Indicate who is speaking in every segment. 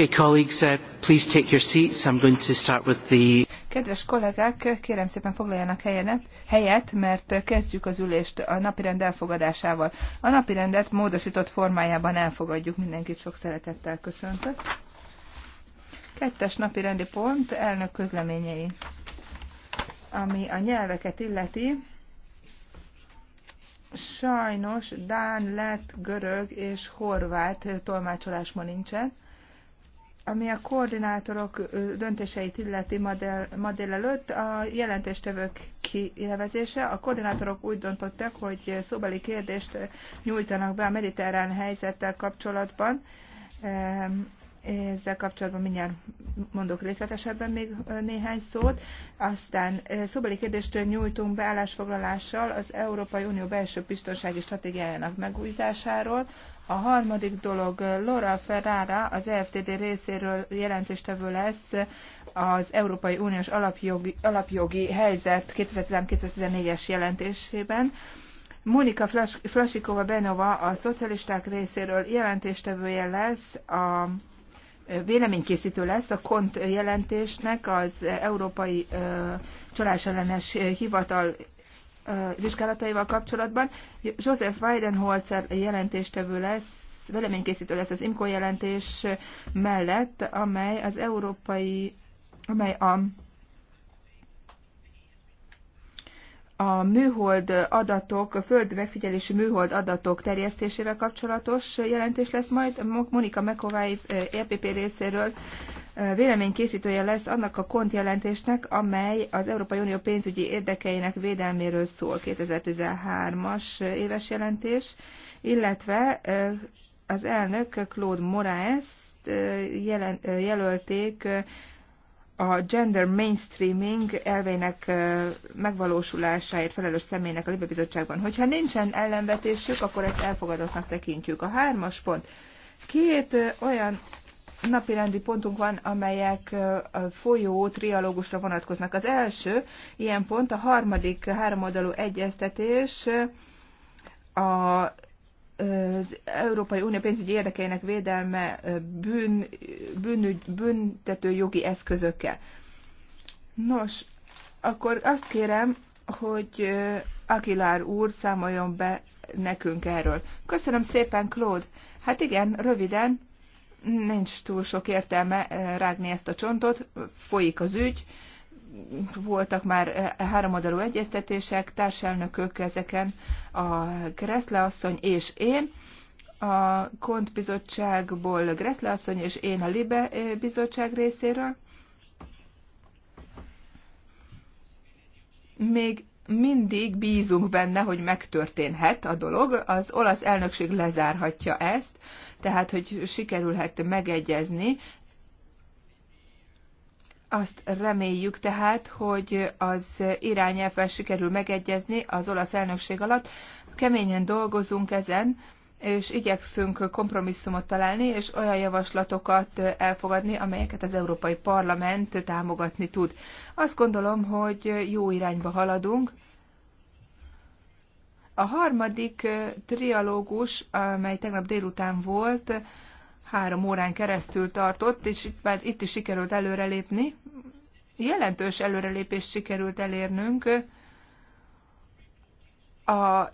Speaker 1: Okay, colleagues, uh, please take your seats. I'm going to start with the...
Speaker 2: Kedves kollégák, kérem szépen foglaljanak helyet, helyet, mert kezdjük az ülést a napirend elfogadásával. A napirendet módosított formájában elfogadjuk. Mindenkit sok szeretettel köszöntök. Kettes napirendi pont, elnök közleményei. Ami a nyelveket illeti, sajnos dán, lett, görög és horvát tolmácsolásban nincsen. Ami a koordinátorok döntéseit illeti ma, del, délelőtt, a jelentéstevők kinevezése. A koordinátorok úgy döntöttek, hogy szóbeli kérdést nyújtanak be a mediterrán helyzettel kapcsolatban. Ehm, ezzel kapcsolatban mindjárt mondok részletesebben még néhány szót. Aztán szóbeli kérdést nyújtunk be állásfoglalással az Európai Unió belső biztonsági stratégiájának megújításáról, a harmadik dolog, Laura Ferrara az EFTD részéről jelentéstevő lesz az Európai Uniós alapjogi, alapjogi helyzet 2013-2014-es jelentésében. Monika Flasikova Benova a szocialisták részéről jelentéstevője lesz a véleménykészítő lesz a KONT jelentésnek az Európai Csalás ellenes hivatal vizsgálataival kapcsolatban. Joseph Weidenholzer jelentéstevő lesz, véleménykészítő lesz az IMCO jelentés mellett, amely az európai, amely a a műhold adatok, a föld megfigyelési műhold adatok terjesztésével kapcsolatos jelentés lesz majd. Monika Mekovái EPP részéről véleménykészítője lesz annak a kont jelentésnek, amely az Európai Unió pénzügyi érdekeinek védelméről szól, 2013-as éves jelentés, illetve az elnök Claude Moraes jelölték a gender mainstreaming elvének megvalósulásáért felelős személynek a Libebizottságban. Hogyha nincsen ellenvetésük, akkor ezt elfogadottnak tekintjük. A hármas pont. Két olyan napirendi pontunk van, amelyek a folyó trialógusra vonatkoznak. Az első ilyen pont a harmadik háromoldalú egyeztetés a az Európai Unió pénzügyi érdekeinek védelme bűn, bűnügy, büntető jogi eszközökkel. Nos, akkor azt kérem, hogy Akilár úr számoljon be nekünk erről. Köszönöm szépen, Claude. Hát igen, röviden, nincs túl sok értelme eh, rágni ezt a csontot, folyik az ügy, voltak már eh, háromadalú egyeztetések, társelnökök ezeken, a Kreszle asszony és én, a Kont bizottságból Greszle asszony és én a Libe eh, bizottság részéről. Még mindig bízunk benne, hogy megtörténhet a dolog, az olasz elnökség lezárhatja ezt, tehát hogy sikerülhet megegyezni. Azt reméljük tehát, hogy az irányelvvel sikerül megegyezni az olasz elnökség alatt. Keményen dolgozunk ezen, és igyekszünk kompromisszumot találni, és olyan javaslatokat elfogadni, amelyeket az Európai Parlament támogatni tud. Azt gondolom, hogy jó irányba haladunk, a harmadik trialógus, amely tegnap délután volt, három órán keresztül tartott, és itt, már itt is sikerült előrelépni. Jelentős előrelépést sikerült elérnünk a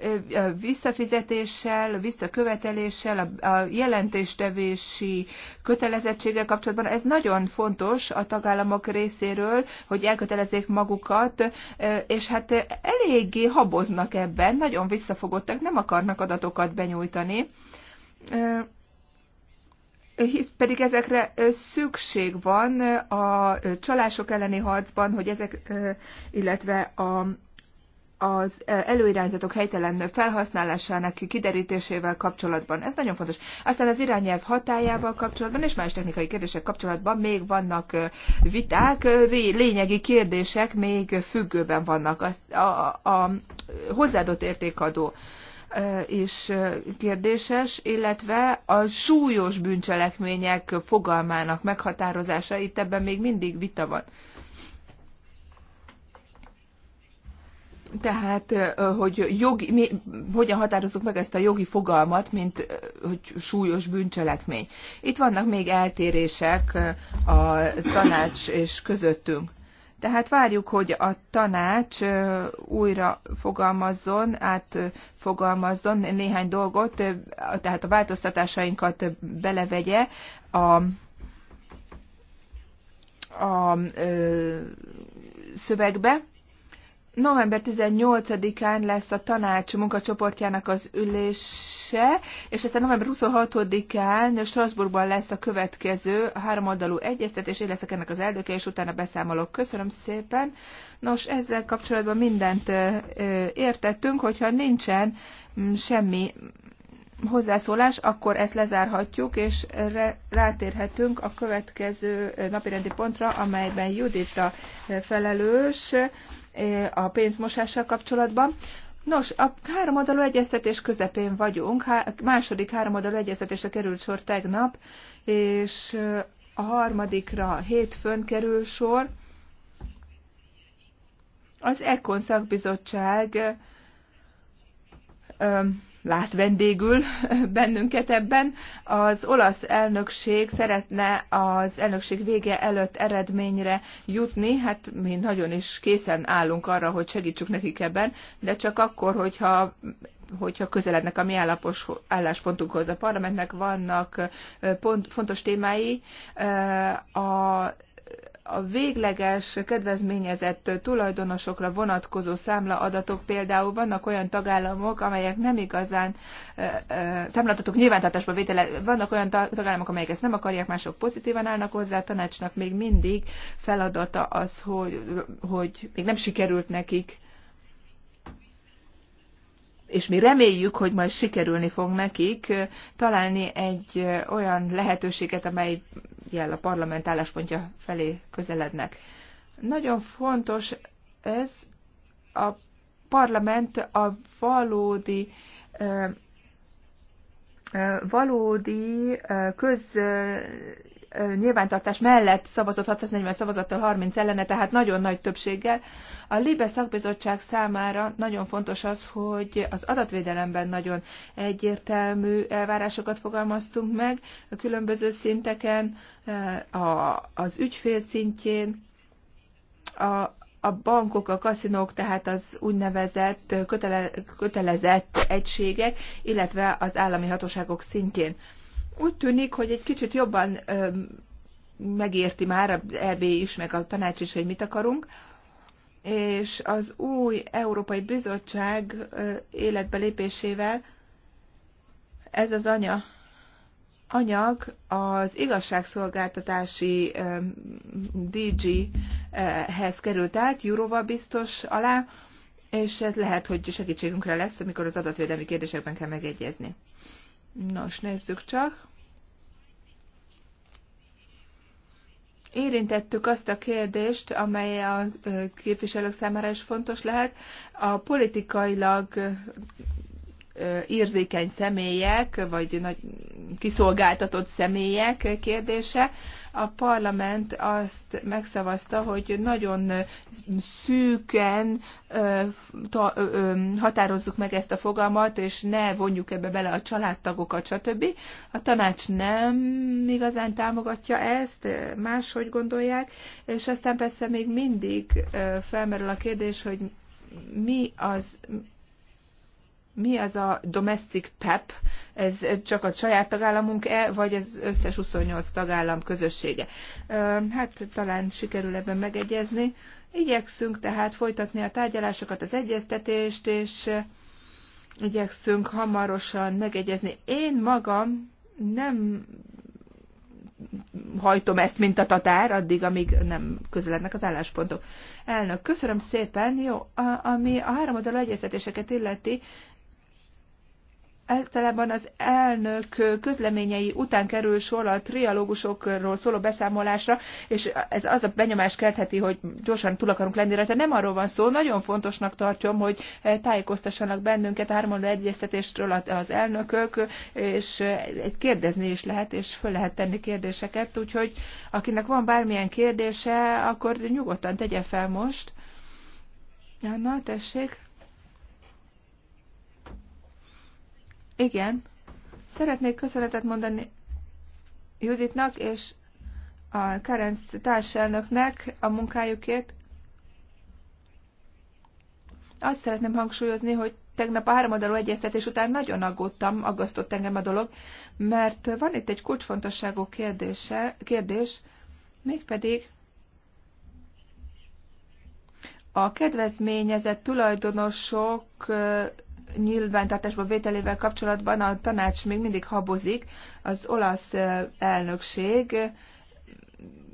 Speaker 2: visszafizetéssel, visszaköveteléssel, a jelentéstevési kötelezettséggel kapcsolatban ez nagyon fontos a tagállamok részéről, hogy elkötelezzék magukat, és hát eléggé haboznak ebben, nagyon visszafogottak, nem akarnak adatokat benyújtani hisz pedig ezekre szükség van a csalások elleni harcban, hogy ezek, illetve a az előirányzatok helytelen felhasználásának kiderítésével kapcsolatban. Ez nagyon fontos. Aztán az irányelv hatájával kapcsolatban és más technikai kérdések kapcsolatban még vannak viták, lényegi kérdések még függőben vannak. A, a, a hozzáadott értékadó is kérdéses, illetve a súlyos bűncselekmények fogalmának meghatározása, itt ebben még mindig vita van. Tehát, hogy jogi, mi, hogyan határozzuk meg ezt a jogi fogalmat, mint hogy súlyos bűncselekmény. Itt vannak még eltérések a tanács és közöttünk. Tehát várjuk, hogy a tanács újra fogalmazzon, átfogalmazzon néhány dolgot, tehát a változtatásainkat belevegye a, a ö, szövegbe november 18-án lesz a tanács munkacsoportjának az ülése, és aztán november 26-án Strasbourgban lesz a következő a háromoldalú egyeztetés, én leszek ennek az eldöke, és utána beszámolok. Köszönöm szépen. Nos, ezzel kapcsolatban mindent értettünk, hogyha nincsen mm, semmi hozzászólás, akkor ezt lezárhatjuk, és rátérhetünk a következő napirendi pontra, amelyben Judita felelős a pénzmosással kapcsolatban. Nos, a háromoldalú egyeztetés közepén vagyunk, há- második háromoldalú egyeztetésre került sor tegnap, és a harmadikra hétfőn kerül sor. Az Ekon szakbizottság lát vendégül bennünket ebben. Az olasz elnökség szeretne az elnökség vége előtt eredményre jutni, hát mi nagyon is készen állunk arra, hogy segítsük nekik ebben, de csak akkor, hogyha hogyha közelednek a mi állapos, álláspontunkhoz. A parlamentnek vannak pont, fontos témái, a a végleges kedvezményezett tulajdonosokra vonatkozó számlaadatok például vannak olyan tagállamok, amelyek nem igazán számladatok nyilvántartásba vétele, vannak olyan tagállamok, amelyek ezt nem akarják, mások pozitívan állnak hozzá, a tanácsnak még mindig feladata az, hogy, hogy még nem sikerült nekik és mi reméljük, hogy majd sikerülni fog nekik találni egy olyan lehetőséget, amely jel a parlament álláspontja felé közelednek. Nagyon fontos ez a parlament a valódi valódi köz nyilvántartás mellett szavazott 640 szavazattal 30 ellene, tehát nagyon nagy többséggel. A Libe szakbizottság számára nagyon fontos az, hogy az adatvédelemben nagyon egyértelmű elvárásokat fogalmaztunk meg a különböző szinteken, a, az ügyfél szintjén, a, a bankok, a kaszinók, tehát az úgynevezett kötele, kötelezett egységek, illetve az állami hatóságok szintjén. Úgy tűnik, hogy egy kicsit jobban megérti már a EB is, meg a tanács is, hogy mit akarunk, és az új Európai Bizottság életbe lépésével ez az anya, anyag az igazságszolgáltatási DG-hez került át, Euróval biztos alá, és ez lehet, hogy segítségünkre lesz, amikor az adatvédelmi kérdésekben kell megegyezni. Nos, nézzük csak. Érintettük azt a kérdést, amely a képviselők számára is fontos lehet. A politikailag érzékeny személyek, vagy nagy kiszolgáltatott személyek kérdése a parlament azt megszavazta, hogy nagyon szűken határozzuk meg ezt a fogalmat, és ne vonjuk ebbe bele a családtagokat, stb. A tanács nem igazán támogatja ezt, máshogy gondolják, és aztán persze még mindig felmerül a kérdés, hogy mi az, mi az a domestic PEP? E ez csak a saját tagállamunk-e, vagy ez összes 28 tagállam közössége? Hát talán sikerül ebben megegyezni. Igyekszünk tehát folytatni a tárgyalásokat, az egyeztetést, és igyekszünk hamarosan megegyezni. Én magam nem hajtom ezt, mint a tatár, addig, amíg nem közelednek az álláspontok. Elnök, köszönöm szépen. Jó, ami a három oldalú egyeztetéseket illeti, Általában az elnök közleményei után kerül sor a trialógusokról szóló beszámolásra, és ez az a benyomás keltheti, hogy gyorsan túl akarunk lenni rajta. Nem arról van szó, nagyon fontosnak tartom, hogy tájékoztassanak bennünket hármaló egyeztetésről az elnökök, és kérdezni is lehet, és föl lehet tenni kérdéseket, úgyhogy akinek van bármilyen kérdése, akkor nyugodtan tegye fel most. Na, tessék. Igen, szeretnék köszönetet mondani Juditnak és a Kerenc társelnöknek a munkájukért. Azt szeretném hangsúlyozni, hogy tegnap a háromadaló egyeztetés után nagyon aggódtam, aggasztott engem a dolog, mert van itt egy kulcsfontosságú kérdése, kérdés, mégpedig a kedvezményezett tulajdonosok nyilvántartásba vételével kapcsolatban a tanács még mindig habozik. Az olasz elnökség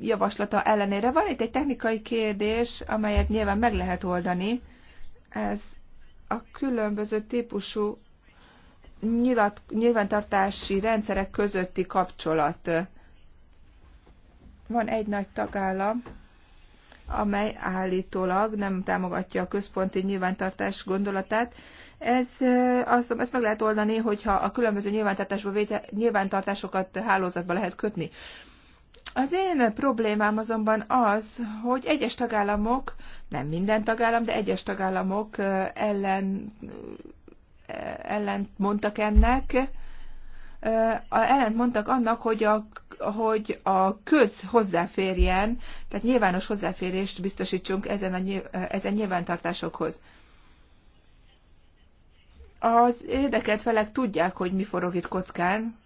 Speaker 2: javaslata ellenére van itt egy technikai kérdés, amelyet nyilván meg lehet oldani. Ez a különböző típusú nyilat, nyilvántartási rendszerek közötti kapcsolat. Van egy nagy tagállam, amely állítólag nem támogatja a központi nyilvántartás gondolatát, ez, azt, ezt meg lehet oldani, hogyha a különböző nyilvántartásokat hálózatba lehet kötni. Az én problémám azonban az, hogy egyes tagállamok, nem minden tagállam, de egyes tagállamok ellen, ellen mondtak ennek, ellent mondtak annak, hogy a, hogy a köz hozzáférjen, tehát nyilvános hozzáférést biztosítsunk ezen, a, ezen nyilvántartásokhoz az érdekelt felek tudják, hogy mi forog itt kockán.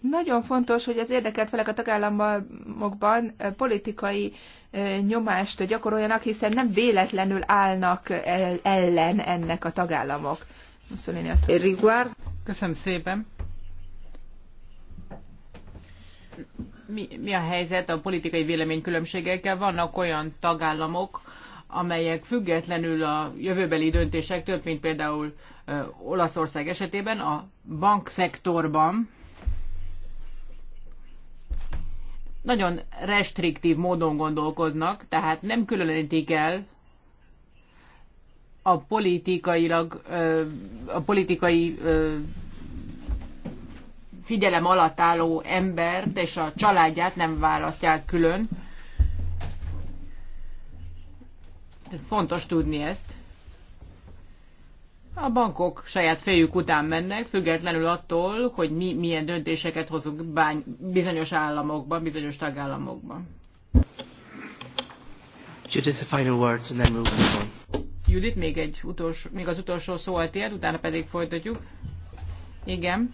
Speaker 2: Nagyon fontos, hogy az érdekelt felek a tagállamokban eh, politikai eh, nyomást gyakoroljanak, hiszen nem véletlenül állnak eh, ellen ennek a tagállamok. Mussolini azt Köszönöm szépen.
Speaker 3: Mi, mi a helyzet a politikai véleménykülönbségekkel? Vannak olyan tagállamok, amelyek függetlenül a jövőbeli döntésektől, mint például Olaszország esetében, a bankszektorban nagyon restriktív módon gondolkodnak, tehát nem különítik el a politikailag, a politikai figyelem alatt álló embert és a családját nem választják külön. Fontos tudni ezt. A bankok saját fejük után mennek, függetlenül attól, hogy mi milyen döntéseket hozunk bány, bizonyos államokban, bizonyos tagállamokban.
Speaker 1: Judith, the final words, and then moving on.
Speaker 3: Judith, még, egy utolsó, még az utolsó szó a tiéd, utána pedig folytatjuk. Igen.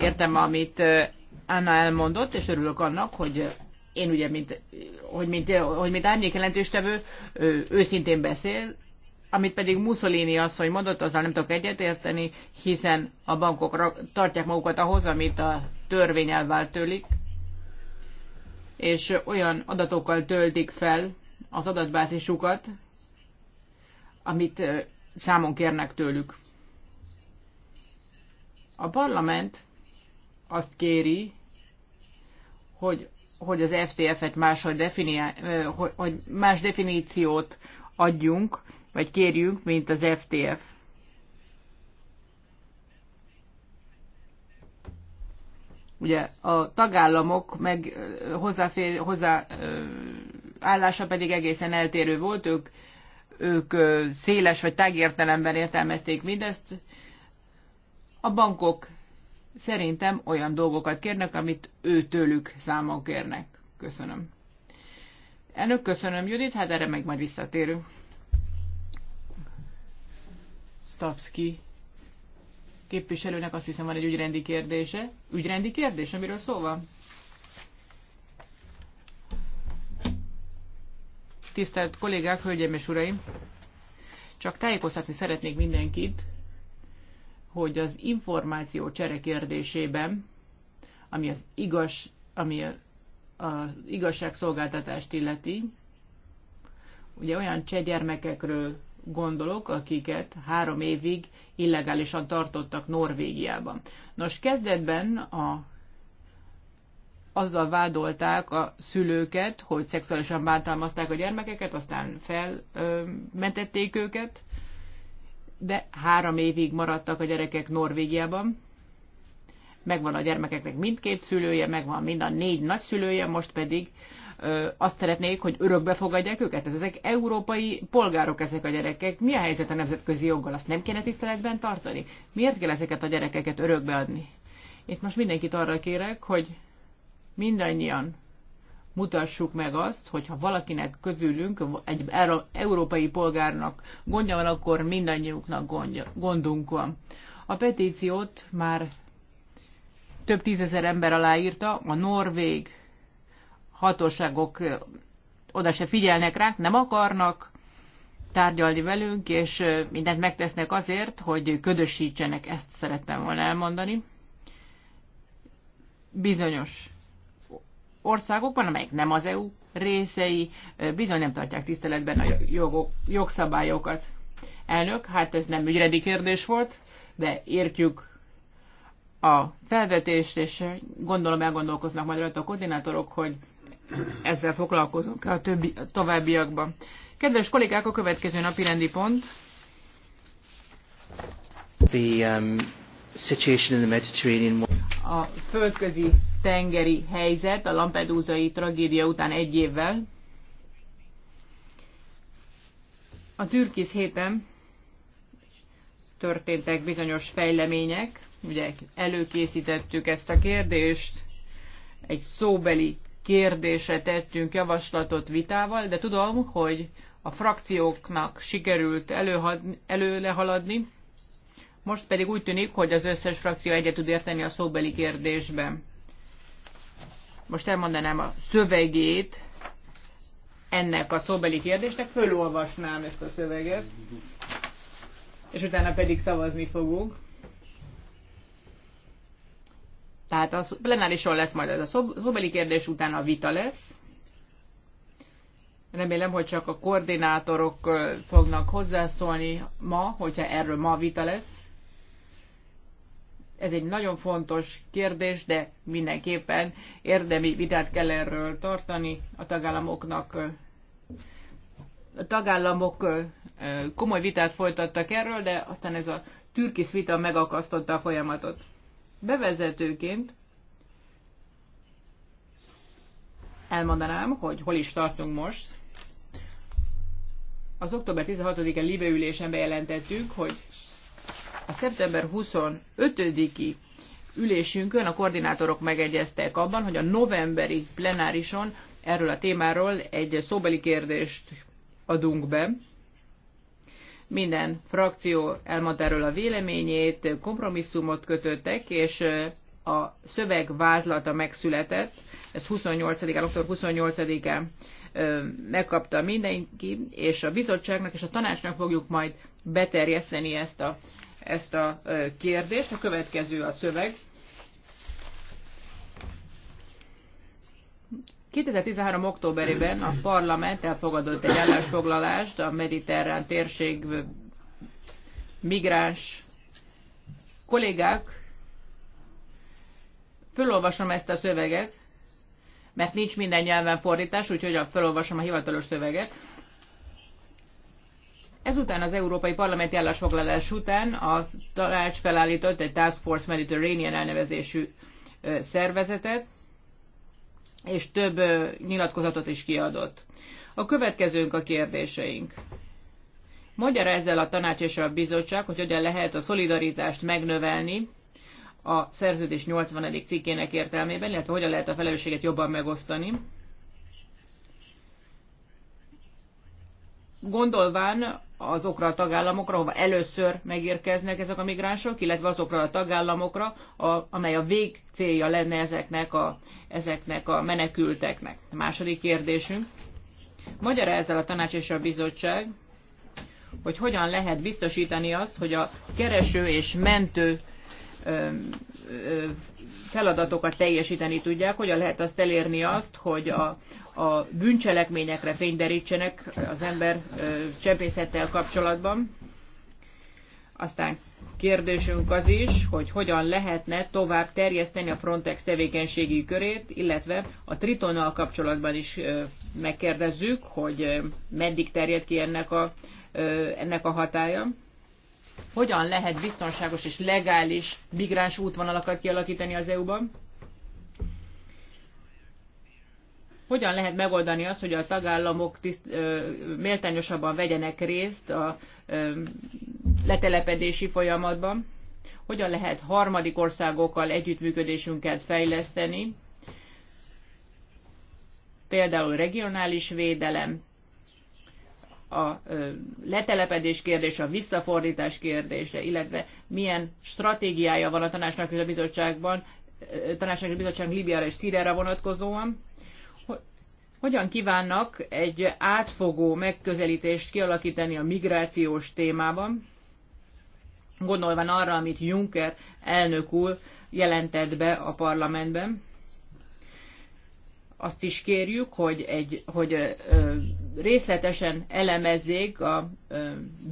Speaker 3: Értem, amit eh, Anna elmondott, és örülök annak, hogy én ugye, mint, hogy mint, hogy mint árnyék ő őszintén beszél, amit pedig Mussolini asszony mondott, azzal nem tudok egyetérteni, hiszen a bankok tartják magukat ahhoz, amit a törvény elvált tőlik, és olyan adatokkal töltik fel az adatbázisukat, amit számon kérnek tőlük. A parlament azt kéri, hogy hogy az FTF-et máshogy definiál, hogy más definíciót adjunk, vagy kérjünk, mint az FTF. Ugye a tagállamok meg hozzáfér, hozzá, állása pedig egészen eltérő volt, ők, ők széles vagy tágértelemben értelmezték mindezt. A bankok szerintem olyan dolgokat kérnek, amit őtőlük számon kérnek. Köszönöm. Elnök, köszönöm, Judit, hát erre meg majd visszatérünk. Stavsky képviselőnek azt hiszem van egy ügyrendi kérdése. Ügyrendi kérdés, amiről szó van? Tisztelt kollégák, hölgyeim és uraim! Csak tájékoztatni szeretnék mindenkit, hogy az információ csere kérdésében, ami az igaz, ami az igazságszolgáltatást illeti, ugye olyan gyermekekről gondolok, akiket három évig illegálisan tartottak Norvégiában. Nos, kezdetben a, azzal vádolták a szülőket, hogy szexuálisan bántalmazták a gyermekeket, aztán felmentették őket, de három évig maradtak a gyerekek Norvégiában. Megvan a gyermekeknek mindkét szülője, megvan mind a négy nagyszülője, most pedig ö, azt szeretnék, hogy örökbe fogadják őket. Tehát ezek európai polgárok ezek a gyerekek. Mi a helyzet a nemzetközi joggal? Azt nem kéne tiszteletben tartani? Miért kell ezeket a gyerekeket örökbe adni? Itt most mindenkit arra kérek, hogy mindannyian mutassuk meg azt, hogy ha valakinek közülünk, egy európai polgárnak gondja van, akkor mindannyiunknak gondunk van. A petíciót már több tízezer ember aláírta, a norvég hatóságok oda se figyelnek ránk, nem akarnak tárgyalni velünk, és mindent megtesznek azért, hogy ködösítsenek, ezt szerettem volna elmondani. Bizonyos országokban, amelyek nem az EU részei, bizony nem tartják tiszteletben a jogok, jogszabályokat. Elnök, hát ez nem ügyredi kérdés volt, de értjük a felvetést, és gondolom elgondolkoznak majd rajta a koordinátorok, hogy ezzel foglalkozunk a többi, a továbbiakban. Kedves kollégák, a következő napi rendi pont.
Speaker 1: The um, situation in the Mediterranean
Speaker 3: a földközi tengeri helyzet a Lampedúzai tragédia után egy évvel. A türkisz héten történtek bizonyos fejlemények, ugye előkészítettük ezt a kérdést, egy szóbeli kérdésre tettünk javaslatot vitával, de tudom, hogy a frakcióknak sikerült előlehaladni, most pedig úgy tűnik, hogy az összes frakció egyet tud érteni a szóbeli kérdésben. Most elmondanám a szövegét ennek a szóbeli kérdésnek, fölolvasnám ezt a szöveget, és utána pedig szavazni fogunk. Tehát a plenárison lesz majd ez a szóbeli kérdés, utána a vita lesz. Remélem, hogy csak a koordinátorok fognak hozzászólni ma, hogyha erről ma vita lesz. Ez egy nagyon fontos kérdés, de mindenképpen érdemi vitát kell erről tartani a tagállamoknak. A tagállamok komoly vitát folytattak erről, de aztán ez a türkisz vita megakasztotta a folyamatot. Bevezetőként elmondanám, hogy hol is tartunk most. Az október 16-án Libe ülésen bejelentettük, hogy a szeptember 25-i ülésünkön a koordinátorok megegyeztek abban, hogy a novemberi plenárison erről a témáról egy szóbeli kérdést adunk be. Minden frakció elmondta erről a véleményét, kompromisszumot kötöttek, és a szöveg vázlata megszületett, ez 28-án, október 28-án megkapta mindenki, és a bizottságnak és a tanácsnak fogjuk majd beterjeszteni ezt a ezt a kérdést. A következő a szöveg. 2013. októberében a parlament elfogadott egy állásfoglalást a mediterrán térség migráns kollégák. Fölolvasom ezt a szöveget, mert nincs minden nyelven fordítás, úgyhogy felolvasom a hivatalos szöveget. Ezután az Európai Parlamenti állásfoglalás után a tanács felállított egy Task Force Mediterranean elnevezésű szervezetet, és több nyilatkozatot is kiadott. A következőnk a kérdéseink. Magyar ezzel a tanács és a bizottság, hogy hogyan lehet a szolidaritást megnövelni a szerződés 80. cikkének értelmében, illetve hogyan lehet a felelősséget jobban megosztani. Gondolván azokra a tagállamokra, ahova először megérkeznek ezek a migránsok, illetve azokra a tagállamokra, a, amely a vég célja lenne ezeknek a, ezeknek a menekülteknek. A második kérdésünk. Magyará ezzel a tanács és a bizottság, hogy hogyan lehet biztosítani azt, hogy a kereső és mentő ö, ö, feladatokat teljesíteni tudják, hogyan lehet azt elérni azt, hogy a, a bűncselekményekre fényderítsenek az ember csempészettel kapcsolatban. Aztán kérdésünk az is, hogy hogyan lehetne tovább terjeszteni a Frontex tevékenységi körét, illetve a Tritonnal kapcsolatban is megkérdezzük, hogy meddig terjed ki ennek a, ennek a hatája. Hogyan lehet biztonságos és legális migráns útvonalakat kialakítani az EU-ban? hogyan lehet megoldani azt, hogy a tagállamok tiszt, ö, méltányosabban vegyenek részt a ö, letelepedési folyamatban, hogyan lehet harmadik országokkal együttműködésünket fejleszteni, például regionális védelem, a letelepedés kérdése, a visszafordítás kérdése, illetve milyen stratégiája van a tanácsnak és a bizottságban, tanácsnak és a bizottság Libiára és Tírára vonatkozóan, hogyan kívánnak egy átfogó megközelítést kialakítani a migrációs témában, gondolva arra, amit Juncker elnök úr jelentett be a parlamentben. Azt is kérjük, hogy, egy, hogy részletesen elemezzék a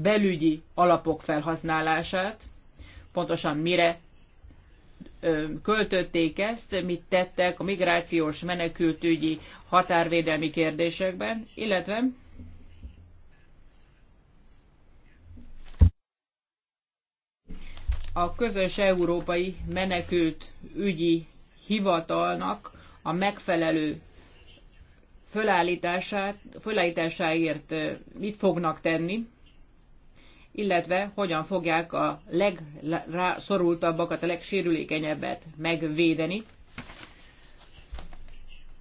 Speaker 3: belügyi alapok felhasználását, pontosan mire költötték ezt, mit tettek a migrációs menekültügyi határvédelmi kérdésekben, illetve a közös európai menekült ügyi hivatalnak a megfelelő fölállításáért mit fognak tenni illetve hogyan fogják a legrászorultabbakat, a legsérülékenyebbet megvédeni.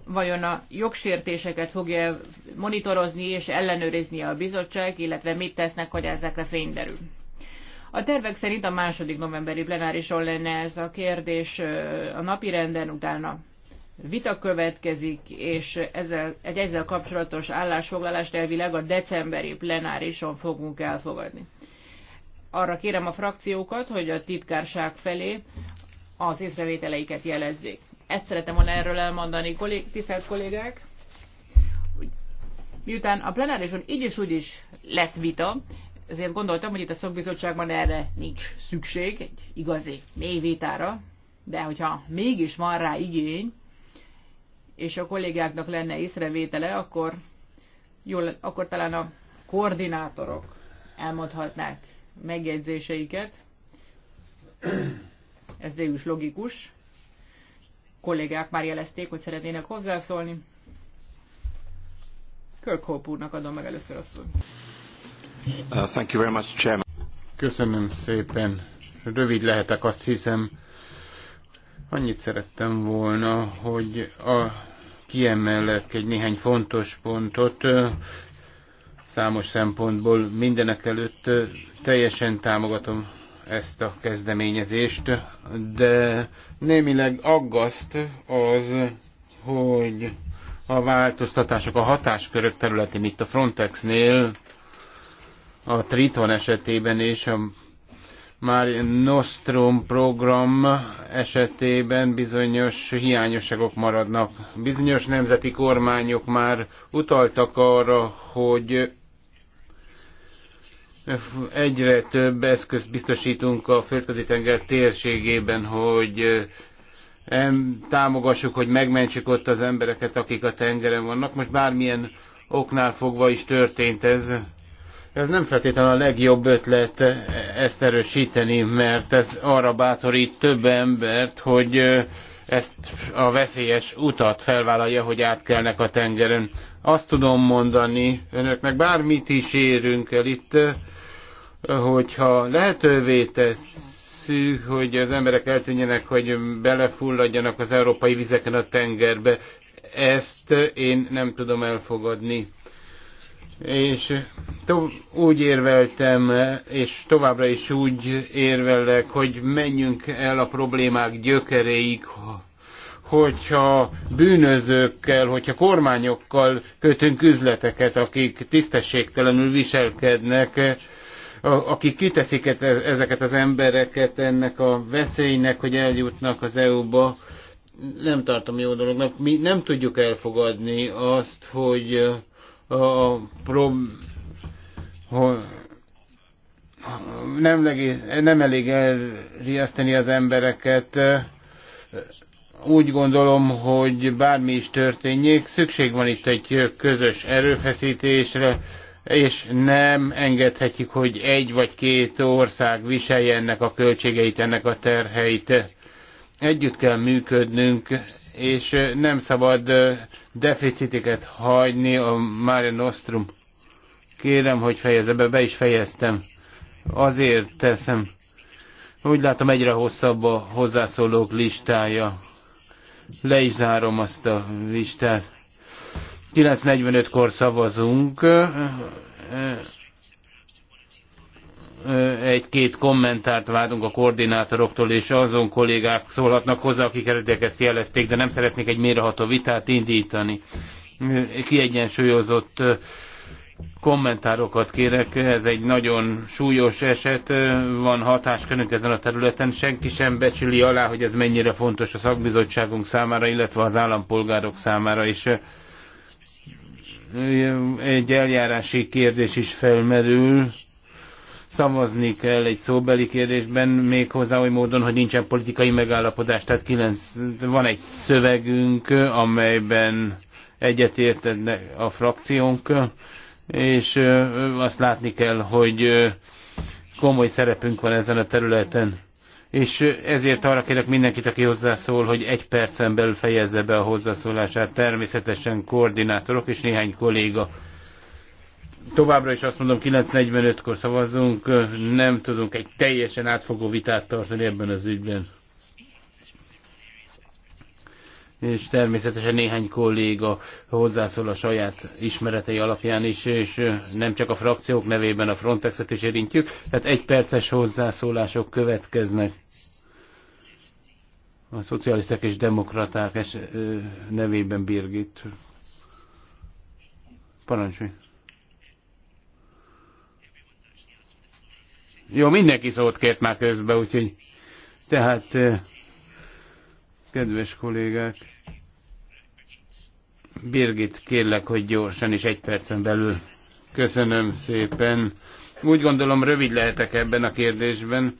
Speaker 3: Vajon a jogsértéseket fogja monitorozni és ellenőrizni a bizottság, illetve mit tesznek, hogy ezekre fény derül. A tervek szerint a második novemberi plenárison lenne ez a kérdés a napi renden, utána vita következik, és ezzel, egy ezzel kapcsolatos állásfoglalást elvileg a decemberi plenárison fogunk elfogadni arra kérem a frakciókat, hogy a titkárság felé az észrevételeiket jelezzék. Ezt szeretem volna erről elmondani, kollég, tisztelt kollégák. Miután a plenárison így is úgy is lesz vita, ezért gondoltam, hogy itt a szakbizottságban erre nincs szükség, egy igazi mély vitára, de hogyha mégis van rá igény, és a kollégáknak lenne észrevétele, akkor, jól, akkor talán a koordinátorok elmondhatnák megjegyzéseiket. Ez végül is logikus. A kollégák már jelezték, hogy szeretnének hozzászólni. Hope úrnak adom meg először a szót.
Speaker 4: Uh,
Speaker 5: thank you very much, Chairman. Köszönöm szépen. Rövid lehetek, azt hiszem. Annyit szerettem volna, hogy a kiemellek egy néhány fontos pontot számos szempontból. Mindenek előtt teljesen támogatom ezt a kezdeményezést, de némileg aggaszt az, hogy a változtatások a hatáskörök területén, itt a Frontexnél, a Triton esetében és a már Nostrom program esetében bizonyos hiányosságok maradnak. Bizonyos nemzeti kormányok már utaltak arra, hogy Egyre több eszközt biztosítunk a földközi tenger térségében, hogy eh, támogassuk, hogy megmentsük ott az embereket, akik a tengeren vannak. Most bármilyen oknál fogva is történt ez. Ez nem feltétlenül a legjobb ötlet eh, ezt erősíteni, mert ez arra bátorít több embert, hogy eh, ezt a veszélyes utat felvállalja, hogy átkelnek a tengeren. Azt tudom mondani önöknek, bármit is érünk el itt, hogyha lehetővé tesszük, hogy az emberek eltűnjenek, hogy belefulladjanak az európai vizeken a tengerbe, ezt én nem tudom elfogadni. És úgy érveltem, és továbbra is úgy érvelek, hogy menjünk el a problémák gyökeréig, hogyha bűnözőkkel, hogyha kormányokkal kötünk üzleteket, akik tisztességtelenül viselkednek, akik kiteszik e-, ezeket az embereket ennek a veszélynek, hogy eljutnak az EU-ba, nem tartom jó dolognak. Mi nem tudjuk elfogadni azt, hogy e, a prob... nem, legé... nem elég elriaszteni az embereket. E, úgy gondolom, hogy bármi is történjék, szükség van itt egy közös erőfeszítésre, és nem engedhetjük, hogy egy vagy két ország viselje ennek a költségeit, ennek a terheit. Együtt kell működnünk, és nem szabad deficiteket hagyni a Mare Nostrum. Kérem, hogy fejezze be, be is fejeztem. Azért teszem. Úgy látom, egyre hosszabb a hozzászólók listája. Le is zárom azt a listát. 9.45-kor szavazunk. Egy-két kommentárt várunk a koordinátoroktól, és azon kollégák szólhatnak hozzá, akik eredetileg ezt jelezték, de nem szeretnék egy méreható vitát indítani. Kiegyensúlyozott kommentárokat kérek, ez egy nagyon súlyos eset, van hatáskörünk ezen a területen, senki sem becsüli alá, hogy ez mennyire fontos a szakbizottságunk számára, illetve az állampolgárok számára, és egy eljárási kérdés is felmerül. Szavazni kell egy szóbeli kérdésben, méghozzá oly módon, hogy nincsen politikai megállapodás. Tehát kilenc, van egy szövegünk, amelyben egyetértene a frakciónk, és azt látni kell, hogy komoly szerepünk van ezen a területen és ezért arra kérek mindenkit, aki hozzászól, hogy egy percen belül fejezze be a hozzászólását, természetesen koordinátorok és néhány kolléga. Továbbra is azt mondom, 9.45-kor szavazzunk, nem tudunk egy teljesen átfogó vitát tartani ebben az ügyben és természetesen néhány kolléga hozzászól a saját ismeretei alapján is, és nem csak a frakciók nevében a Frontexet is érintjük, tehát egy perces hozzászólások következnek. A szocialisták és demokraták es, nevében Birgit. Parancsolj. Jó, mindenki szót kért már közben, úgyhogy tehát Kedves kollégák! Birgit, kérlek, hogy gyorsan és egy percen belül. Köszönöm szépen. Úgy gondolom, rövid lehetek ebben a kérdésben.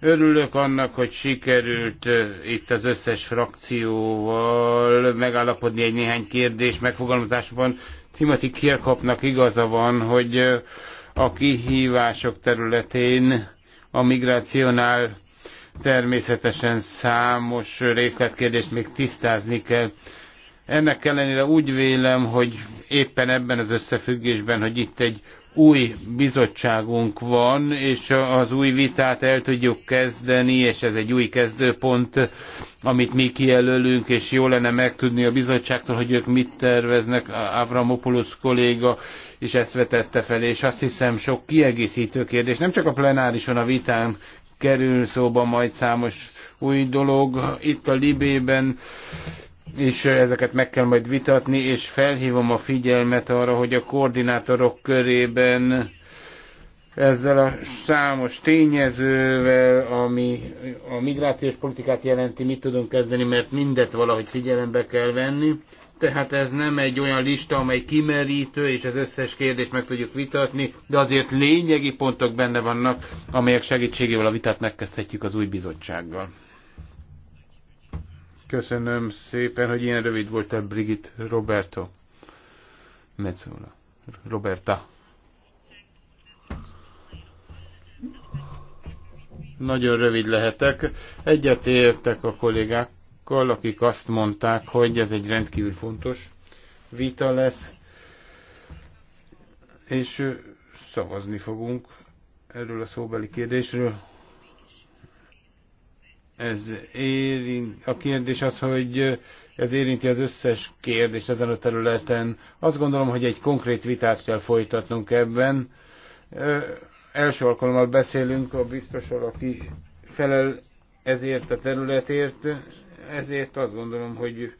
Speaker 5: Örülök annak, hogy sikerült itt az összes frakcióval megállapodni egy néhány kérdés megfogalmazásban. Timothy Kirkhopnak igaza van, hogy a kihívások területén a migrációnál Természetesen számos részletkérdést még tisztázni kell. Ennek ellenére úgy vélem, hogy éppen ebben az összefüggésben, hogy itt egy új bizottságunk van, és az új vitát el tudjuk kezdeni, és ez egy új kezdőpont, amit mi kijelölünk, és jó lenne megtudni a bizottságtól, hogy ők mit terveznek. Avramopoulos kolléga is ezt vetette fel, és azt hiszem sok kiegészítő kérdés, nem csak a plenárison a vitán kerül szóba majd számos új dolog. Itt a Libében és ezeket meg kell majd vitatni, és felhívom a figyelmet arra, hogy a koordinátorok körében ezzel a számos tényezővel, ami a migrációs politikát jelenti, mit tudunk kezdeni, mert mindet valahogy figyelembe kell venni. Tehát ez nem egy olyan lista, amely kimerítő, és az összes kérdést meg tudjuk vitatni, de azért lényegi pontok benne vannak, amelyek segítségével a vitát megkezdhetjük az új bizottsággal. Köszönöm szépen, hogy ilyen rövid voltál, Brigitte Roberto. Metzola. Roberta. Nagyon rövid lehetek. Egyet értek a kollégák azokkal, akik azt mondták, hogy ez egy rendkívül fontos vita lesz, és szavazni fogunk erről a szóbeli kérdésről. Ez érint, a kérdés az, hogy ez érinti az összes kérdést ezen a területen. Azt gondolom, hogy egy konkrét vitát kell folytatnunk ebben. Első alkalommal beszélünk a biztosról, aki felel ezért a területért, ezért azt gondolom, hogy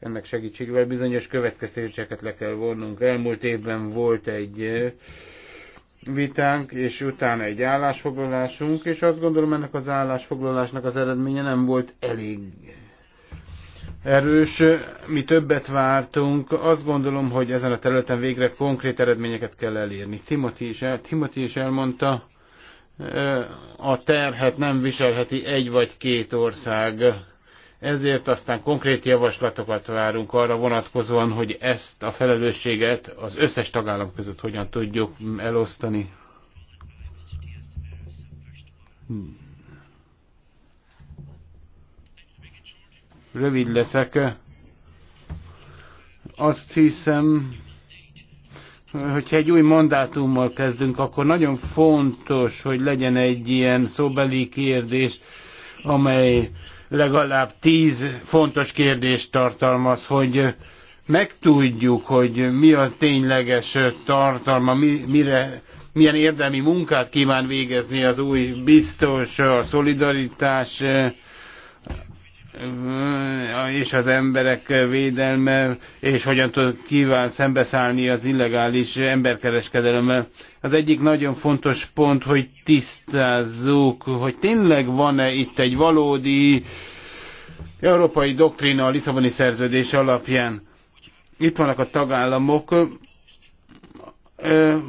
Speaker 5: ennek segítségével bizonyos következtetéseket le kell vonnunk. Elmúlt évben volt egy eh, vitánk, és utána egy állásfoglalásunk, és azt gondolom ennek az állásfoglalásnak az eredménye nem volt elég erős. Mi többet vártunk. Azt gondolom, hogy ezen a területen végre konkrét eredményeket kell elérni. Timothy is, el, Timothy is elmondta, eh, a terhet nem viselheti egy vagy két ország ezért aztán konkrét javaslatokat várunk arra vonatkozóan, hogy ezt a felelősséget az összes tagállam között hogyan tudjuk elosztani. Rövid leszek. Azt hiszem, hogyha egy új mandátummal kezdünk, akkor nagyon fontos, hogy legyen egy ilyen szóbeli kérdés, amely legalább tíz fontos kérdést tartalmaz, hogy megtudjuk, hogy mi a tényleges tartalma, mi, mire, milyen érdemi munkát kíván végezni az új biztos, a szolidaritás, és az emberek védelme, és hogyan tud kíván szembeszállni az illegális emberkereskedelemmel. Az egyik nagyon fontos pont, hogy tisztázzuk, hogy tényleg van-e itt egy valódi európai doktrína a Lisszaboni szerződés alapján. Itt vannak a tagállamok,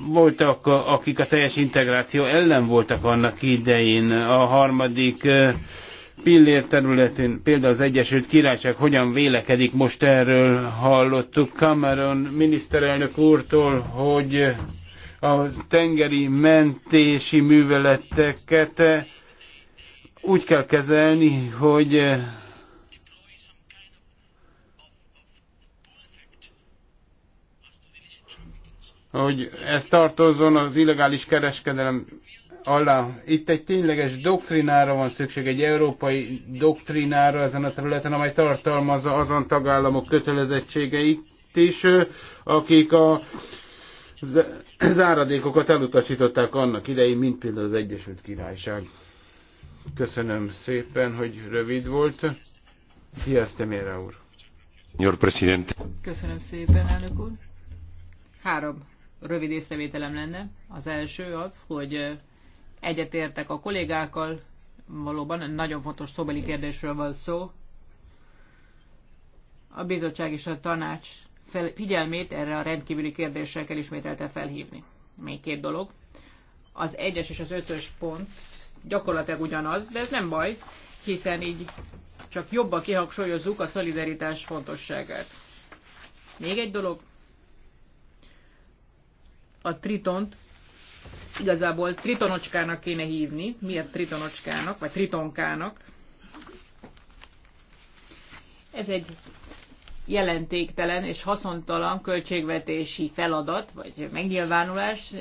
Speaker 5: voltak, akik a teljes integráció ellen voltak annak idején. A harmadik pillér területén, például az Egyesült Királyság hogyan vélekedik most erről, hallottuk Cameron miniszterelnök úrtól, hogy a tengeri mentési műveleteket úgy kell kezelni, hogy hogy ez tartozzon az illegális kereskedelem alá. Itt egy tényleges doktrinára van szükség, egy európai doktrinára ezen a területen, amely tartalmazza azon tagállamok kötelezettségeit is, akik a záradékokat elutasították annak idején, mint például az Egyesült Királyság. Köszönöm szépen, hogy rövid volt. Diasztemére úr.
Speaker 3: Köszönöm szépen, elnök úr. Három rövid észrevételem lenne. Az első az, hogy Egyetértek a kollégákkal, valóban nagyon fontos szóbeli kérdésről van szó. A bizottság és a tanács figyelmét erre a rendkívüli kérdésre kell ismételte felhívni. Még két dolog. Az egyes és az ötös pont gyakorlatilag ugyanaz, de ez nem baj, hiszen így csak jobban kihangsúlyozzuk a szolidaritás fontosságát. Még egy dolog. A tritont igazából tritonocskának kéne hívni. Miért tritonocskának, vagy tritonkának? Ez egy jelentéktelen és haszontalan költségvetési feladat, vagy megnyilvánulás.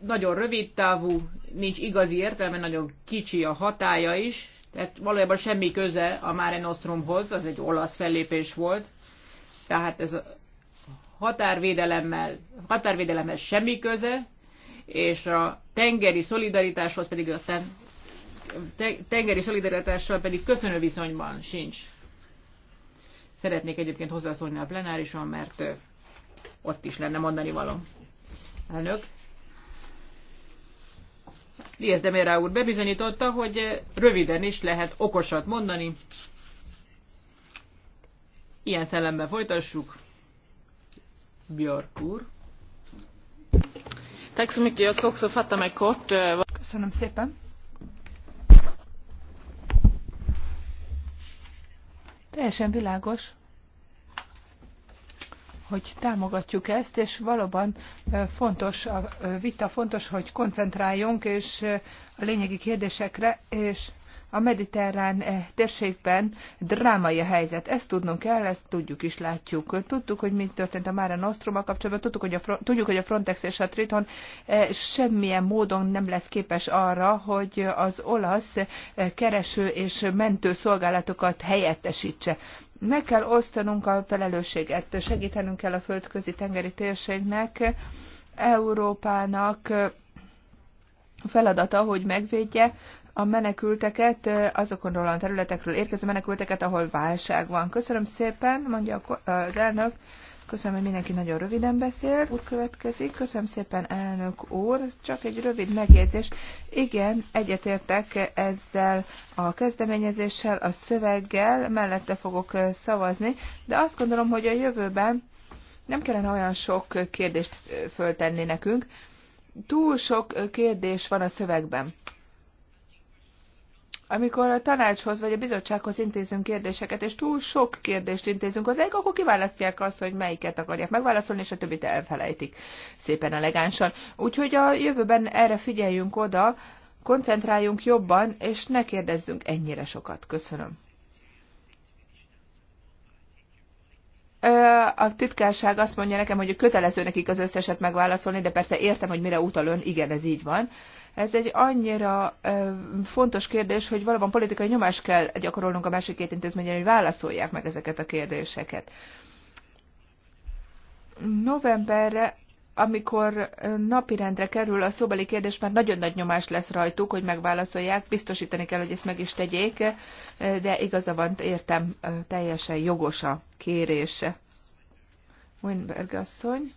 Speaker 3: Nagyon rövid távú, nincs igazi értelme, nagyon kicsi a hatája is, tehát valójában semmi köze a Mare Nostrumhoz, az egy olasz fellépés volt, tehát ez határvédelemmel, határvédelemmel semmi köze, és a tengeri szolidaritáshoz pedig aztán tengeri szolidaritással pedig köszönő viszonyban sincs. Szeretnék egyébként hozzászólni a plenárison, mert ott is lenne mondani való. Elnök. Díaz Demérá úr bebizonyította, hogy röviden is lehet okosat mondani. Ilyen szellemben folytassuk. Björk úr. Eh, Köszönöm
Speaker 2: szépen. Teljesen világos, hogy támogatjuk ezt, és valóban fontos a vita, fontos, hogy koncentráljunk és a lényegi kérdésekre, és a mediterrán eh, térségben drámai a helyzet. Ezt tudnunk kell, ezt tudjuk is, látjuk. Tudtuk, hogy mi történt a Mára Nostrommal kapcsolatban, tudtuk hogy, a, tudjuk, hogy a Frontex és a Triton eh, semmilyen módon nem lesz képes arra, hogy az olasz eh, kereső és mentő szolgálatokat helyettesítse. Meg kell osztanunk a felelősséget, segítenünk kell a földközi tengeri térségnek, Európának feladata, hogy megvédje a menekülteket, azokon a területekről érkező menekülteket, ahol válság van. Köszönöm szépen, mondja az elnök. Köszönöm, hogy mindenki nagyon röviden beszél. Úr következik. Köszönöm szépen, elnök úr. Csak egy rövid megjegyzés. Igen, egyetértek ezzel a kezdeményezéssel, a szöveggel, mellette fogok szavazni, de azt gondolom, hogy a jövőben nem kellene olyan sok kérdést föltenni nekünk. Túl sok kérdés van a szövegben amikor a tanácshoz vagy a bizottsághoz intézünk kérdéseket, és túl sok kérdést intézünk az egy akkor kiválasztják azt, hogy melyiket akarják megválaszolni, és a többit elfelejtik szépen elegánsan. Úgyhogy a jövőben erre figyeljünk oda, koncentráljunk jobban, és ne kérdezzünk ennyire sokat. Köszönöm. A titkárság azt mondja nekem, hogy kötelező nekik az összeset megválaszolni, de persze értem, hogy mire utal ön, igen, ez így van. Ez egy annyira fontos kérdés, hogy valóban politikai nyomás kell gyakorolnunk a másik két intézményen, hogy válaszolják meg ezeket a kérdéseket. Novemberre amikor napirendre kerül a szóbeli kérdés, már nagyon nagy nyomás lesz rajtuk, hogy megválaszolják, biztosítani kell, hogy ezt meg is tegyék, de igaza van, értem, teljesen jogos a kérése. Winberg asszony.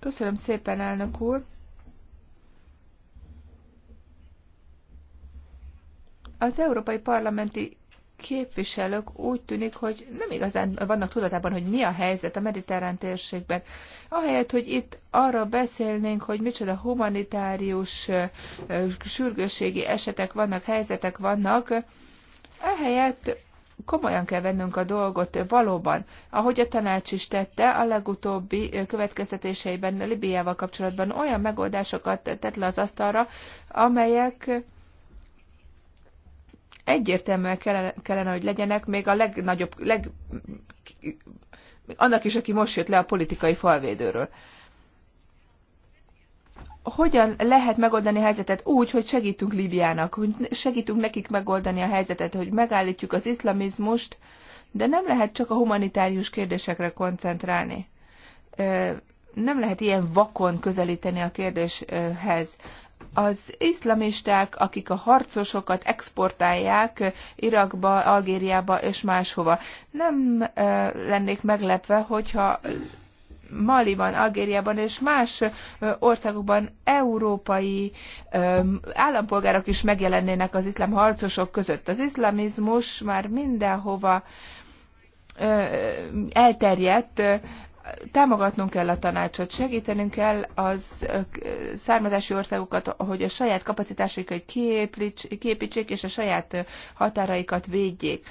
Speaker 2: Köszönöm szépen, elnök úr. Az európai parlamenti képviselők úgy tűnik, hogy nem igazán vannak tudatában, hogy mi a helyzet a mediterrán térségben. Ahelyett, hogy itt arra beszélnénk, hogy micsoda humanitárius sürgősségi esetek vannak, helyzetek vannak, ehelyett komolyan kell vennünk a dolgot valóban. Ahogy a tanács is tette, a legutóbbi következtetéseiben Libiával kapcsolatban olyan megoldásokat tett le az asztalra, amelyek egyértelműen kellene, kellene hogy legyenek, még a legnagyobb, leg, annak is, aki most jött le a politikai falvédőről hogyan lehet megoldani a helyzetet úgy, hogy segítünk Líbiának, hogy segítünk nekik megoldani a helyzetet, hogy megállítjuk az iszlamizmust, de nem lehet csak a humanitárius kérdésekre koncentrálni. Nem lehet ilyen vakon közelíteni a kérdéshez. Az iszlamisták, akik a harcosokat exportálják Irakba, Algériába és máshova, nem lennék meglepve, hogyha Maliban, Algériában és más országokban európai állampolgárok is megjelennének az iszlám harcosok között. Az iszlamizmus már mindenhova elterjedt, támogatnunk kell a tanácsot, segítenünk kell az származási országokat, hogy a saját kapacitásaikat kiépítsék és a saját határaikat védjék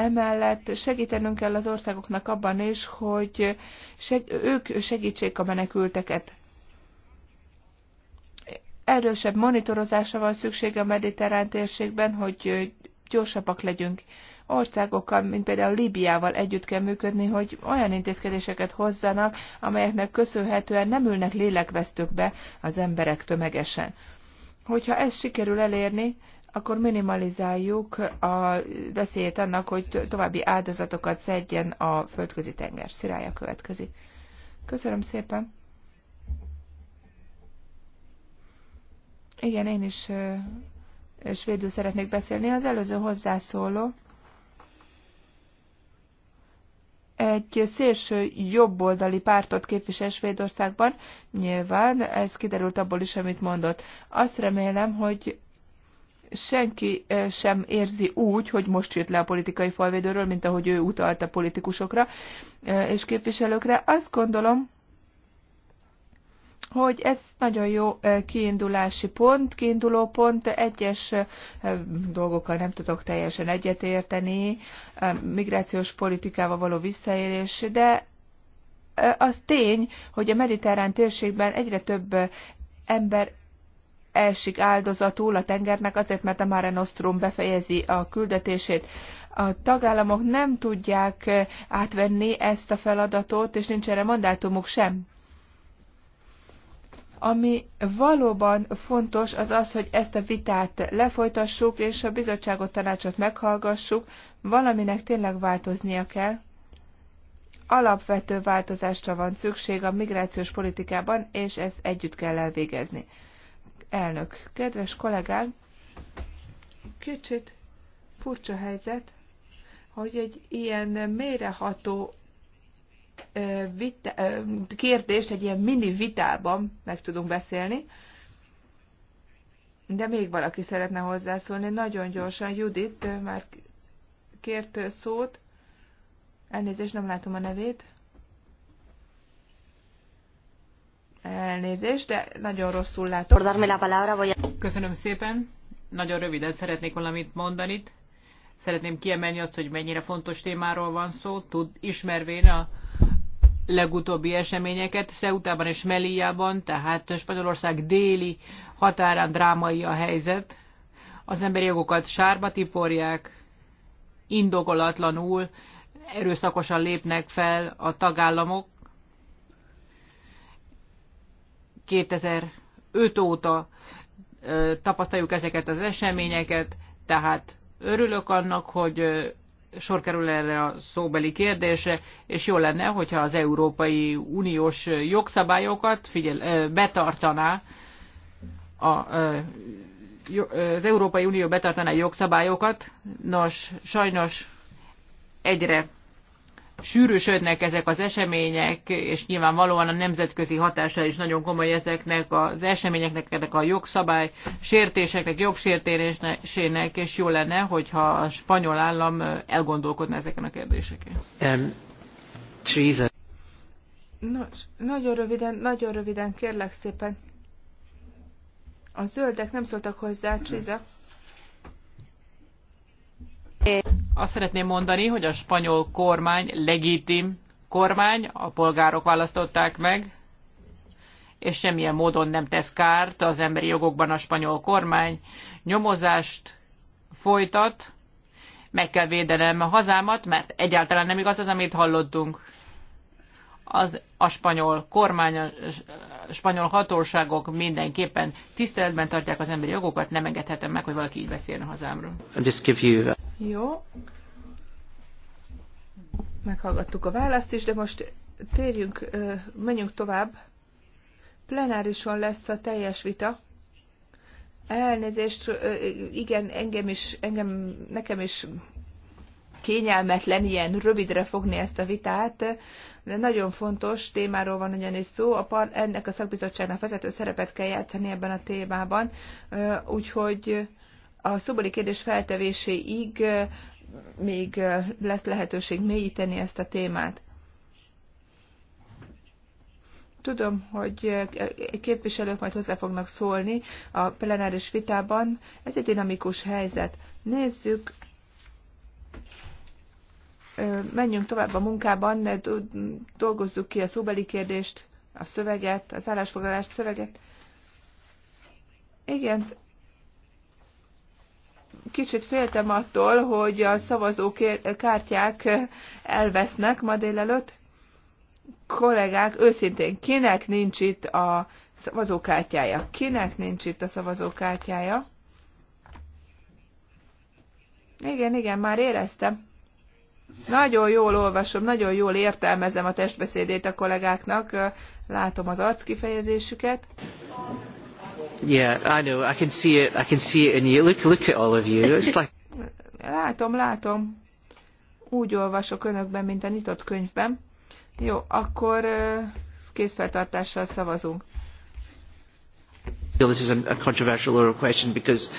Speaker 2: Emellett segítenünk kell az országoknak abban is, hogy seg- ők segítsék a menekülteket. Erősebb monitorozásra van szükség a mediterrán térségben, hogy gyorsabbak legyünk. Országokkal, mint például Líbiával együtt kell működni, hogy olyan intézkedéseket hozzanak, amelyeknek köszönhetően nem ülnek lélekvesztőkbe az emberek tömegesen. Hogyha ezt sikerül elérni, akkor minimalizáljuk a veszélyét annak, hogy további áldozatokat szedjen a földközi tenger. Szirája következik. Köszönöm szépen. Igen, én is svédül szeretnék beszélni. Az előző hozzászóló egy szélső jobboldali pártot képvisel Svédországban. Nyilván ez kiderült abból is, amit mondott. Azt remélem, hogy senki eh, sem érzi úgy, hogy most jött le a politikai falvédőről, mint ahogy ő utalta politikusokra eh, és képviselőkre. Azt gondolom, hogy ez nagyon jó eh, kiindulási pont, kiinduló pont, egyes dolgokkal nem tudok teljesen egyetérteni, migrációs politikával való visszaélés, de az tény, hogy a mediterrán térségben egyre több ember esik áldozatul a tengernek azért, mert a Mare Nostrum befejezi a küldetését. A tagállamok nem tudják eh, átvenni ezt a feladatot, és nincs erre mandátumuk sem. Ami valóban fontos, az az, hogy ezt a vitát lefolytassuk, és a bizottságot, tanácsot meghallgassuk, valaminek tényleg változnia kell. Alapvető változásra van szükség a migrációs politikában, és ezt együtt kell elvégezni elnök. Kedves kollégám, kicsit furcsa helyzet, hogy egy ilyen méreható vita, kérdést egy ilyen mini vitában meg tudunk beszélni, de még valaki szeretne hozzászólni. Nagyon gyorsan Judit már kért szót. Elnézést, nem látom a nevét. Elnézést, de nagyon rosszul látom. Köszönöm szépen.
Speaker 3: Nagyon röviden szeretnék valamit mondani. Szeretném kiemelni azt, hogy mennyire fontos témáról van szó, tud, ismervén a legutóbbi eseményeket, Szeutában és Melíjában, tehát Spanyolország déli határán drámai a helyzet. Az emberi jogokat sárba tiporják, indokolatlanul, erőszakosan lépnek fel a tagállamok, 2005 óta tapasztaljuk ezeket az eseményeket, tehát örülök annak, hogy sor kerül erre a szóbeli kérdésre, és jó lenne, hogyha az Európai Uniós jogszabályokat figyel, betartaná a, az Európai Unió betartaná jogszabályokat. Nos, sajnos egyre sűrűsödnek ezek az események, és nyilvánvalóan a nemzetközi hatása is nagyon komoly ezeknek az eseményeknek, ezek a jogszabály sértéseknek, jogsértésének, és jó lenne, hogyha a spanyol állam
Speaker 2: elgondolkodna ezeken
Speaker 3: a kérdéseken.
Speaker 1: Um,
Speaker 2: Nos, nagyon röviden, nagyon röviden, kérlek szépen. A zöldek nem szóltak hozzá, Csiza. Hmm.
Speaker 3: Azt szeretném mondani, hogy a spanyol kormány legitim kormány, a polgárok választották meg, és semmilyen módon nem tesz kárt az emberi jogokban a spanyol kormány. Nyomozást folytat, meg kell védenem a hazámat, mert egyáltalán nem igaz az, amit hallottunk. Az a spanyol kormány, a spanyol hatóságok mindenképpen tiszteletben tartják az emberi jogokat, nem engedhetem meg, hogy valaki így beszéljen a hazámról.
Speaker 2: Jó. Meghallgattuk a választ is, de most térjünk, menjünk tovább. Plenárison lesz a teljes vita. Elnézést, igen, engem is, engem, nekem is kényelmetlen ilyen rövidre fogni ezt a vitát, de nagyon fontos témáról van ugyanis szó, a par, ennek a szakbizottságnak vezető szerepet kell játszani ebben a témában, úgyhogy a szobori kérdés feltevéséig még lesz lehetőség mélyíteni ezt a témát. Tudom, hogy képviselők majd hozzá fognak szólni a plenáris vitában. Ez egy dinamikus helyzet. Nézzük, menjünk tovább a munkában, ne dolgozzuk ki a szóbeli kérdést, a szöveget, az állásfoglalás szöveget. Igen, kicsit féltem attól, hogy a szavazókártyák elvesznek ma délelőtt. Kollégák, őszintén, kinek nincs itt a szavazókártyája? Kinek nincs itt a szavazókártyája? Igen, igen, már éreztem. Nagyon jól olvasom, nagyon jól értelmezem a testbeszédét a kollégáknak, látom az arckifejezésüket. kifejezésüket.
Speaker 1: Yeah, I know. I can see it. I can see it in you. Look, look at all of you. It's like...
Speaker 2: Látom, látom. Úgy olvasok önökben, mint a nyitott könyvben. Jó, akkor készfeltartással szavazunk.
Speaker 1: This is a controversial oral question because...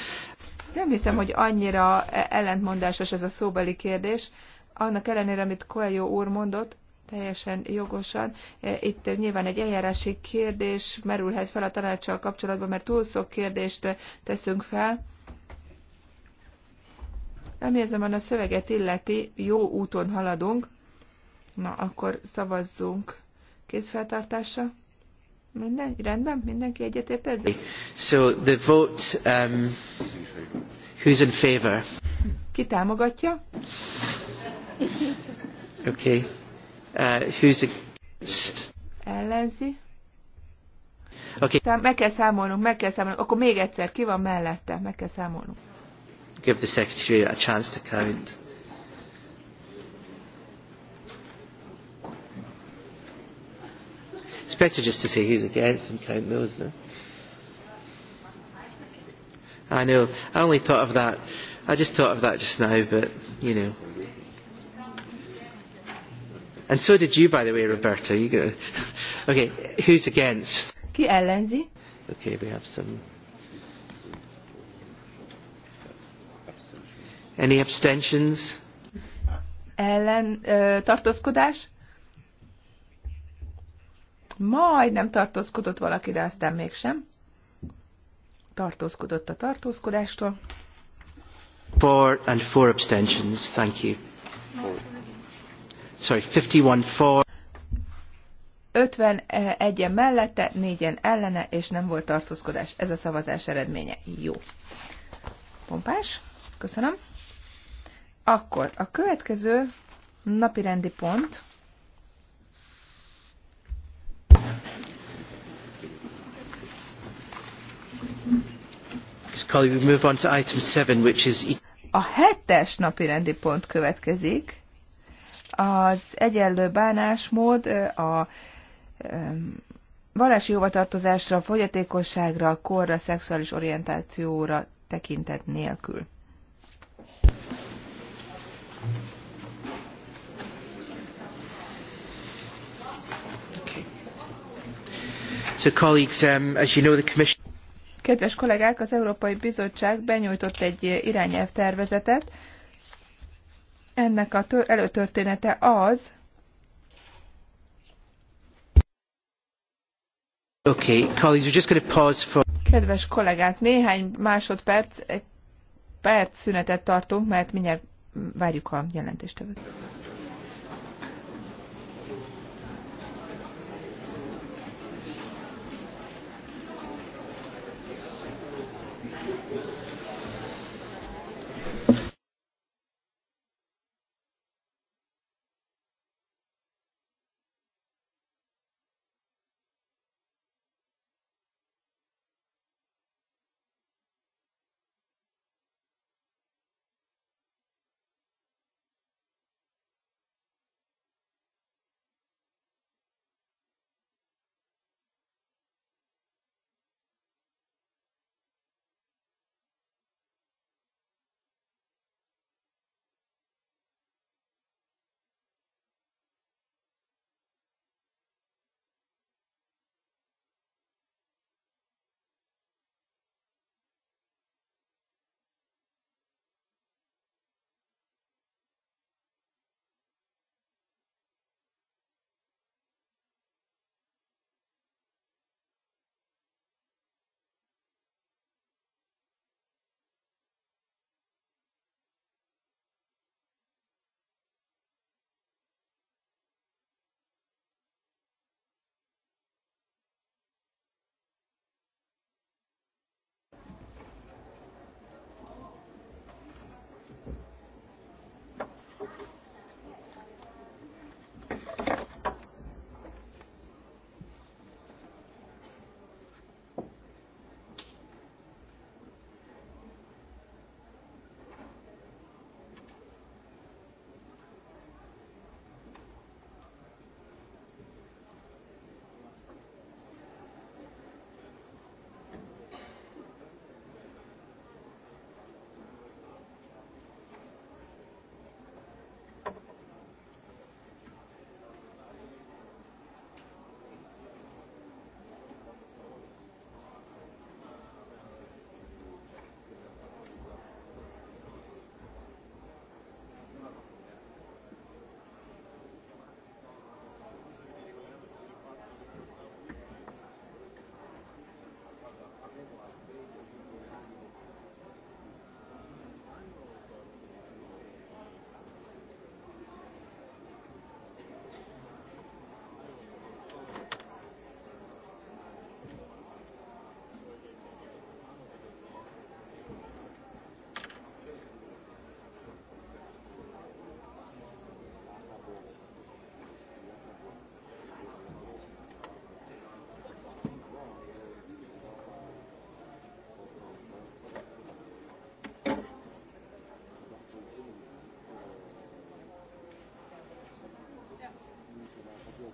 Speaker 2: Nem hiszem, hogy annyira e- ellentmondásos ez a szóbeli kérdés. Annak ellenére, amit Coelho úr mondott, teljesen jogosan. Itt nyilván egy eljárási kérdés merülhet fel a tanácssal kapcsolatban, mert túl sok kérdést teszünk fel. Ami azonban a szöveget illeti, jó úton haladunk. Na, akkor szavazzunk. Kézfeltartása? Minden? Rendben? Mindenki egyetért ezzel?
Speaker 1: So the vote, um, who's in favor?
Speaker 2: Ki támogatja?
Speaker 1: Okay. Uh, who's
Speaker 2: against? Ellenzi. Okay. Szám, meg kell számolnunk, meg kell számolnunk. Akkor még egyszer, ki van mellette? Meg kell számolnunk.
Speaker 1: Give the secretary a chance to count. It's better just to say who's against and count those, no? I know. I only thought of that. I just thought of that just now, but, you know. And so did you, by the way, Roberta. You go. okay, who's against?
Speaker 2: Ki ellenzi?
Speaker 1: Okay, we have some. Any abstentions?
Speaker 2: Ellen uh, tartózkodás? Majd nem tartózkodott valaki, de aztán mégsem. Tartózkodott a tartózkodástól.
Speaker 1: Four and four abstentions. Thank you. Four sorry, 51
Speaker 2: en eh, mellette, 4-en ellene, és nem volt tartózkodás. Ez a szavazás eredménye. Jó. Pompás, köszönöm. Akkor a következő napirendi pont. A hetes napirendi pont következik az egyenlő bánásmód a vallási jóvatartozásra, fogyatékosságra, korra, szexuális orientációra tekintet nélkül.
Speaker 1: Um,
Speaker 2: Kedves kollégák, az Európai Bizottság benyújtott egy irányelvtervezetet, ennek a tör, előtörténete az,
Speaker 1: Okay, colleagues, we're just going to pause for...
Speaker 2: Kedves kollégák, néhány másodperc, egy perc szünetet tartunk, mert mindjárt várjuk a jelentést.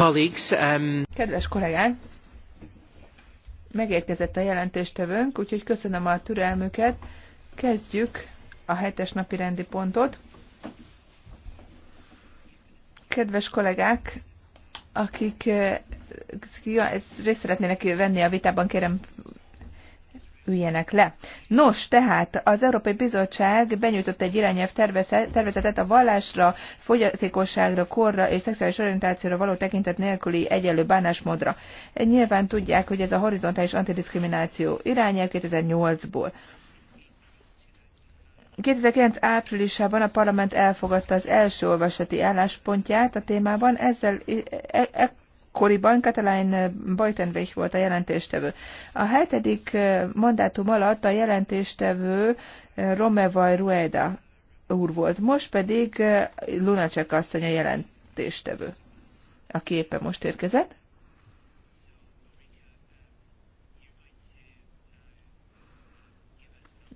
Speaker 1: Um,
Speaker 2: Kedves kollégák, megérkezett a jelentéstevőnk, úgyhogy köszönöm a türelmüket. Kezdjük a hetes napi rendi pontot. Kedves kollégák, akik eh, részt szeretnének venni a vitában, kérem üljenek le. Nos, tehát az Európai Bizottság benyújtott egy irányelv tervezetet a vallásra, fogyatékosságra, korra és szexuális orientációra való tekintet nélküli egyenlő bánásmódra. Nyilván tudják, hogy ez a horizontális antidiszkrimináció irányelv 2008-ból. 2009 áprilisában a parlament elfogadta az első olvasati álláspontját a témában, ezzel e, e, akkoriban Katalin Bajtenvég volt a jelentéstevő. A hetedik eh, mandátum alatt a jelentéstevő eh, Romevaj Rueda úr volt, most pedig eh, Lunacek asszony a jelentéstevő, aki éppen most érkezett.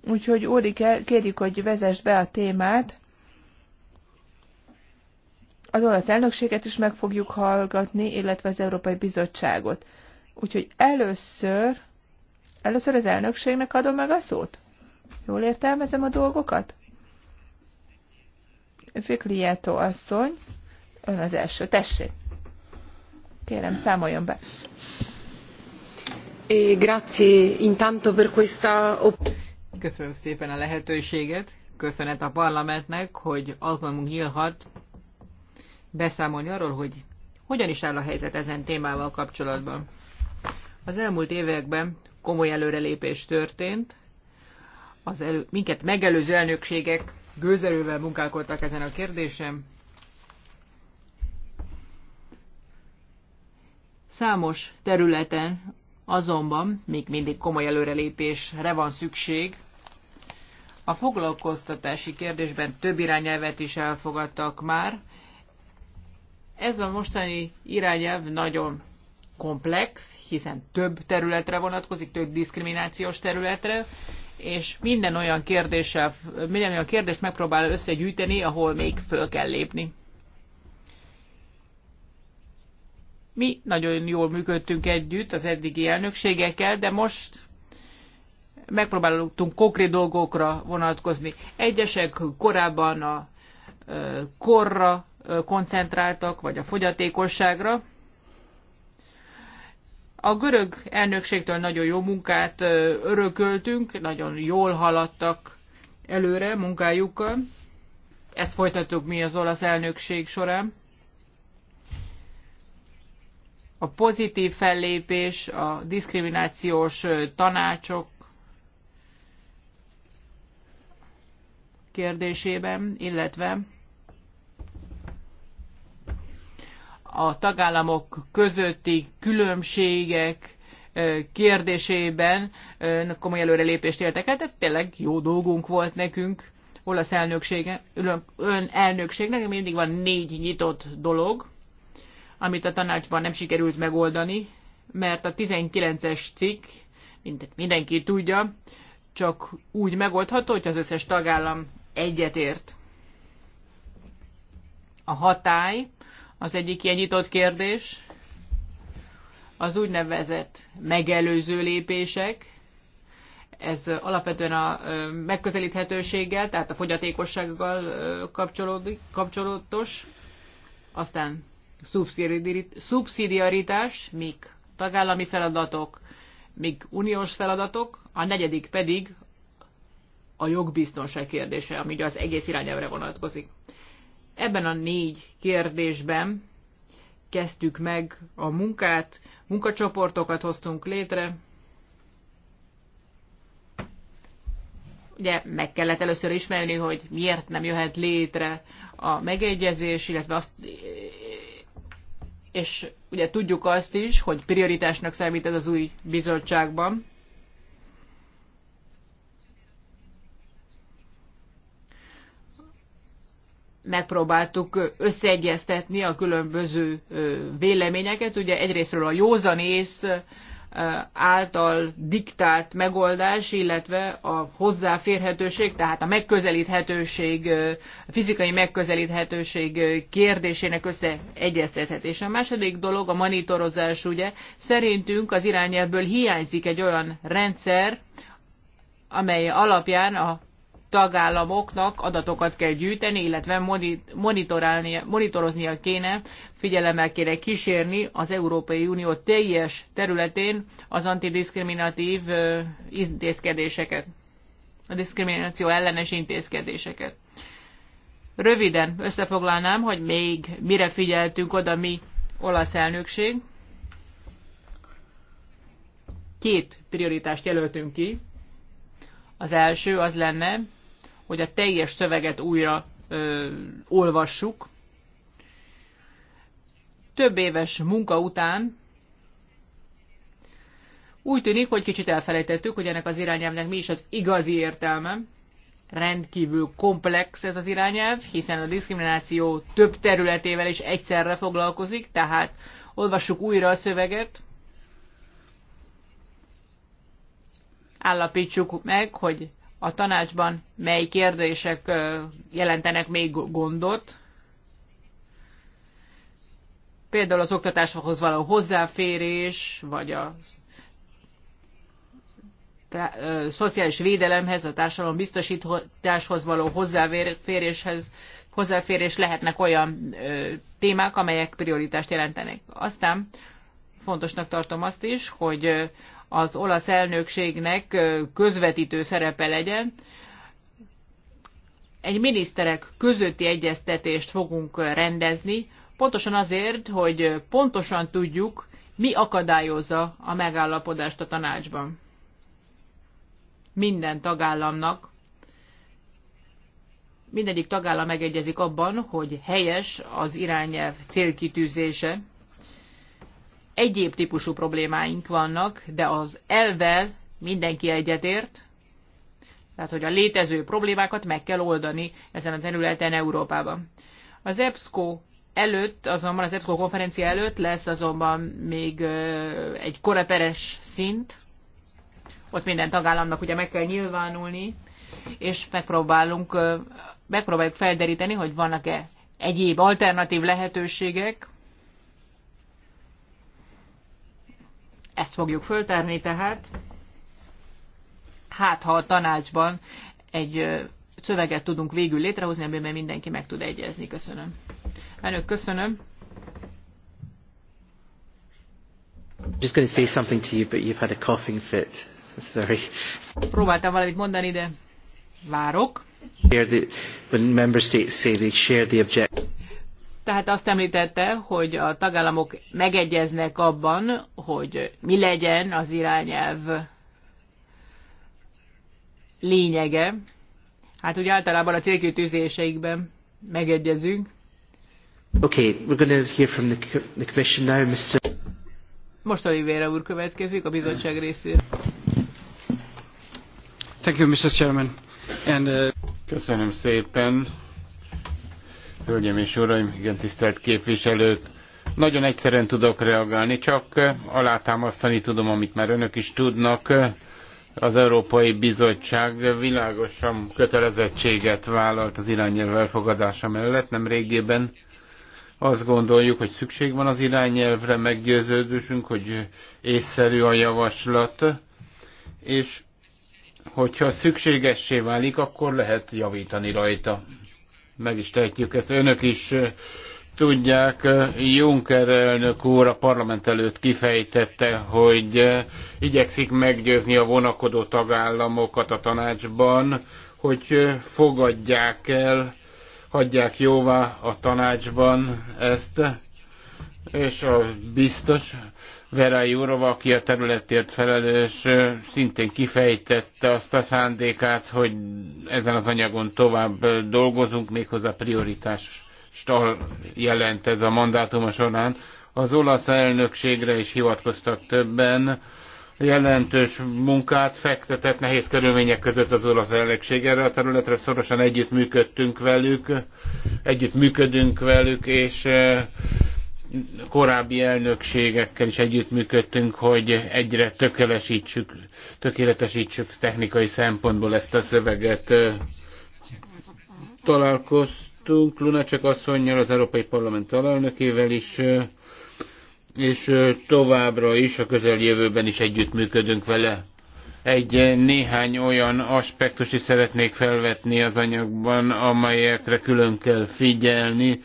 Speaker 2: Úgyhogy Úrike, kérjük, hogy vezess be a témát az olasz elnökséget is meg fogjuk hallgatni, illetve az Európai Bizottságot. Úgyhogy először, először az elnökségnek adom meg a szót. Jól értelmezem a dolgokat? Fiklietto asszony, ön az első. Tessék! Kérem, számoljon be. Eh, grazie intanto per
Speaker 3: questa... Köszönöm szépen a lehetőséget. Köszönet a parlamentnek, hogy alkalmunk nyílhat beszámolni arról, hogy hogyan is áll a helyzet ezen témával kapcsolatban. Az elmúlt években komoly előrelépés történt, az elő, minket megelőző elnökségek gőzerővel munkálkodtak ezen a kérdésen. Számos területen azonban még mindig komoly előrelépésre van szükség. A foglalkoztatási kérdésben több irányelvet is elfogadtak már, ez a mostani irányelv nagyon komplex, hiszen több területre vonatkozik, több diszkriminációs területre, és minden olyan kérdéssel, minden olyan kérdést megpróbál összegyűjteni, ahol még föl kell lépni. Mi nagyon jól működtünk együtt az eddigi elnökségekkel, de most megpróbálunk konkrét dolgokra vonatkozni. Egyesek korábban a korra koncentráltak, vagy a fogyatékosságra. A görög elnökségtől nagyon jó munkát örököltünk, nagyon jól haladtak előre munkájukkal. Ezt folytatjuk mi az olasz elnökség során. A pozitív fellépés, a diszkriminációs tanácsok kérdésében, illetve a tagállamok közötti különbségek kérdésében komoly előrelépést éltek el, tehát tényleg jó dolgunk volt nekünk olasz elnöksége, ön elnökségnek, mindig van négy nyitott dolog, amit a tanácsban nem sikerült megoldani, mert a 19-es cikk, mindenki tudja, csak úgy megoldható, hogy az összes tagállam egyetért. A hatály az egyik ilyen nyitott kérdés az úgynevezett megelőző lépések. Ez alapvetően a megközelíthetőséggel, tehát a fogyatékossággal kapcsolatos. Aztán szubszidiaritás, míg tagállami feladatok, míg uniós feladatok, a negyedik pedig a jogbiztonság kérdése, ami az egész irányelvre vonatkozik. Ebben a négy kérdésben kezdtük meg a munkát, munkacsoportokat hoztunk létre. Ugye meg kellett először ismerni, hogy miért nem jöhet létre a megegyezés, illetve azt, és ugye tudjuk azt is, hogy prioritásnak számít ez az új bizottságban. megpróbáltuk összeegyeztetni a különböző véleményeket. Ugye egyrésztről a józanész által diktált megoldás, illetve a hozzáférhetőség, tehát a megközelíthetőség, a fizikai megközelíthetőség kérdésének összeegyeztethetése. A második dolog a monitorozás, ugye. Szerintünk az irányelvből hiányzik egy olyan rendszer, amely alapján a tagállamoknak adatokat kell gyűjteni, illetve monitoroznia kéne, figyelemmel kéne kísérni az Európai Unió teljes területén az antidiskriminatív intézkedéseket, a diszkrimináció ellenes intézkedéseket. Röviden összefoglalnám, hogy még mire figyeltünk oda mi olasz elnökség. Két prioritást jelöltünk ki. Az első az lenne, hogy a teljes szöveget újra ö, olvassuk. Több éves munka után úgy tűnik, hogy kicsit elfelejtettük, hogy ennek az irányelvnek mi is az igazi értelme. Rendkívül komplex ez az irányelv, hiszen a diszkrimináció több területével is egyszerre foglalkozik, tehát olvassuk újra a szöveget, állapítsuk meg, hogy a tanácsban mely kérdések jelentenek még gondot. Például az oktatáshoz való hozzáférés, vagy a szociális védelemhez, a társadalom biztosításhoz való hozzáféréshez, hozzáférés lehetnek olyan témák, amelyek prioritást jelentenek. Aztán fontosnak tartom azt is, hogy az olasz elnökségnek közvetítő szerepe legyen. Egy miniszterek közötti egyeztetést fogunk rendezni, pontosan azért, hogy pontosan tudjuk, mi akadályozza a megállapodást a tanácsban. Minden tagállamnak mindegyik tagállam megegyezik abban, hogy helyes az irányelv célkitűzése, egyéb típusú problémáink vannak, de az elvel mindenki egyetért, tehát hogy a létező problémákat meg kell oldani ezen a területen Európában. Az EBSCO előtt, azonban az EBSCO konferencia előtt lesz azonban még egy koreperes szint, ott minden tagállamnak ugye meg kell nyilvánulni, és megpróbálunk, megpróbáljuk felderíteni, hogy vannak-e egyéb alternatív lehetőségek, Ezt fogjuk föltárni tehát. Hát, ha a tanácsban egy szöveget tudunk végül létrehozni, amiben mindenki meg tud egyezni. Köszönöm. Elnök, köszönöm.
Speaker 1: Just going to say something to you, but you've had a coughing fit. Sorry.
Speaker 3: Próbáltam valamit mondani, de várok.
Speaker 1: When member states say they share the object.
Speaker 3: Tehát azt említette, hogy a tagállamok megegyeznek abban, hogy mi legyen az irányelv lényege. Hát ugye általában a célkütőzéseikben megegyezünk.
Speaker 1: Okay, we're going to hear from the, the commission now, Mr.
Speaker 3: Most Olivera úr következik a bizottság részéről.
Speaker 5: Thank you, Mr. Chairman. And, uh... Köszönöm szépen Hölgyeim és Uraim, igen tisztelt képviselők! Nagyon egyszerűen tudok reagálni, csak alátámasztani tudom, amit már önök is tudnak. Az Európai Bizottság világosan kötelezettséget vállalt az irányelv elfogadása mellett nem régében. Azt gondoljuk, hogy szükség van az irányelvre, meggyőződősünk, hogy észszerű a javaslat, és hogyha szükségessé válik, akkor lehet javítani rajta meg is tehetjük ezt. Önök is tudják, Juncker elnök úr a parlament előtt kifejtette, hogy igyekszik meggyőzni a vonakodó tagállamokat a tanácsban, hogy fogadják el, hagyják jóvá a tanácsban ezt, és a biztos Vera Jurova, aki a területért felelős, szintén kifejtette azt a szándékát, hogy ezen az anyagon tovább dolgozunk, méghozzá prioritás stal jelent ez a mandátuma során. Az olasz elnökségre is hivatkoztak többen, jelentős munkát fektetett nehéz körülmények között az olasz elnökség erre a területre, szorosan együtt működtünk velük, együtt működünk velük, és korábbi elnökségekkel is együttműködtünk, hogy egyre tökélesítsük, tökéletesítsük technikai szempontból ezt a szöveget. Találkoztunk Lunacek asszonynal, az Európai Parlament alelnökével is, és továbbra is a közeljövőben is együttműködünk vele. Egy néhány olyan aspektus is szeretnék felvetni az anyagban, amelyekre külön kell figyelni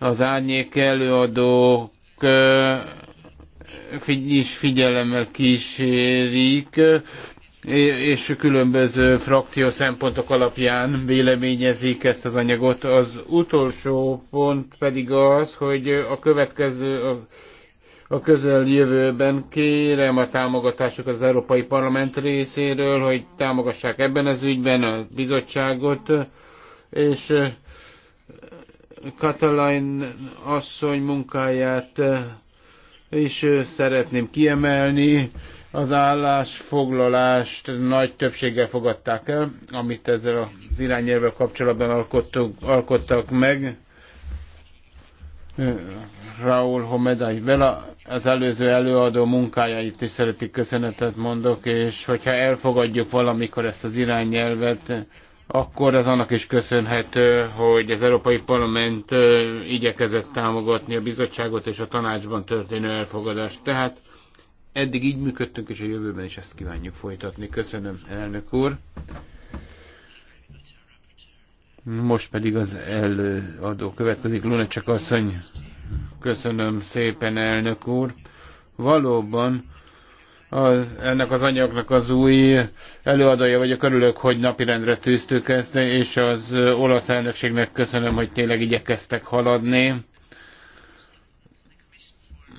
Speaker 5: az árnyék előadók is figyelemmel kísérik, és különböző frakció szempontok alapján véleményezik ezt az anyagot. Az utolsó pont pedig az, hogy a következő, a, a jövőben kérem a támogatásukat az Európai Parlament részéről, hogy támogassák ebben az ügyben a bizottságot, és Katalin asszony munkáját eh, is eh, szeretném kiemelni. Az állásfoglalást nagy többséggel fogadták el, amit ezzel az irányelvvel kapcsolatban alkottuk, alkottak meg. Eh, Raúl Homedai Bela az előző előadó munkájait is szeretik köszönetet mondok, és hogyha elfogadjuk valamikor ezt az irányelvet, akkor az annak is köszönhető, hogy az Európai Parlament igyekezett támogatni a bizottságot és a tanácsban történő elfogadást. Tehát eddig így működtünk, és a jövőben is ezt kívánjuk folytatni. Köszönöm, elnök úr. Most pedig az előadó következik. Luna csak asszony, köszönöm szépen, elnök úr. Valóban az, ennek az anyagnak az új előadója vagyok, örülök, hogy napirendre tűztük ezt, és az olasz elnökségnek köszönöm, hogy tényleg igyekeztek haladni.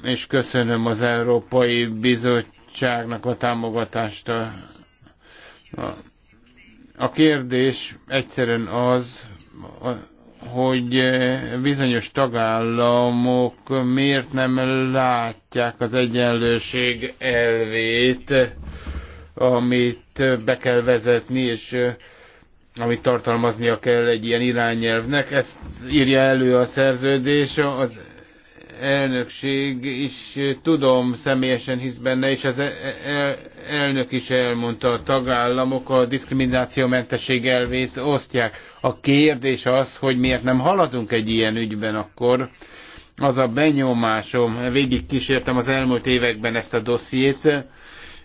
Speaker 5: És köszönöm az Európai Bizottságnak a támogatást. A, a, kérdés egyszerűen az, a, hogy eh, bizonyos tagállamok miért nem látják az egyenlőség elvét, amit be kell vezetni, és eh, amit tartalmaznia kell egy ilyen irányelvnek. Ezt írja elő a szerződés, az elnökség is tudom személyesen hisz benne, és az e- e- elnök is elmondta, a tagállamok a diszkriminációmentesség elvét osztják. A kérdés az, hogy miért nem haladunk egy ilyen ügyben akkor, az a benyomásom, végig kísértem az elmúlt években ezt a dossziét,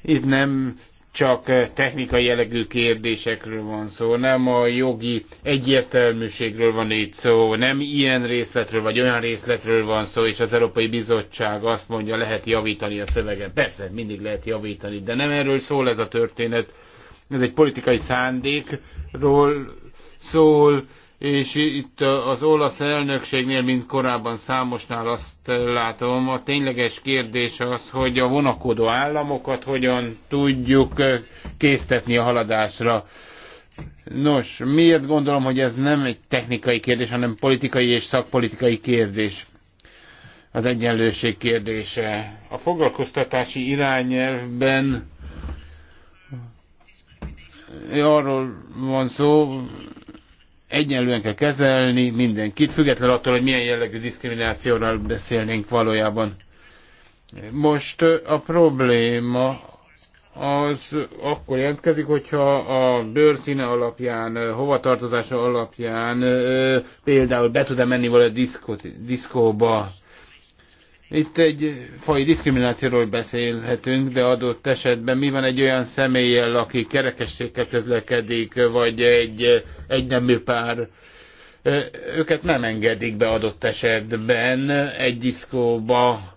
Speaker 5: itt nem csak eh, technikai jellegű kérdésekről van szó, nem a jogi egyértelműségről van itt szó, nem ilyen részletről vagy olyan részletről van szó, és az Európai Bizottság azt mondja, lehet javítani a szövegen. Persze, mindig lehet javítani, de nem erről szól ez a történet. Ez egy politikai szándékról szól, és itt az olasz elnökségnél, mint korábban számosnál azt látom, a tényleges kérdés az, hogy a vonakodó államokat hogyan tudjuk késztetni a haladásra. Nos, miért gondolom, hogy ez nem egy technikai kérdés, hanem politikai és szakpolitikai kérdés? Az egyenlőség kérdése. A foglalkoztatási irányelvben arról van szó, egyenlően kell kezelni mindenkit, független attól, hogy milyen jellegű diszkriminációról beszélnénk valójában. Most a probléma az akkor jelentkezik, hogyha a bőrszíne alapján, hovatartozása alapján például be tud-e menni valami diszkóba, itt egy fai diszkriminációról beszélhetünk, de adott esetben mi van egy olyan személlyel, aki kerekességgel közlekedik, vagy egy egynemű pár, őket nem engedik be adott esetben egy diszkóba.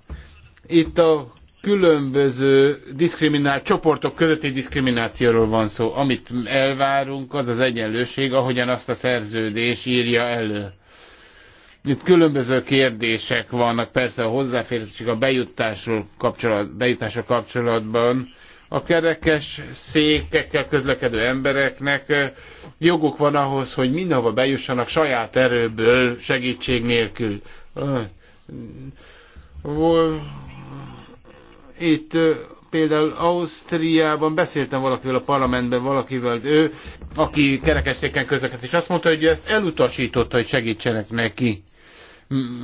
Speaker 5: Itt a különböző diszkriminált csoportok közötti diszkriminációról van szó. Amit elvárunk, az az egyenlőség, ahogyan azt a szerződés írja elő. Itt különböző kérdések vannak, persze a hozzáférhetőség a bejutásról kapcsolat, bejutásra kapcsolatban. A kerekes székekkel közlekedő embereknek joguk van ahhoz, hogy mindenhova bejussanak saját erőből, segítség nélkül. Itt például Ausztriában beszéltem valakivel a parlamentben, valakivel ő, aki kerekesszéken közlekedett, és azt mondta, hogy ő ezt elutasította, hogy segítsenek neki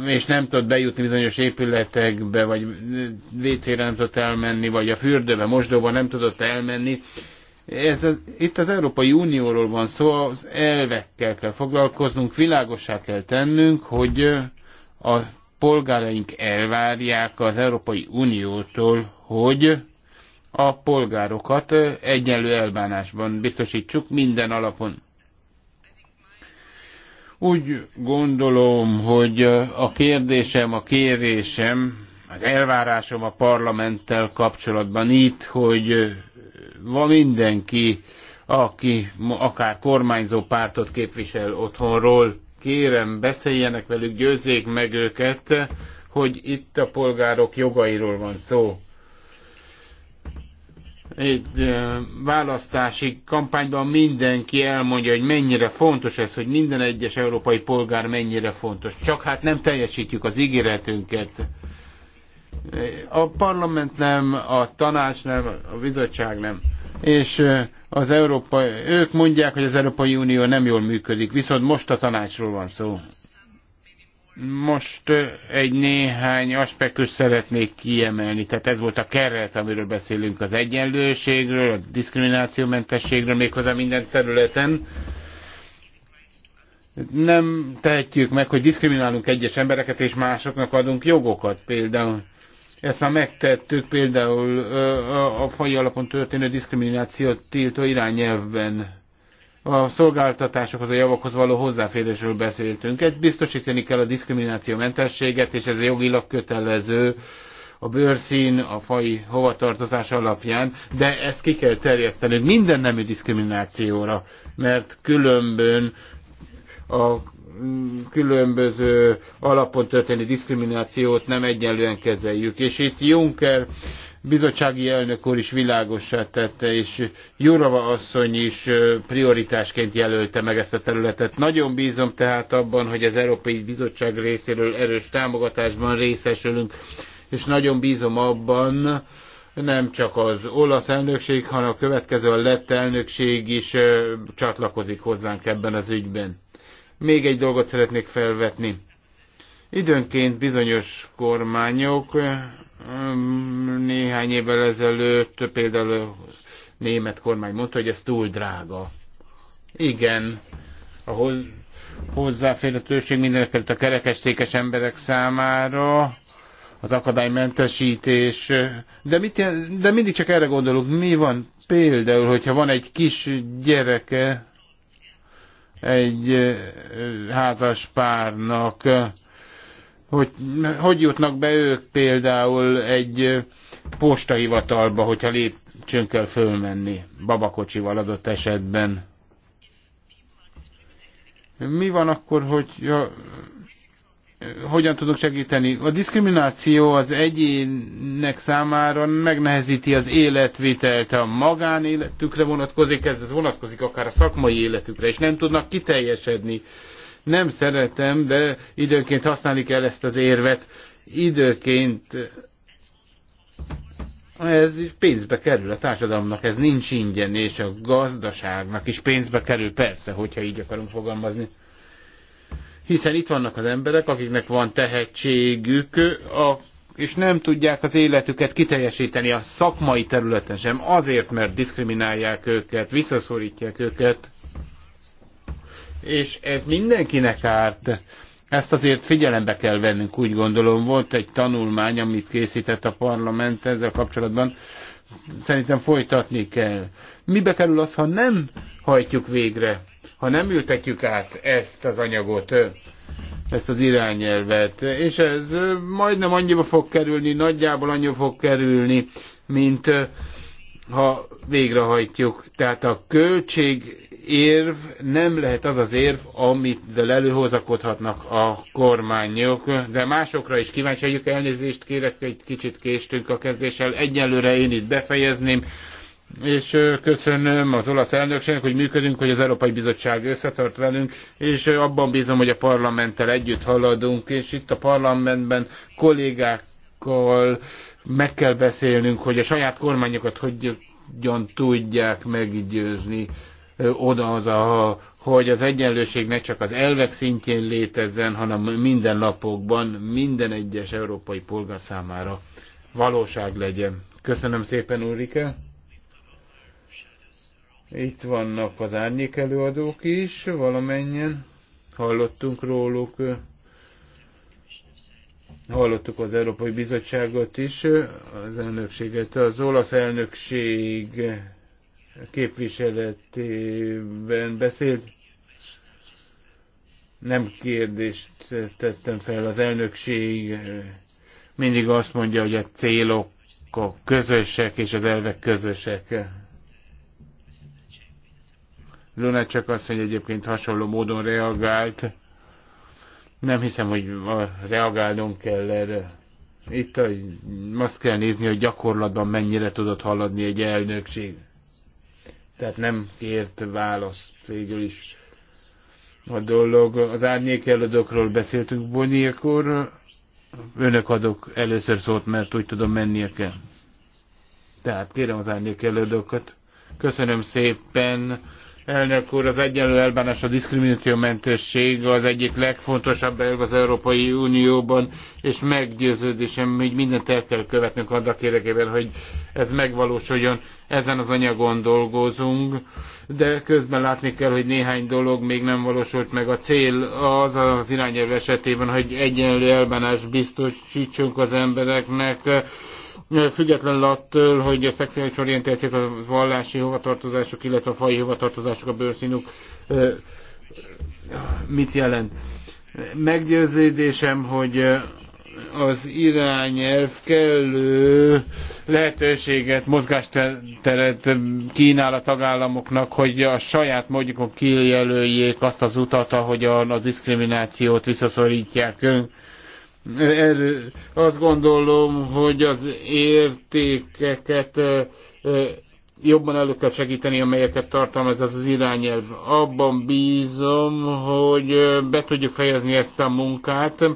Speaker 5: és nem tudott bejutni bizonyos épületekbe, vagy WC-re nem tudott elmenni, vagy a fürdőbe, mosdóba nem tudott elmenni. Ez az, itt az Európai Unióról van szó, az elvekkel kell foglalkoznunk, világosá kell tennünk, hogy a polgáraink elvárják az Európai Uniótól, hogy a polgárokat egyenlő elbánásban biztosítsuk minden alapon. Úgy gondolom, hogy a kérdésem, a kérésem, az elvárásom a parlamenttel kapcsolatban itt, hogy van mindenki, aki akár kormányzó pártot képvisel otthonról, kérem, beszéljenek velük, győzzék meg őket, hogy itt a polgárok jogairól van szó egy választási kampányban mindenki elmondja, hogy mennyire fontos ez, hogy minden egyes európai polgár mennyire fontos. Csak hát nem teljesítjük az ígéretünket. A parlament nem, a tanács nem, a bizottság nem. És az európai, ők mondják, hogy az Európai Unió nem jól működik, viszont most a tanácsról van szó. Most egy néhány aspektus szeretnék kiemelni, tehát ez volt a keret, amiről beszélünk, az egyenlőségről, a diszkriminációmentességről, méghozzá minden területen. Nem tehetjük meg, hogy diszkriminálunk egyes embereket, és másoknak adunk jogokat például. Ezt már megtettük például a fai alapon történő diszkriminációt tiltó irányelvben a szolgáltatásokhoz, a javakhoz való hozzáférésről beszéltünk. Egy biztosítani kell a diszkrimináció mentességet, és ez jogilag kötelező a bőrszín, a fai hovatartozás alapján, de ezt ki kell terjeszteni minden nemű diszkriminációra, mert különbön a különböző alapon történő diszkriminációt nem egyenlően kezeljük. És itt Juncker bizottsági elnök úr is világosá tette, és Jurova asszony is prioritásként jelölte meg ezt a területet. Nagyon bízom tehát abban, hogy az Európai Bizottság részéről erős támogatásban részesülünk, és nagyon bízom abban, nem csak az olasz elnökség, hanem a következő a lett elnökség is csatlakozik hozzánk ebben az ügyben. Még egy dolgot szeretnék felvetni. Időnként bizonyos kormányok néhány évvel ezelőtt például a német kormány mondta, hogy ez túl drága. Igen, a hozzáférhetőség mindenekelőtt a kerekesszékes emberek számára, az akadálymentesítés, de, mit, de mindig csak erre gondolunk, mi van például, hogyha van egy kis gyereke egy házas párnak, hogy hogy jutnak be ők például egy postahivatalba, hogyha lépcsőn kell fölmenni, babakocsival adott esetben. Mi van akkor, hogy ja, hogyan tudok segíteni? A diszkrimináció az egyének számára megnehezíti az életvitelt, a magánéletükre vonatkozik, ez, ez vonatkozik akár a szakmai életükre, és nem tudnak kiteljesedni nem szeretem, de időnként használni kell ezt az érvet. Időként ez pénzbe kerül a társadalomnak, ez nincs ingyen, és a gazdaságnak is pénzbe kerül, persze, hogyha így akarunk fogalmazni. Hiszen itt vannak az emberek, akiknek van tehetségük, a, és nem tudják az életüket kiteljesíteni a szakmai területen sem, azért, mert diszkriminálják őket, visszaszorítják őket, és ez mindenkinek árt. Ezt azért figyelembe kell vennünk, úgy gondolom. Volt egy tanulmány, amit készített a parlament ezzel kapcsolatban, szerintem folytatni kell. Mibe kerül az, ha nem hajtjuk végre, ha nem ültetjük át ezt az anyagot, ezt az irányelvet, és ez majdnem annyiba fog kerülni, nagyjából annyiba fog kerülni, mint ha végrehajtjuk. Tehát a költség érv nem lehet az az érv, amit előhozakodhatnak a kormányok, de másokra is kíváncsi vagyok, elnézést kérek, egy kicsit késtünk a kezdéssel, egyelőre én itt befejezném, és köszönöm az olasz elnökségnek, hogy működünk, hogy az Európai Bizottság összetart velünk, és abban bízom, hogy a parlamenttel együtt haladunk, és itt a parlamentben kollégák kollégákkal meg kell beszélnünk, hogy a saját kormányokat hogyan tudják meggyőzni oda a, hogy az egyenlőség ne csak az elvek szintjén létezzen, hanem minden napokban, minden egyes európai polgár számára valóság legyen. Köszönöm szépen, Ulrike! Itt vannak az árnyék előadók is, valamennyien hallottunk róluk. Hallottuk az Európai Bizottságot is, az elnökséget, az olasz elnökség képviseletében beszélt. Nem kérdést tettem fel, az elnökség mindig azt mondja, hogy a célok a közösek és az elvek közösek. Luna csak azt, hogy egyébként hasonló módon reagált nem hiszem, hogy reagálnunk kell erre. Itt a, azt kell nézni, hogy gyakorlatban mennyire tudott haladni egy elnökség. Tehát nem kért választ végül is a dolog. Az árnyék előadókról beszéltünk akkor Önök adok először szót, mert úgy tudom mennie kell. Tehát kérem az árnyék előadókat. Köszönöm szépen Elnök úr, az egyenlő elbánás, a diszkriminációmentesség az egyik legfontosabb elv az Európai Unióban, és meggyőződésem, hogy mindent el kell követnünk annak érdekében, hogy ez megvalósuljon. Ezen az anyagon dolgozunk, de közben látni kell, hogy néhány dolog még nem valósult meg. A cél az az irányelv esetében, hogy egyenlő elbánás biztosítsunk az embereknek, függetlenül attól, hogy a szexuális orientációk, a vallási hovatartozások, illetve a fai hovatartozások, a bőrszínük mit jelent. Meggyőződésem, hogy az irányelv kellő lehetőséget, mozgásteret kínál a tagállamoknak, hogy a saját módjukon kijelöljék azt az utat, ahogyan a diszkriminációt visszaszorítják. Erről azt gondolom, hogy az értékeket jobban elő kell segíteni, amelyeket tartalmaz az az irányelv. Abban bízom, hogy be tudjuk fejezni ezt a munkát,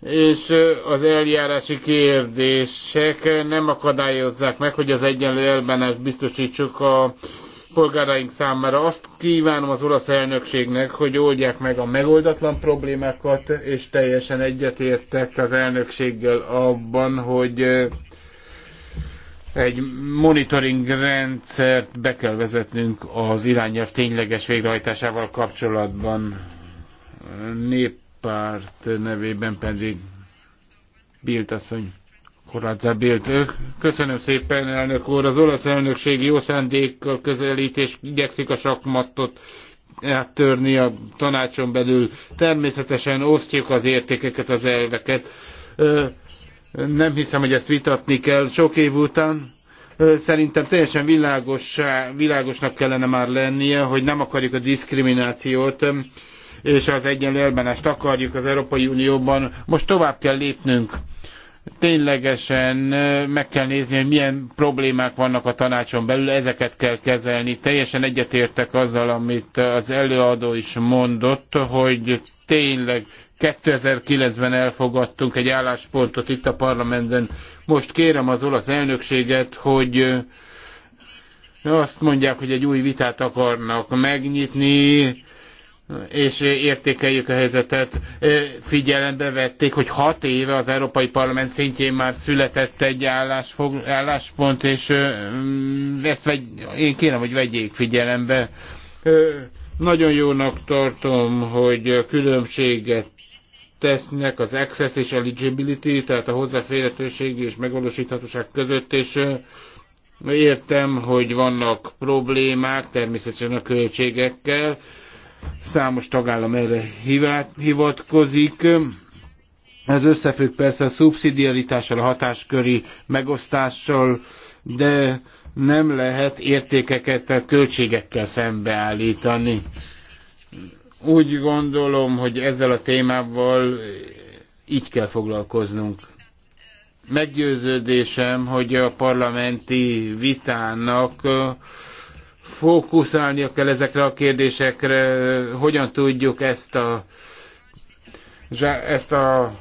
Speaker 5: és az eljárási kérdések nem akadályozzák meg, hogy az egyenlő elbánást biztosítsuk a polgáraink számára. Azt kívánom az olasz elnökségnek, hogy oldják meg a megoldatlan problémákat, és teljesen egyetértek az elnökséggel abban, hogy egy monitoring rendszert be kell vezetnünk az irányelv tényleges végrehajtásával kapcsolatban. Néppárt nevében pedig Bilt asszony. Korádza Köszönöm szépen, elnök úr. Az olasz elnökség jó szándékkal közelít, és igyekszik a sakmatot áttörni a tanácson belül. Természetesen osztjuk az értékeket, az elveket. Nem hiszem, hogy ezt vitatni kell sok év után szerintem teljesen világos, világosnak kellene már lennie, hogy nem akarjuk a diszkriminációt, és az egyenlő elbánást akarjuk az Európai Unióban. Most tovább kell lépnünk ténylegesen meg kell nézni, hogy milyen problémák vannak a tanácson belül, ezeket kell kezelni. Teljesen egyetértek azzal, amit az előadó is mondott, hogy tényleg 2009-ben elfogadtunk egy álláspontot itt a parlamentben. Most kérem az olasz elnökséget, hogy azt mondják, hogy egy új vitát akarnak megnyitni, és értékeljük a helyzetet. Figyelembe vették, hogy hat éve az Európai Parlament szintjén már született egy állásfog, álláspont, és mm, ezt vegy, én kérem, hogy vegyék figyelembe. Nagyon jónak tartom, hogy különbséget tesznek az access és eligibility, tehát a hozzáférhetőség és megvalósíthatóság között, és értem, hogy vannak problémák természetesen a költségekkel, Számos tagállam erre hivatkozik. Ez összefügg persze a szubszidiaritással, a hatásköri megosztással, de nem lehet értékeket a költségekkel szembeállítani. Úgy gondolom, hogy ezzel a témával így kell foglalkoznunk. Meggyőződésem, hogy a parlamenti vitának fókuszálnia kell ezekre a kérdésekre, hogyan tudjuk ezt a, ezt a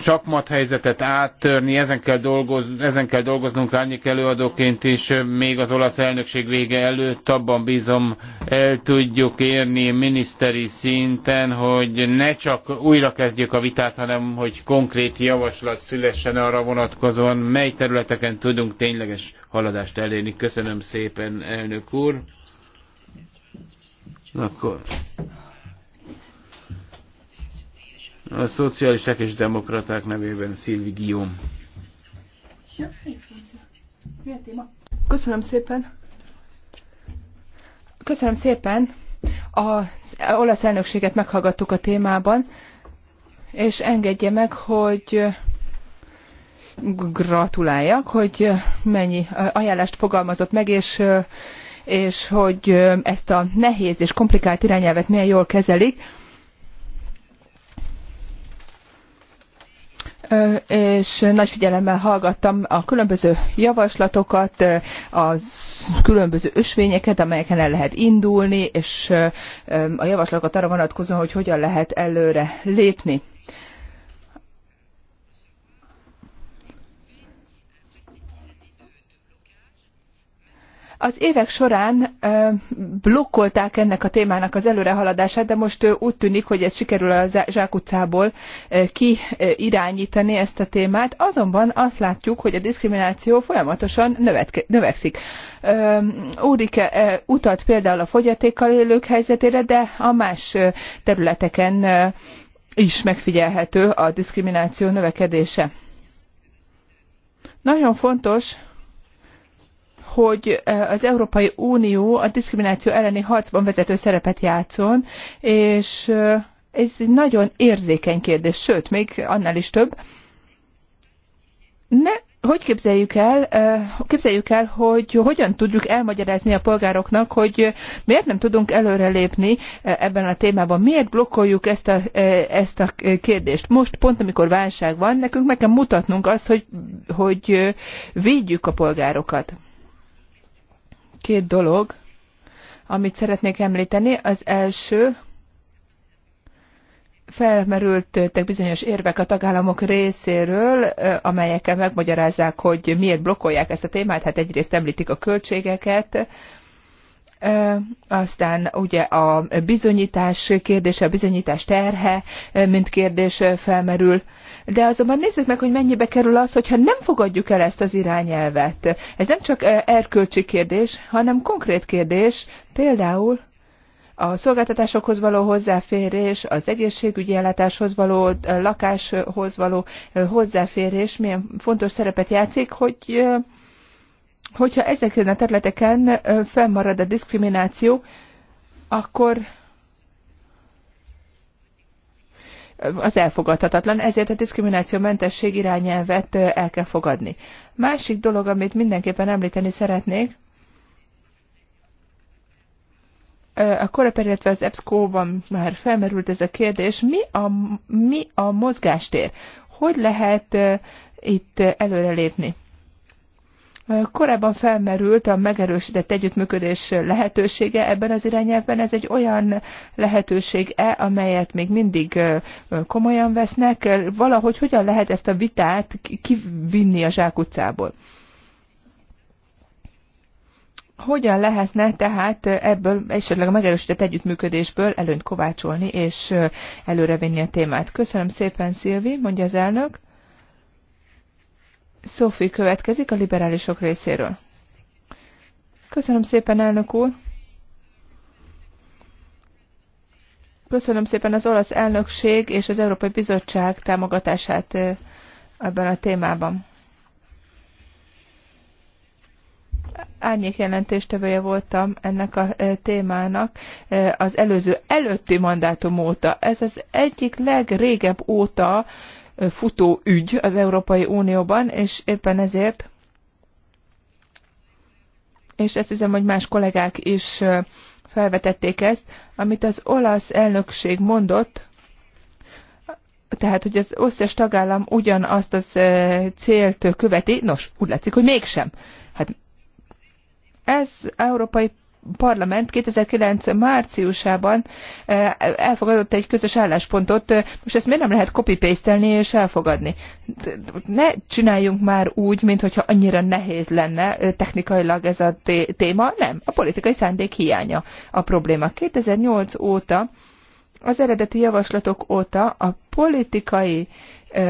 Speaker 5: csakmat helyzetet áttörni, ezen kell, ezen kell dolgoznunk árnyék előadóként is, még az olasz elnökség vége előtt abban bízom, el tudjuk érni miniszteri szinten, hogy ne csak újrakezdjük a vitát, hanem hogy konkrét javaslat szülessen arra vonatkozóan, mely területeken tudunk tényleges haladást elérni. Köszönöm szépen, elnök úr. Akkor a szocialisták és demokraták nevében Szilvi Guillaume.
Speaker 2: Köszönöm szépen. Köszönöm szépen. Az olasz elnökséget meghallgattuk a témában, és engedje meg, hogy gratuláljak, hogy mennyi ajánlást fogalmazott meg, és, és hogy ezt a nehéz és komplikált irányelvet milyen jól kezelik és nagy figyelemmel hallgattam a különböző javaslatokat, az különböző ösvényeket, amelyeken el lehet indulni, és a javaslatokat arra vonatkozóan, hogy hogyan lehet előre lépni. Az évek során blokkolták ennek a témának az előrehaladását, de most úgy tűnik, hogy ez sikerül a zsákutcából kiirányítani ezt a témát. Azonban azt látjuk, hogy a diszkrimináció folyamatosan növekszik. Úrike utalt például a fogyatékkal élők helyzetére, de a más területeken is megfigyelhető a diszkrimináció növekedése. Nagyon fontos, hogy e, az Európai Unió a diszkrimináció elleni harcban vezető szerepet játszon, és e, ez egy nagyon érzékeny kérdés, sőt, még annál is több. Ne, hogy képzeljük el, e, képzeljük el, hogy hogyan tudjuk elmagyarázni a polgároknak, hogy miért nem tudunk előrelépni ebben a témában, miért blokkoljuk ezt a, ezt a kérdést. Most pont, amikor válság van, nekünk meg kell mutatnunk azt, hogy, hogy védjük a polgárokat két dolog, amit szeretnék említeni. Az első, felmerültek bizonyos érvek a tagállamok részéről, amelyekkel megmagyarázzák, hogy miért blokkolják ezt a témát. Hát egyrészt említik a költségeket, aztán ugye a bizonyítás kérdése, a bizonyítás terhe, mint kérdés felmerül de azonban nézzük meg, hogy mennyibe kerül az, hogyha nem fogadjuk el ezt az irányelvet. Ez nem csak eh, erkölcsi kérdés, hanem konkrét kérdés, például a szolgáltatásokhoz való hozzáférés, az egészségügyi ellátáshoz való, eh, lakáshoz való eh, hozzáférés milyen fontos szerepet játszik, hogy hogyha ezeken a területeken fennmarad a diszkrimináció, akkor az elfogadhatatlan, ezért a diszkriminációmentesség irányelvet el kell fogadni. Másik dolog, amit mindenképpen említeni szeretnék, a Koreper, illetve az EBSCO-ban már felmerült ez a kérdés, mi a, mi a mozgástér? Hogy lehet itt előrelépni? Korábban felmerült a megerősített együttműködés lehetősége ebben az irányelvben. Ez egy olyan lehetőség-e, amelyet még mindig komolyan vesznek? Valahogy hogyan lehet ezt a vitát kivinni a zsákutcából? Hogyan lehetne tehát ebből esetleg a megerősített együttműködésből előnyt kovácsolni és előrevinni a témát? Köszönöm szépen, Szilvi, mondja az elnök. Szófi következik a liberálisok részéről. Köszönöm szépen, elnök úr! Köszönöm szépen az olasz elnökség és az Európai Bizottság támogatását ebben a témában. Árnyék jelentéstevője voltam ennek a témának az előző előtti mandátum óta. Ez az egyik legrégebb óta, futó ügy az Európai Unióban, és éppen ezért, és ezt hiszem, hogy más kollégák is felvetették ezt, amit az olasz elnökség mondott, tehát, hogy az összes tagállam ugyanazt az célt követi, nos, úgy látszik, hogy mégsem. Hát ez európai parlament 2009 márciusában eh, elfogadott egy közös álláspontot, most ezt miért nem lehet copy paste és elfogadni? Ne csináljunk már úgy, mintha annyira nehéz lenne eh, technikailag ez a téma, nem, a politikai szándék hiánya a probléma. 2008 óta az eredeti javaslatok óta a politikai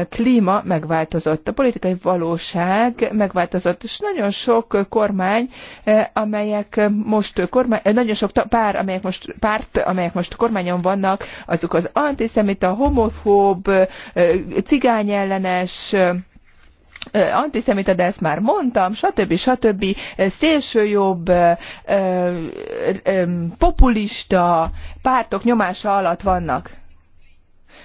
Speaker 2: klíma megváltozott, a politikai valóság megváltozott, és nagyon sok kormány, amelyek most kormány, nagyon sok pár, amelyek most párt, amelyek most kormányon vannak, azok az antiszemita, homofób, cigányellenes, antiszemita, de ezt már mondtam, stb. stb. szélsőjobb, populista pártok nyomása alatt vannak.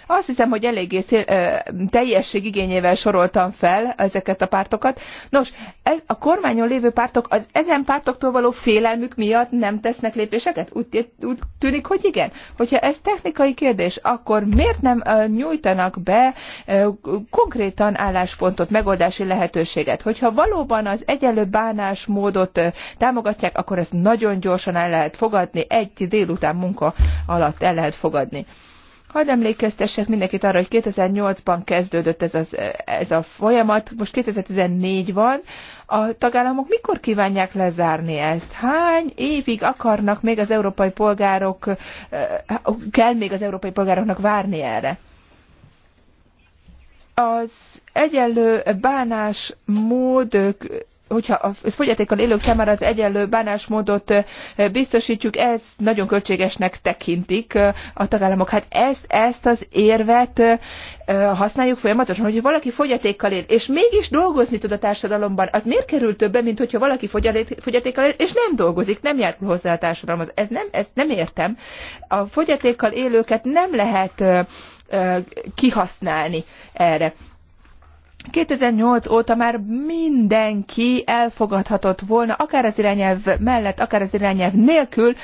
Speaker 2: Azt hiszem, hogy eléggé szél, ö, teljesség igényével soroltam fel ezeket a pártokat. Nos, ez, a kormányon lévő pártok az ezen pártoktól való félelmük miatt nem tesznek lépéseket? Úgy, úgy tűnik, hogy igen. Hogyha ez technikai kérdés, akkor miért nem ö, nyújtanak be ö, konkrétan álláspontot, megoldási lehetőséget? Hogyha valóban az egyenlő bánásmódot ö, támogatják, akkor ezt nagyon gyorsan el lehet fogadni, egy délután munka alatt el lehet fogadni. Hadd emlékeztessek mindenkit arra, hogy 2008-ban kezdődött ez, az, ez a folyamat, most 2014 van. A tagállamok mikor kívánják lezárni ezt? Hány évig akarnak még az európai polgárok, kell még az európai polgároknak várni erre? Az egyenlő bánásmód hogyha a fogyatékkal élők számára az egyenlő bánásmódot biztosítjuk, ez nagyon költségesnek tekintik a tagállamok. Hát ezt, ezt az érvet használjuk folyamatosan, hogy valaki fogyatékkal él, és mégis dolgozni tud a társadalomban, az miért kerül többe, mint hogyha valaki fogyatékkal él, és nem dolgozik, nem járul hozzá a társadalomhoz. Ez nem, ezt nem értem. A fogyatékkal élőket nem lehet kihasználni erre. 2008 óta már mindenki elfogadhatott volna, akár az irányelv mellett, akár az irányelv nélkül,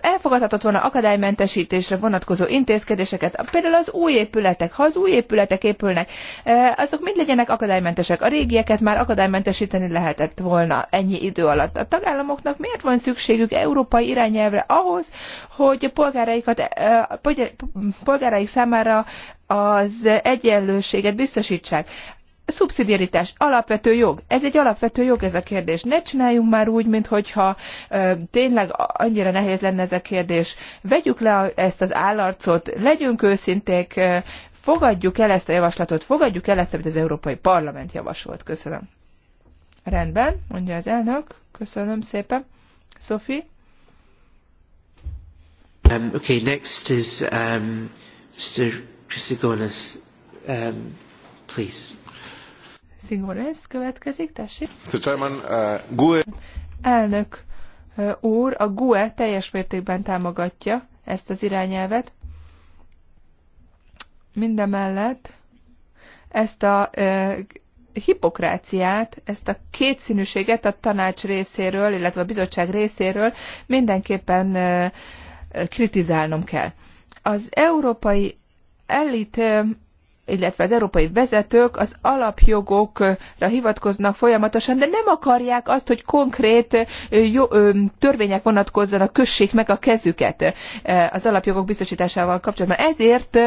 Speaker 2: elfogadhatott volna akadálymentesítésre vonatkozó intézkedéseket. Például az új épületek, ha az új épületek épülnek, azok mind legyenek akadálymentesek. A régieket már akadálymentesíteni lehetett volna ennyi idő alatt. A tagállamoknak miért van szükségük európai irányelvre ahhoz, hogy a polgáraikat, polgáraik számára az egyenlőséget biztosítsák. Szubszidiaritás, alapvető jog. Ez egy alapvető jog ez a kérdés. Ne csináljunk már úgy, mintha ö, tényleg annyira nehéz lenne ez a kérdés. Vegyük le ezt az állarcot, legyünk őszinték, ö, fogadjuk el ezt a javaslatot, fogadjuk el ezt, amit az Európai Parlament javasolt. Köszönöm. Rendben, mondja az elnök. Köszönöm szépen. Sophie?
Speaker 1: Um, okay, next is um, Mr. Chrysigonis. Um, please.
Speaker 2: Figueres következik, tessék.
Speaker 3: Mr. Chairman, uh, GUE...
Speaker 2: Elnök uh, úr, a GUE teljes mértékben támogatja ezt az irányelvet. Mindemellett ezt a uh, hipokráciát, ezt a kétszínűséget a tanács részéről, illetve a bizottság részéről mindenképpen uh, kritizálnom kell. Az európai elit uh, illetve az európai vezetők az alapjogokra hivatkoznak folyamatosan, de nem akarják azt, hogy konkrét törvények vonatkozzanak, kössék meg a kezüket az alapjogok biztosításával kapcsolatban. Ezért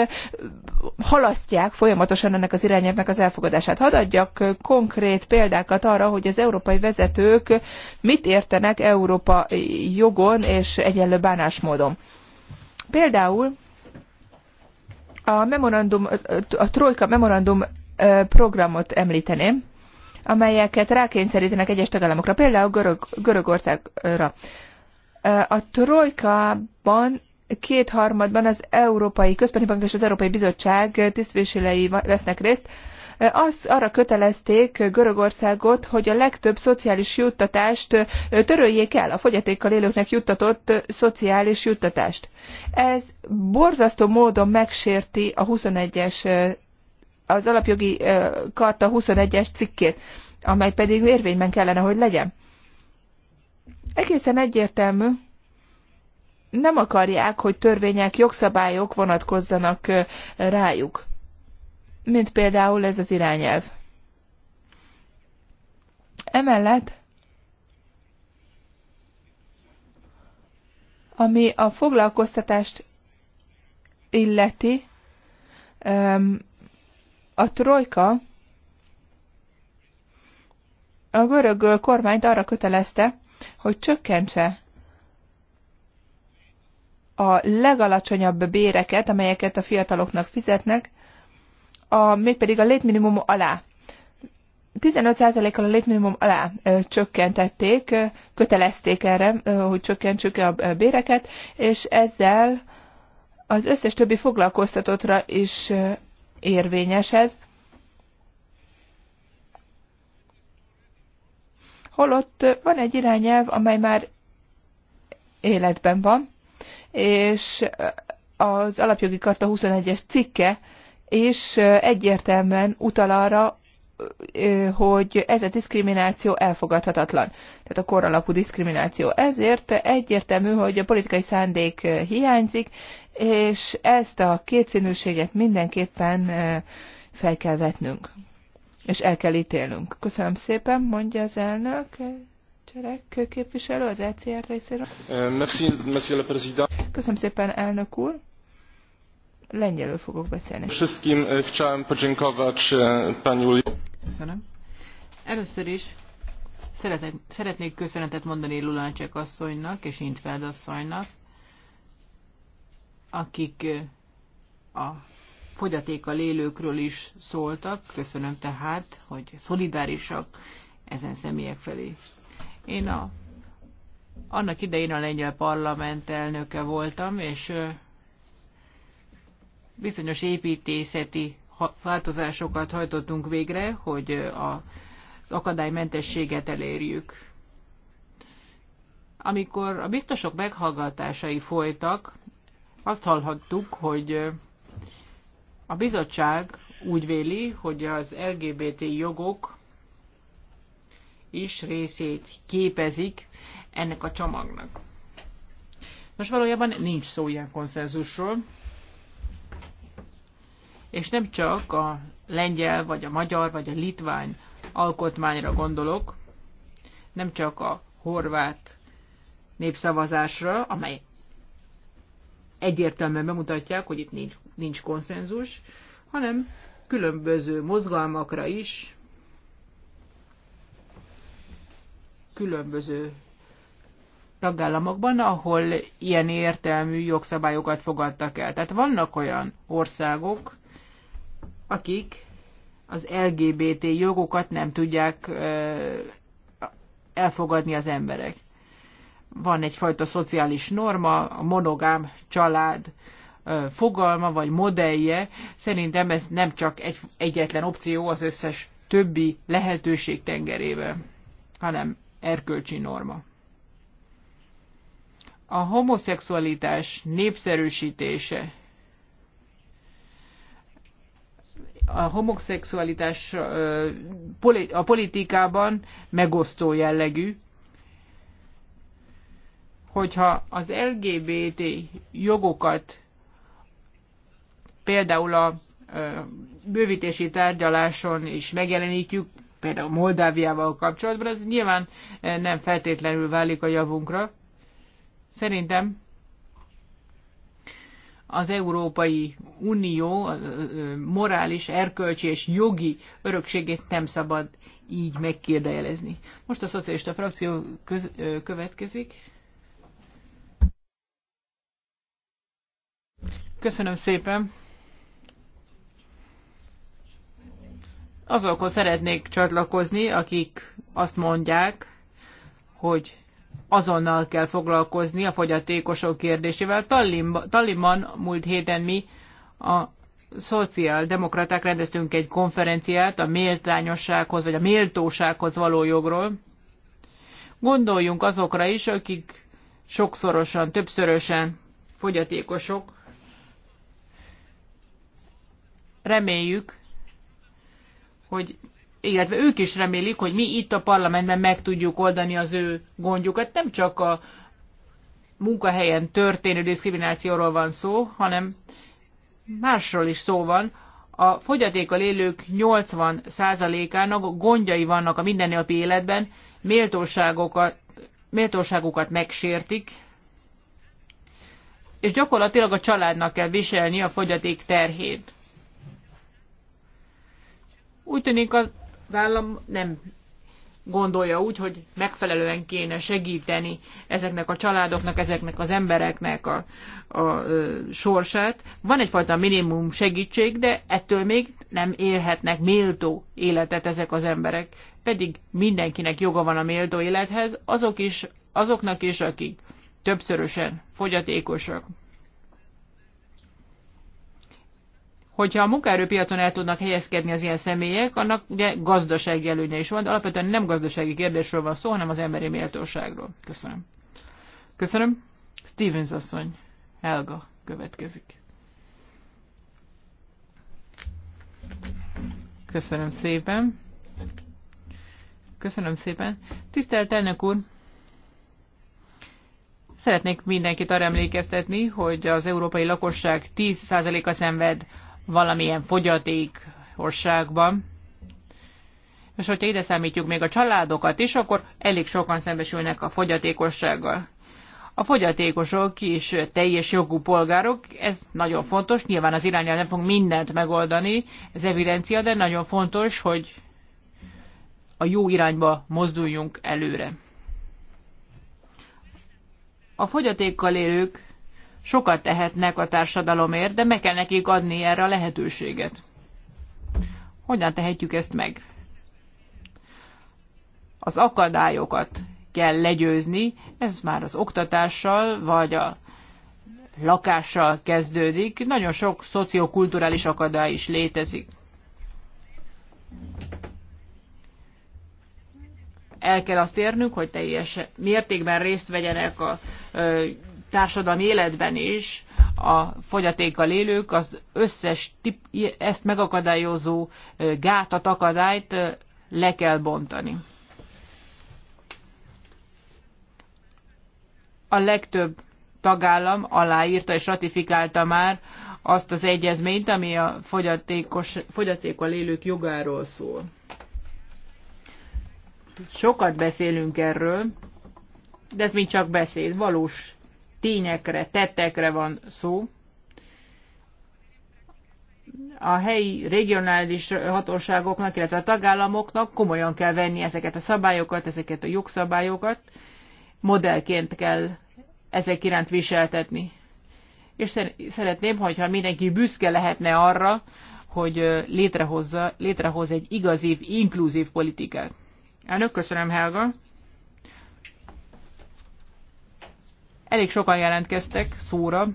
Speaker 2: halasztják folyamatosan ennek az irányelvnek az elfogadását. Hadd adjak konkrét példákat arra, hogy az európai vezetők mit értenek Európa jogon és egyenlő bánásmódon. Például a memorandum, a Trojka memorandum programot említeném, amelyeket rákényszerítenek egyes tagállamokra, például Görög, Görögországra. A Trojkában kétharmadban az Európai Központi Bank és az Európai Bizottság tisztviselői vesznek részt, az arra kötelezték Görögországot, hogy a legtöbb szociális juttatást töröljék el, a fogyatékkal élőknek juttatott szociális juttatást. Ez borzasztó módon megsérti a 21-es, az alapjogi karta 21-es cikkét, amely pedig érvényben kellene, hogy legyen. Egészen egyértelmű, nem akarják, hogy törvények, jogszabályok vonatkozzanak rájuk mint például ez az irányelv. Emellett, ami a foglalkoztatást illeti, a trojka a görög kormányt arra kötelezte, hogy csökkentse a legalacsonyabb béreket, amelyeket a fiataloknak fizetnek, a, mégpedig a létminimum alá. 15%-kal a létminimum alá ö, csökkentették, ö, kötelezték erre, ö, hogy csökkentsük a béreket, és ezzel az összes többi foglalkoztatottra is ö, érvényes ez. Holott van egy irányelv, amely már életben van, és az alapjogi karta 21-es cikke és egyértelműen utal arra, hogy ez a diszkrimináció elfogadhatatlan. Tehát a koralapú diszkrimináció. Ezért egyértelmű, hogy a politikai szándék hiányzik, és ezt a kétszínűséget mindenképpen fel kell vetnünk, és el kell ítélnünk. Köszönöm szépen, mondja az elnök. Cserek képviselő az ECR részéről.
Speaker 1: Merci,
Speaker 5: monsieur le président.
Speaker 2: Köszönöm szépen, elnök úr. Lengyelül fogok beszélni.
Speaker 5: Wszystkim e, chciałem podziękować e, pani
Speaker 2: Köszönöm. Először
Speaker 3: is szeretek, szeretnék köszönetet mondani Lulácsek asszonynak és Intfeld asszonynak, akik e, a fogyatékkal élőkről is szóltak. Köszönöm tehát, hogy szolidárisak ezen személyek felé. Én a, annak idején a lengyel parlament elnöke voltam, és bizonyos építészeti változásokat hajtottunk végre, hogy az akadálymentességet elérjük. Amikor a biztosok meghallgatásai folytak, azt hallhattuk, hogy a bizottság úgy véli, hogy az LGBT jogok is részét képezik ennek a csomagnak. Most valójában nincs szó ilyen konszenzusról és nem csak a lengyel, vagy a magyar, vagy a litvány alkotmányra gondolok, nem csak a horvát népszavazásra, amely egyértelműen bemutatják, hogy itt nincs, nincs konszenzus, hanem különböző mozgalmakra is, különböző tagállamokban, ahol ilyen értelmű jogszabályokat fogadtak el. Tehát vannak olyan országok, akik az LGBT jogokat nem tudják elfogadni az emberek. Van egyfajta szociális norma, a monogám család fogalma vagy modellje. Szerintem ez nem csak egy, egyetlen opció az összes többi lehetőség tengerével, hanem erkölcsi norma. A homoszexualitás népszerűsítése a homoszexualitás a politikában megosztó jellegű, hogyha az LGBT jogokat például a bővítési tárgyaláson is megjelenítjük, például Moldáviával kapcsolatban, ez nyilván nem feltétlenül válik a javunkra. Szerintem az Európai Unió morális, erkölcsi és jogi örökségét nem szabad így megkérdejelezni. Most a szocialista frakció köz, következik. Köszönöm szépen. Azokhoz szeretnék csatlakozni, akik azt mondják, hogy azonnal kell foglalkozni a fogyatékosok kérdésével. Tallinnban, múlt héten mi a szociáldemokraták rendeztünk egy konferenciát a méltányossághoz, vagy a méltósághoz való jogról. Gondoljunk azokra is, akik sokszorosan, többszörösen fogyatékosok. Reméljük, hogy illetve ők is remélik, hogy mi itt a parlamentben meg tudjuk oldani az ő gondjukat. Nem csak a munkahelyen történő diszkriminációról van szó, hanem másról is szó van. A fogyatékkal élők 80%-ának gondjai vannak a mindennapi életben, méltóságokat, méltóságukat megsértik, és gyakorlatilag a családnak kell viselni a fogyaték terhét. Úgy tűnik a vállam nem gondolja úgy, hogy megfelelően kéne segíteni ezeknek a családoknak, ezeknek az embereknek a, a, a sorsát. Van egyfajta minimum segítség, de ettől még nem élhetnek méltó életet ezek az emberek. Pedig mindenkinek joga van a méltó élethez, azok is, azoknak is, akik többszörösen fogyatékosak. hogyha a munkaerőpiacon el tudnak helyezkedni az ilyen személyek, annak ugye gazdasági előnye is van, de alapvetően nem gazdasági kérdésről van szó, hanem az emberi méltóságról. Köszönöm. Köszönöm. Stevens asszony, Helga következik. Köszönöm szépen. Köszönöm szépen. Tisztelt elnök úr! Szeretnék mindenkit arra emlékeztetni, hogy az európai lakosság 10%-a szenved valamilyen fogyatékosságban. És hogyha ide számítjuk még a családokat is, akkor elég sokan szembesülnek a fogyatékossággal. A fogyatékosok is teljes jogú polgárok, ez nagyon fontos, nyilván az irányel nem fog mindent megoldani, ez evidencia, de nagyon fontos, hogy a jó irányba mozduljunk előre. A fogyatékkal élők sokat tehetnek a társadalomért, de meg kell nekik adni erre a lehetőséget. Hogyan tehetjük ezt meg? Az akadályokat kell legyőzni, ez már az oktatással vagy a lakással kezdődik, nagyon sok szociokulturális akadály is létezik. El kell azt érnünk, hogy teljes mértékben részt vegyenek a társadalmi életben is a fogyatékkal élők az összes tip, ezt megakadályozó gátat, akadályt le kell bontani. A legtöbb tagállam aláírta és ratifikálta már azt az egyezményt, ami a fogyatékos, fogyatékkal élők jogáról szól. Sokat beszélünk erről, de ez mind csak beszéd, valós tényekre, tettekre van szó. A helyi regionális hatóságoknak, illetve a tagállamoknak komolyan kell venni ezeket a szabályokat, ezeket a jogszabályokat,
Speaker 4: modellként
Speaker 3: kell ezek iránt viseltetni. És szeretném, hogyha mindenki büszke lehetne arra, hogy létrehozza, létrehoz egy igazív, inkluzív politikát. Elnök, köszönöm, Helga. Elég sokan jelentkeztek szóra,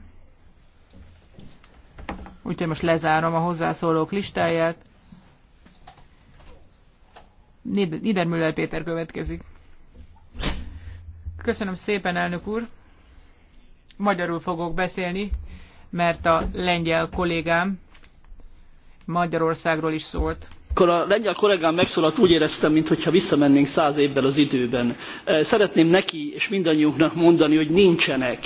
Speaker 3: úgyhogy most lezárom a hozzászólók listáját. Niedermüller Péter következik. Köszönöm szépen, elnök úr. Magyarul fogok beszélni, mert a lengyel kollégám Magyarországról is szólt.
Speaker 4: Amikor a lengyel kollégám megszólalt, úgy éreztem, mintha visszamennénk száz évvel az időben. Szeretném neki és mindannyiunknak mondani, hogy nincsenek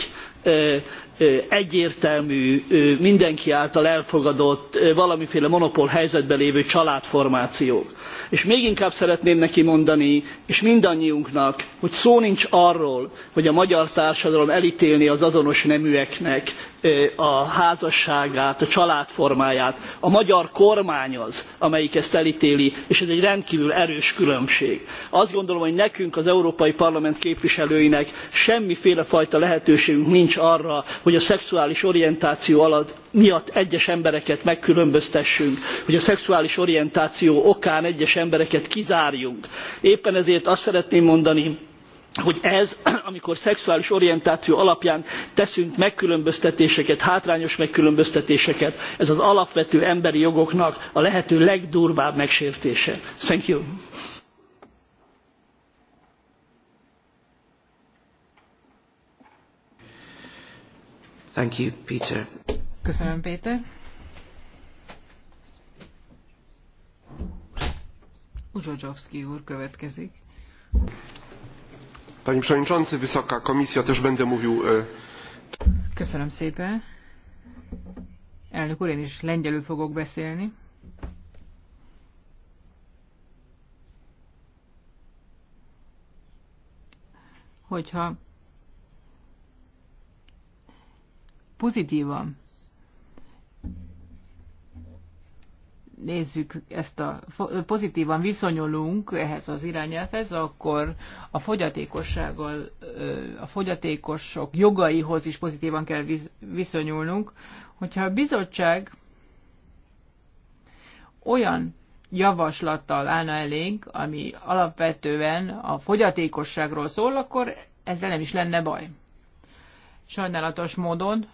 Speaker 4: egyértelmű mindenki által elfogadott valamiféle monopól helyzetben lévő családformációk. és még inkább szeretném neki mondani és mindannyiunknak hogy szó nincs arról hogy a magyar társadalom eltélné az azonos neműeknek a házasságát a családformáját a magyar kormány az amelyik ezt eltéli és ez egy rendkvül erős különbség. azt gondolom hogy nekünk az európai parlament képviselőinek semmiféle fajta lehetőségünk nincs arra hogy a szexuális orientáció alatt, miatt egyes embereket megkülönböztessünk, hogy a szexuális orientáció okán egyes embereket kizárjunk. Éppen ezért azt szeretném mondani, hogy ez, amikor szexuális orientáció alapján teszünk megkülönböztetéseket, hátrányos megkülönböztetéseket, ez az alapvető emberi jogoknak a lehető legdurvább megsértése. Thank you.
Speaker 1: Thank you, Peter.
Speaker 3: Köszönöm, Péter. Uzsodzsovszki úr következik.
Speaker 5: Pani Przewodniczący, Wysoka Komisja, też będę mówił... E,
Speaker 3: Köszönöm szépen. Elnök úr, én is lengyelül fogok beszélni. Hogyha pozitívan nézzük ezt a pozitívan viszonyulunk ehhez az irányelvhez, akkor a fogyatékossággal, a fogyatékosok jogaihoz is pozitívan kell viszonyulnunk. Hogyha a bizottság olyan javaslattal állna elénk, ami alapvetően a fogyatékosságról szól, akkor ezzel nem is lenne baj. Sajnálatos módon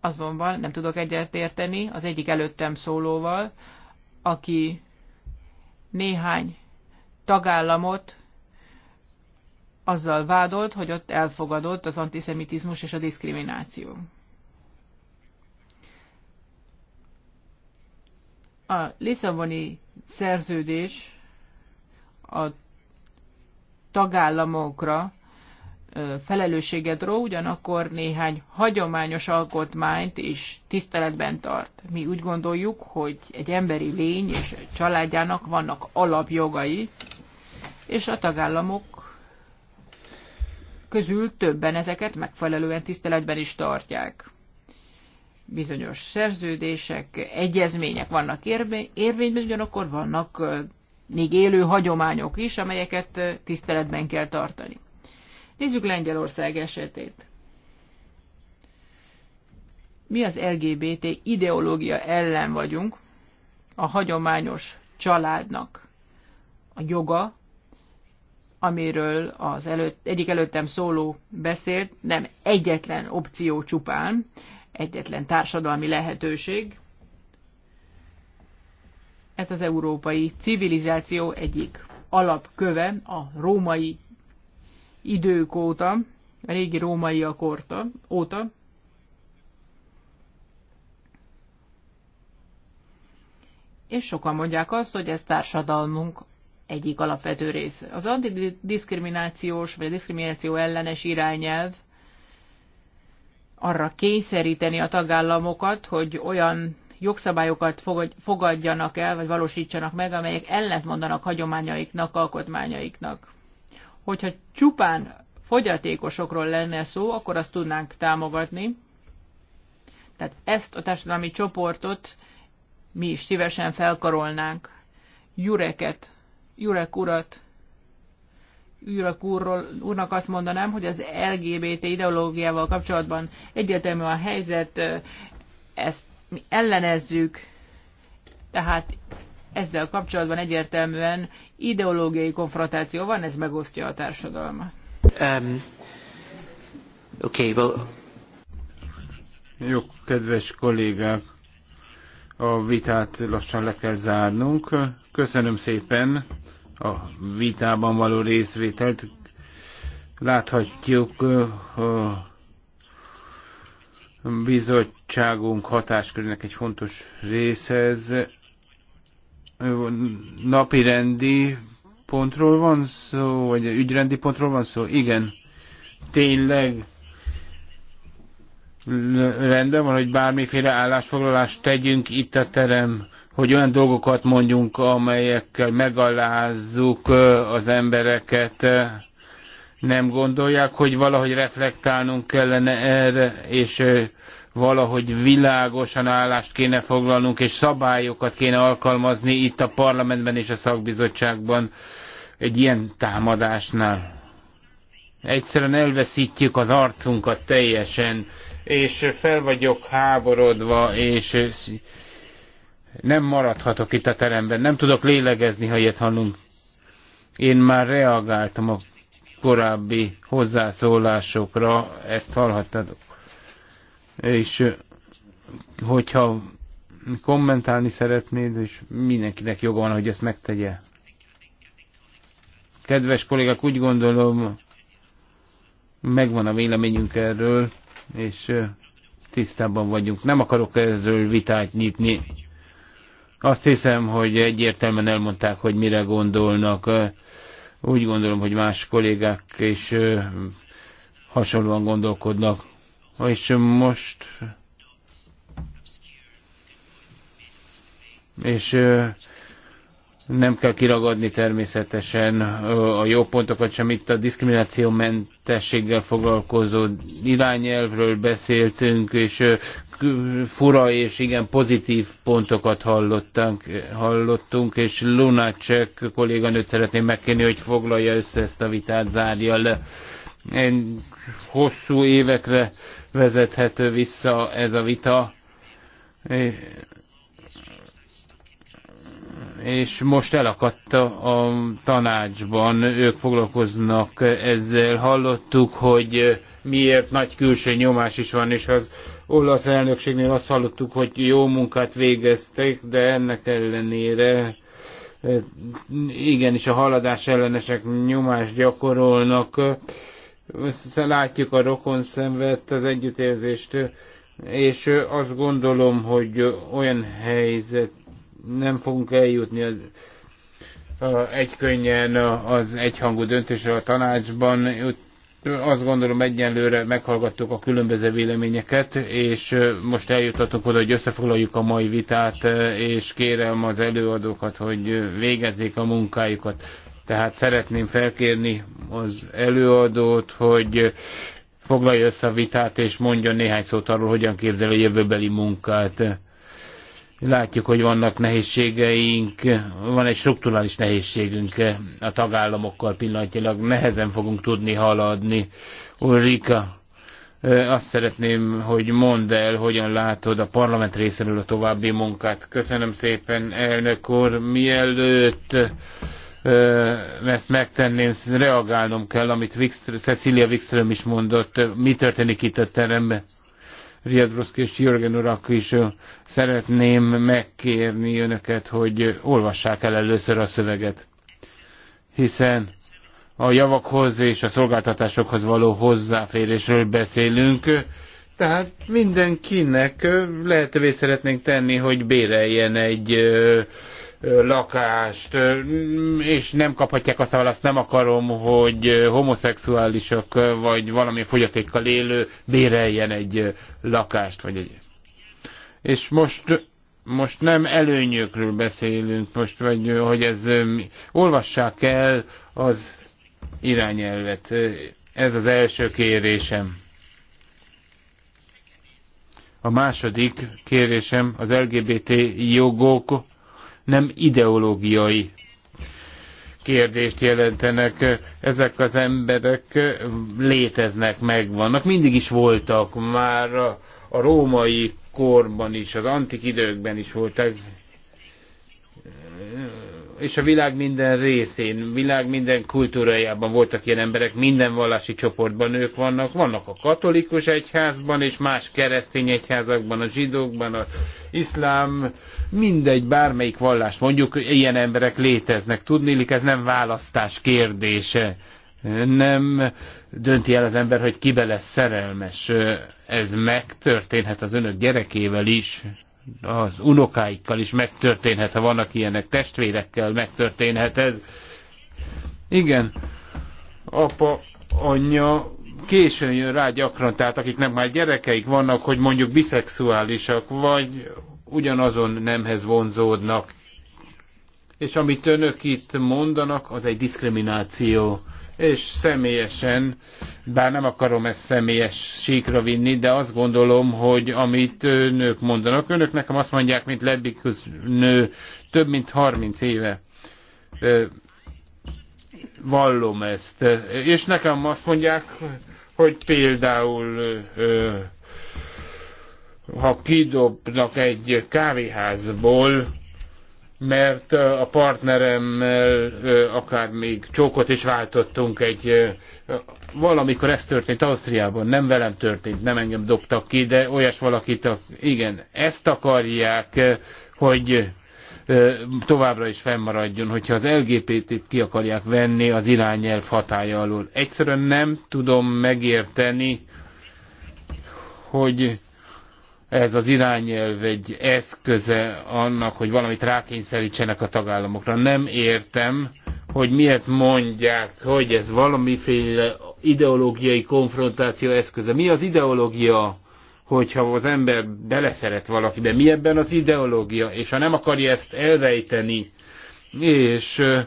Speaker 3: azonban nem tudok egyet érteni az egyik előttem szólóval, aki néhány tagállamot azzal vádolt, hogy ott elfogadott az antiszemitizmus és a diszkrimináció. A Lisszaboni szerződés a tagállamokra felelősséget ró, ugyanakkor néhány hagyományos alkotmányt is tiszteletben tart. Mi úgy gondoljuk, hogy egy emberi lény és családjának vannak alapjogai, és a tagállamok közül többen ezeket megfelelően tiszteletben is tartják. Bizonyos szerződések, egyezmények vannak érvényben, ugyanakkor vannak még élő hagyományok is, amelyeket tiszteletben kell tartani. Nézzük Lengyelország esetét. Mi az LGBT ideológia ellen vagyunk, a hagyományos családnak a joga, amiről az előtt, egyik előttem szóló beszélt, nem egyetlen opció csupán, egyetlen társadalmi lehetőség. Ez az európai civilizáció egyik alapköve, a római idők óta, a régi rómaiak orta, óta. És sokan mondják azt, hogy ez társadalmunk egyik alapvető része. Az antidiskriminációs vagy a diszkrimináció ellenes irányelv arra kényszeríteni a tagállamokat, hogy olyan jogszabályokat fogadjanak el, vagy valósítsanak meg, amelyek mondanak hagyományaiknak, alkotmányaiknak. Hogyha csupán fogyatékosokról lenne szó, akkor azt tudnánk támogatni. Tehát ezt a társadalmi csoportot mi is szívesen felkarolnánk. Jureket, Jurek urat, Jurek úrról, úrnak azt mondanám, hogy az LGBT ideológiával kapcsolatban egyértelmű a helyzet, ezt mi ellenezzük, tehát ezzel kapcsolatban egyértelműen ideológiai konfrontáció van, ez megosztja a társadalmat.
Speaker 5: Um, okay, well... Jó, kedves kollégák, a vitát lassan le kell zárnunk. Köszönöm szépen a vitában való részvételt. Láthatjuk a bizottságunk hatáskörének egy fontos része ez napi rendi pontról van szó, vagy ügyrendi pontról van szó? Igen. Tényleg rendben van, hogy bármiféle állásfoglalást tegyünk itt a terem, hogy olyan dolgokat mondjunk, amelyekkel megalázzuk az embereket. Nem gondolják, hogy valahogy reflektálnunk kellene erre, és valahogy világosan állást kéne foglalnunk, és szabályokat kéne alkalmazni itt a parlamentben és a szakbizottságban egy ilyen támadásnál. Egyszerűen elveszítjük az arcunkat teljesen, és fel vagyok háborodva, és nem maradhatok itt a teremben, nem tudok lélegezni, ha ilyet hallunk. Én már reagáltam a korábbi hozzászólásokra, ezt hallhattad és hogyha kommentálni szeretnéd, és mindenkinek joga van, hogy ezt megtegye. Kedves kollégák, úgy gondolom, megvan a véleményünk erről, és tisztában vagyunk. Nem akarok ezzel vitát nyitni. Azt hiszem, hogy egyértelműen elmondták, hogy mire gondolnak. Úgy gondolom, hogy más kollégák is hasonlóan gondolkodnak és most és nem kell kiragadni természetesen a jó pontokat sem. Itt a diszkriminációmentességgel foglalkozó irányelvről beszéltünk, és fura és igen pozitív pontokat hallottunk, hallottunk és Lunacek kolléganőt szeretném megkérni, hogy foglalja össze ezt a vitát, zárja le. Én hosszú évekre vezethető vissza ez a vita. És most elakadt a tanácsban, ők foglalkoznak ezzel. Hallottuk, hogy miért nagy külső nyomás is van, és az olasz elnökségnél azt hallottuk, hogy jó munkát végeztek, de ennek ellenére e, igenis a haladás ellenesek nyomást gyakorolnak látjuk a rokon szenvedt az együttérzést, és azt gondolom, hogy olyan helyzet nem fogunk eljutni az, egy könnyen az egyhangú döntésre a tanácsban. Azt gondolom egyenlőre meghallgattuk a különböző véleményeket, és most eljutottunk oda, hogy összefoglaljuk a mai vitát, és kérem az előadókat, hogy végezzék a munkájukat. Tehát szeretném felkérni az előadót, hogy foglalja össze a vitát, és mondjon néhány szót arról, hogyan képzel a jövőbeli munkát. Látjuk, hogy vannak nehézségeink, van egy strukturális nehézségünk a tagállamokkal pillanatilag, nehezen fogunk tudni haladni. Ulrika, azt szeretném, hogy mondd el, hogyan látod a parlament részéről a további munkát. Köszönöm szépen, elnök úr. Mielőtt ezt megtenném, reagálnom kell, amit Wikström, Cecilia Wikström is mondott, mi történik itt a teremben. Riadroszk és Jörgen urak is szeretném megkérni önöket, hogy olvassák el először a szöveget. Hiszen a javakhoz és a szolgáltatásokhoz való hozzáférésről beszélünk, tehát mindenkinek lehetővé szeretnénk tenni, hogy béreljen egy lakást, és nem kaphatják azt a választ, nem akarom, hogy homoszexuálisok vagy valami fogyatékkal élő béreljen egy lakást, vagy egy... És most, most nem előnyökről beszélünk, most, vagy hogy ez, olvassák el az irányelvet. Ez az első kérésem. A második kérésem az LGBT jogok nem ideológiai kérdést jelentenek. Ezek az emberek léteznek, megvannak, mindig is voltak már a, a római korban is, az antik időkben is voltak és a világ minden részén, világ minden kultúrájában voltak ilyen emberek, minden vallási csoportban ők vannak, vannak a katolikus egyházban, és más keresztény egyházakban, a zsidókban, az iszlám, mindegy, bármelyik vallás, mondjuk ilyen emberek léteznek. Tudnélik, ez nem választás kérdése. Nem dönti el az ember, hogy kibe lesz szerelmes. Ez megtörténhet az önök gyerekével is az unokáikkal is megtörténhet, ha vannak ilyenek, testvérekkel megtörténhet ez. Igen, apa, anyja későn jön rá gyakran, tehát akiknek már gyerekeik vannak, hogy mondjuk biszexuálisak, vagy ugyanazon nemhez vonzódnak. És amit önök itt mondanak, az egy diszkrimináció és személyesen, bár nem akarom ezt személyes síkra vinni, de azt gondolom, hogy amit nők mondanak, önök nekem azt mondják, mint Lebbikus nő, több mint 30 éve vallom ezt. És nekem azt mondják, hogy például ha kidobnak egy kávéházból mert a partneremmel akár még csókot is váltottunk egy... Valamikor ez történt Ausztriában, nem velem történt, nem engem dobtak ki, de olyas valakit, igen, ezt akarják, hogy továbbra is fennmaradjon, hogyha az LGBT-t ki akarják venni az irányelv hatája alól. Egyszerűen nem tudom megérteni, hogy ez az irányelv egy eszköze annak, hogy valamit rákényszerítsenek a tagállamokra. Nem értem, hogy miért mondják, hogy ez valamiféle ideológiai konfrontáció eszköze. Mi az ideológia, hogyha az ember beleszeret valakibe? Mi ebben az ideológia? És ha nem akarja ezt elrejteni, és ö,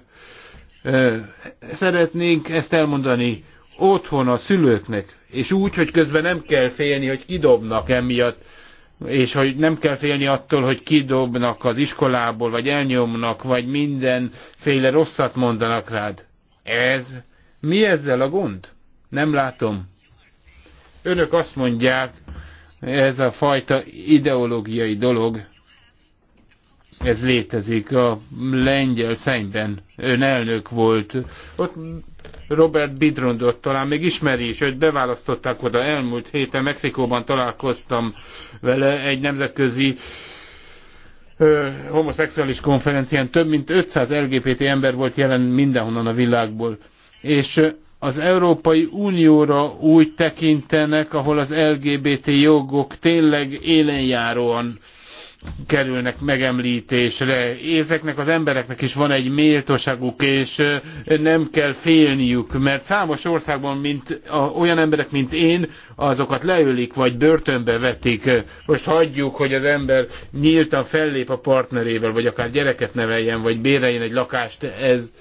Speaker 5: ö, szeretnénk ezt elmondani otthon a szülőknek, és úgy, hogy közben nem kell félni, hogy kidobnak emiatt, és hogy nem kell félni attól, hogy kidobnak az iskolából, vagy elnyomnak, vagy mindenféle rosszat mondanak rád. Ez? Mi ezzel a gond? Nem látom. Önök azt mondják, ez a fajta ideológiai dolog, ez létezik a lengyel szennyben. Ön elnök volt. Ott Robert Bidrondot talán még ismeri is, őt beválasztották oda. Elmúlt héten Mexikóban találkoztam vele egy nemzetközi ö, homoszexuális konferencián. Több mint 500 LGBT ember volt jelen mindenhonnan a világból. És az Európai Unióra úgy tekintenek, ahol az LGBT jogok tényleg élenjáróan kerülnek megemlítésre. Ezeknek az embereknek is van egy méltóságuk, és nem kell félniük, mert számos országban mint, a, olyan emberek, mint én, azokat leölik, vagy börtönbe vetik. Most hagyjuk, hogy az ember nyíltan fellép a partnerével, vagy akár gyereket neveljen, vagy béreljen egy lakást. Ez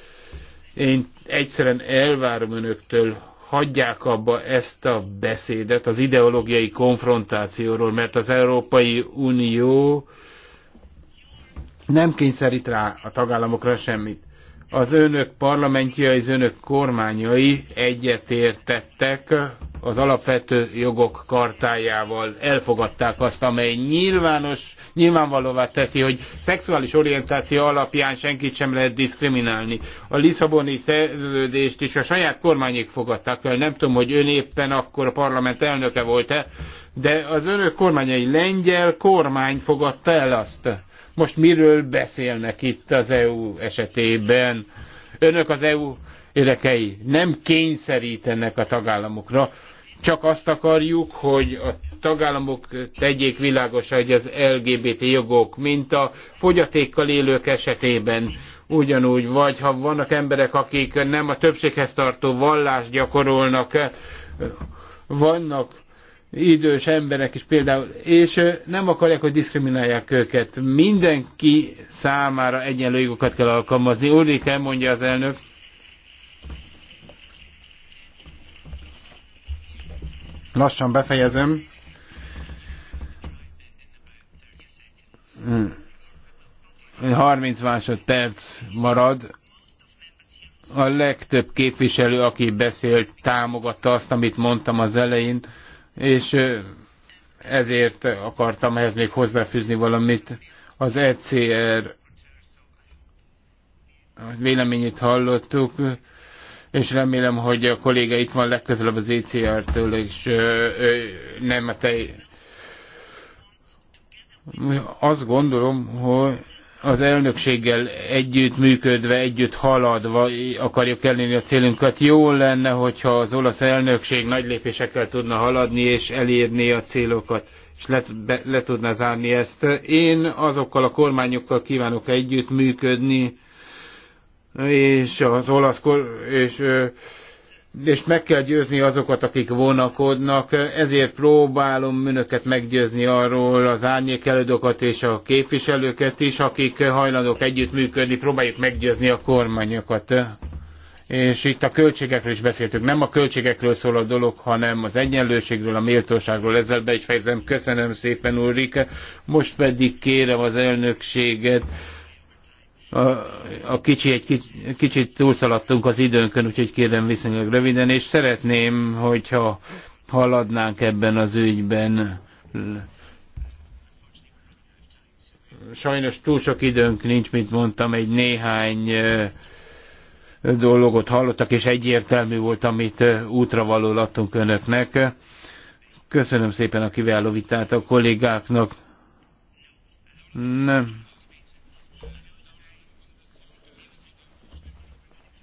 Speaker 5: én egyszerűen elvárom önöktől, hagyják abba ezt a beszédet az ideológiai konfrontációról, mert az Európai Unió nem kényszerít rá a tagállamokra semmit az önök parlamentjai, az önök kormányai egyetértettek az alapvető jogok kartájával, elfogadták azt, amely nyilvános, nyilvánvalóvá teszi, hogy szexuális orientáció alapján senkit sem lehet diszkriminálni. A Lisszaboni szerződést is a saját kormányék fogadták el, nem tudom, hogy ön éppen akkor a parlament elnöke volt-e, de az önök kormányai lengyel kormány fogadta el azt most miről beszélnek itt az EU esetében? Önök az EU érdekei nem kényszerítenek a tagállamokra, csak azt akarjuk, hogy a tagállamok tegyék világos, hogy az LGBT jogok, mint a fogyatékkal élők esetében ugyanúgy, vagy ha vannak emberek, akik nem a többséghez tartó vallást gyakorolnak, vannak idős emberek is például, és nem akarják, hogy diszkriminálják őket. Mindenki számára egyenlő jogokat kell alkalmazni. Ulrike, mondja az elnök. Lassan befejezem. Hmm. 30 másodperc marad. A legtöbb képviselő, aki beszélt, támogatta azt, amit mondtam az elején és ezért akartam ehhez még hozzáfűzni valamit. Az ECR véleményét hallottuk, és remélem, hogy a kolléga itt van legközelebb az ECR-től, és nem a te... Azt gondolom, hogy az elnökséggel együtt működve, együtt haladva akarjuk elérni a célunkat. Jó lenne, hogyha az olasz elnökség nagy lépésekkel tudna haladni és elérni a célokat, és le, be, le tudna zárni ezt. Én azokkal a kormányokkal kívánok együtt működni, és az olasz kor, és és meg kell győzni azokat, akik vonakodnak, ezért próbálom önöket meggyőzni arról az árnyékelődokat és a képviselőket is, akik hajlandók együttműködni, próbáljuk meggyőzni a kormányokat. És itt a költségekről is beszéltünk. Nem a költségekről szól a dolog, hanem az egyenlőségről, a méltóságról. Ezzel be is fejezem. Köszönöm szépen, Ulrike. Most pedig kérem az elnökséget, a, a kicsi egy kicsit, kicsit túlszaladtunk az időnkön, úgyhogy kérem viszonylag röviden, és szeretném, hogyha haladnánk ebben az ügyben. Sajnos túl sok időnk nincs, mint mondtam, egy néhány dolgot hallottak, és egyértelmű volt, amit útra való adtunk önöknek. Köszönöm szépen a kiváló vitát a kollégáknak. Nem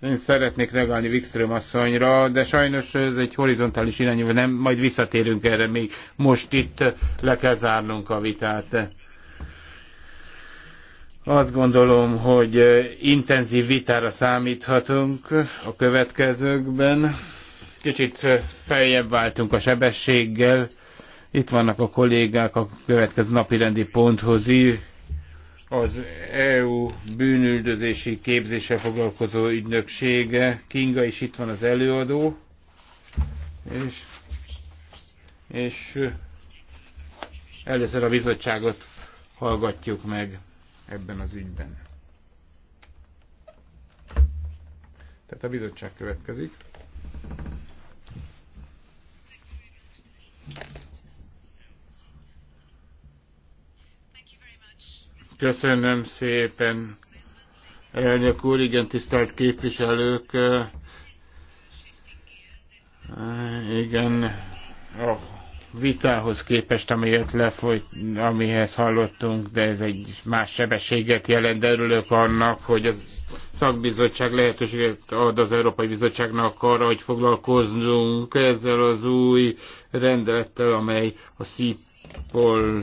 Speaker 5: Én szeretnék reagálni Wikström asszonyra, de sajnos ez egy horizontális irányú, nem, majd visszatérünk erre még. Most itt le kell zárnunk a vitát. Azt gondolom, hogy intenzív vitára számíthatunk a következőkben. Kicsit feljebb váltunk a sebességgel. Itt vannak a kollégák a következő napi rendi ponthoz az EU bűnüldözési képzése foglalkozó ügynöksége. Kinga is itt van az előadó, és, és először a bizottságot hallgatjuk meg ebben az ügyben. Tehát a bizottság következik. Köszönöm szépen, elnök úr, igen, tisztelt képviselők. Igen, a vitához képest, amelyet lefolyt, amihez hallottunk, de ez egy más sebességet jelent, de örülök annak, hogy az szakbizottság lehetőséget ad az Európai Bizottságnak arra, hogy foglalkozzunk ezzel az új rendelettel, amely a szípol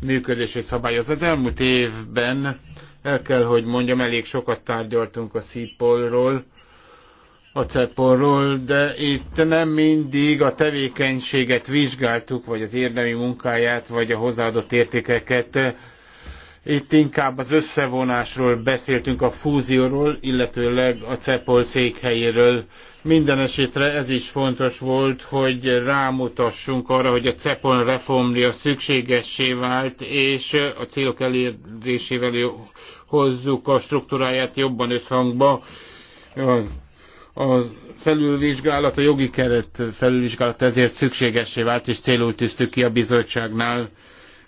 Speaker 5: működését szabályozza. Az elmúlt évben el kell, hogy mondjam, elég sokat tárgyaltunk a szípolról, a cepolról, de itt nem mindig a tevékenységet vizsgáltuk, vagy az érdemi munkáját, vagy a hozzáadott értékeket. Itt inkább az összevonásról beszéltünk, a fúzióról, illetőleg a cepol székhelyéről. Minden esetre ez is fontos volt, hogy rámutassunk arra, hogy a CEPON reformja szükségessé vált, és a célok elérésével hozzuk a struktúráját jobban összhangba. A felülvizsgálat, a jogi keret felülvizsgálat ezért szükségessé vált, és célul tűztük ki a bizottságnál.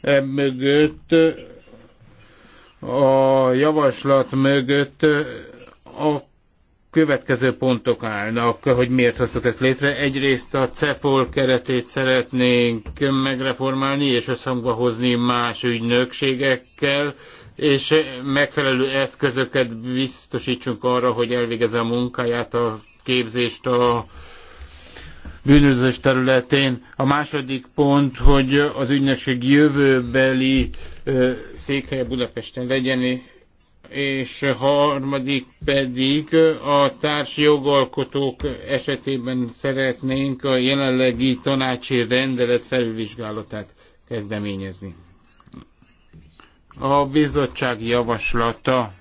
Speaker 5: E mögött a javaslat mögött a következő pontok állnak, hogy miért hoztuk ezt létre. Egyrészt a CEPOL keretét szeretnénk megreformálni és összhangba hozni más ügynökségekkel, és megfelelő eszközöket biztosítsunk arra, hogy elvégezze a munkáját, a képzést a bűnözés területén. A második pont, hogy az ügynökség jövőbeli székhelye Budapesten legyen, és harmadik pedig a társjogalkotók esetében szeretnénk a jelenlegi tanácsi rendelet felülvizsgálatát kezdeményezni. A bizottság javaslata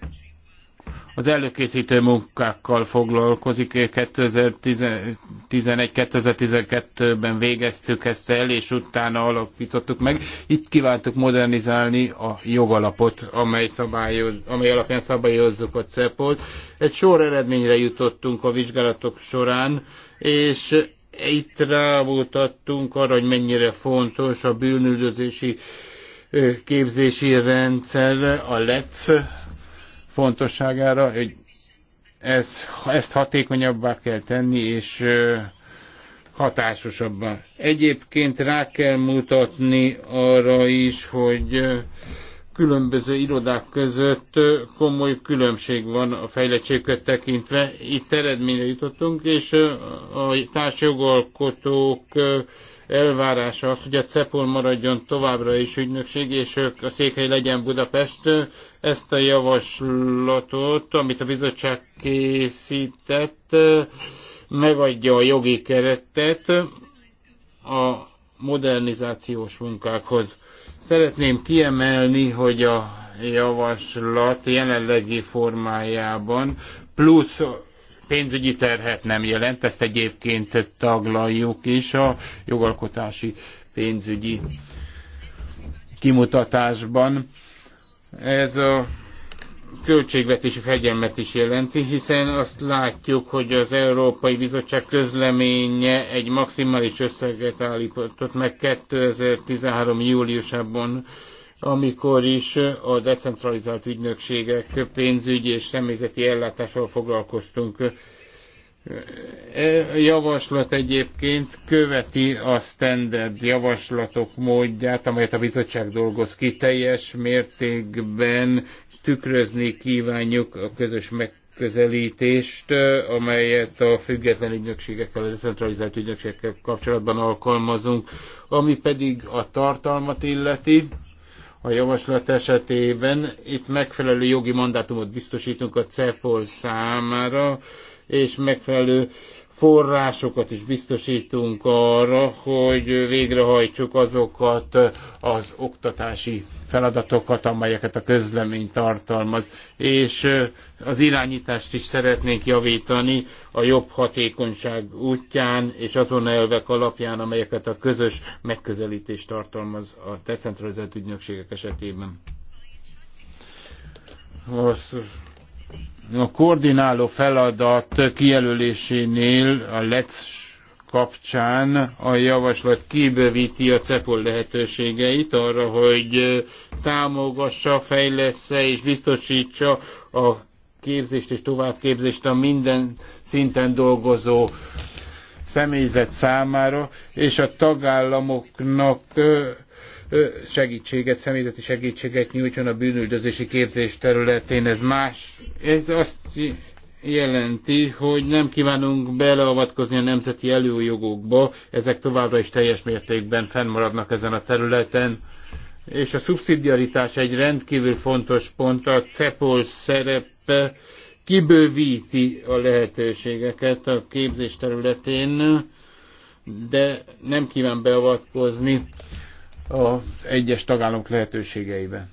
Speaker 5: az előkészítő munkákkal foglalkozik. 2011-2012-ben végeztük ezt el, és utána alapítottuk meg. Itt kívántuk modernizálni a jogalapot, amely, szabályoz, amely alapján szabályozzuk a CEPOL-t. Egy sor eredményre jutottunk a vizsgálatok során, és itt rámutattunk arra, hogy mennyire fontos a bűnüldözési képzési rendszer, a LEC, fontosságára, hogy ez, ezt hatékonyabbá kell tenni, és hatásosabbá. Egyébként rá kell mutatni arra is, hogy különböző irodák között komoly különbség van a fejlettségköt tekintve. Itt eredményre jutottunk, és a társjogalkotók elvárása az, hogy a CEPOL maradjon továbbra is ügynökség, és a székhely legyen Budapest ezt a javaslatot, amit a bizottság készített, megadja a jogi keretet a modernizációs munkákhoz. Szeretném kiemelni, hogy a javaslat jelenlegi formájában plusz pénzügyi terhet nem jelent, ezt egyébként taglaljuk is a jogalkotási pénzügyi kimutatásban. Ez a költségvetési fegyelmet is jelenti, hiszen azt látjuk, hogy az Európai Bizottság közleménye egy maximális összeget állított meg 2013. júliusában, amikor is a decentralizált ügynökségek pénzügyi és személyzeti ellátással foglalkoztunk. E, e, javaslat egyébként követi a standard javaslatok módját, amelyet a bizottság dolgoz ki teljes mértékben tükrözni kívánjuk a közös megközelítést, e, amelyet a független ügynökségekkel, a decentralizált ügynökségekkel kapcsolatban alkalmazunk, ami pedig a tartalmat illeti. A javaslat esetében itt megfelelő jogi mandátumot biztosítunk a CEPOL számára, és megfelelő forrásokat is biztosítunk arra, hogy végrehajtsuk azokat az oktatási feladatokat, amelyeket a közlemény tartalmaz. És az irányítást is szeretnénk javítani a jobb hatékonyság útján és azon elvek alapján, amelyeket a közös megközelítés tartalmaz a decentralizált ügynökségek esetében. Most a koordináló feladat kijelölésénél a LEC kapcsán a javaslat kibővíti a CEPOL lehetőségeit arra, hogy támogassa, fejlesz-e és biztosítsa a képzést és továbbképzést a minden szinten dolgozó személyzet számára, és a tagállamoknak segítséget, személyzeti segítséget nyújtson a bűnüldözési képzés területén. Ez más, ez azt jelenti, hogy nem kívánunk beleavatkozni a nemzeti előjogokba, ezek továbbra is teljes mértékben fennmaradnak ezen a területen. És a szubszidiaritás egy rendkívül fontos pont, a CEPOL szerepe kibővíti a lehetőségeket a képzés területén, de nem kíván beavatkozni az egyes tagállamok lehetőségeibe.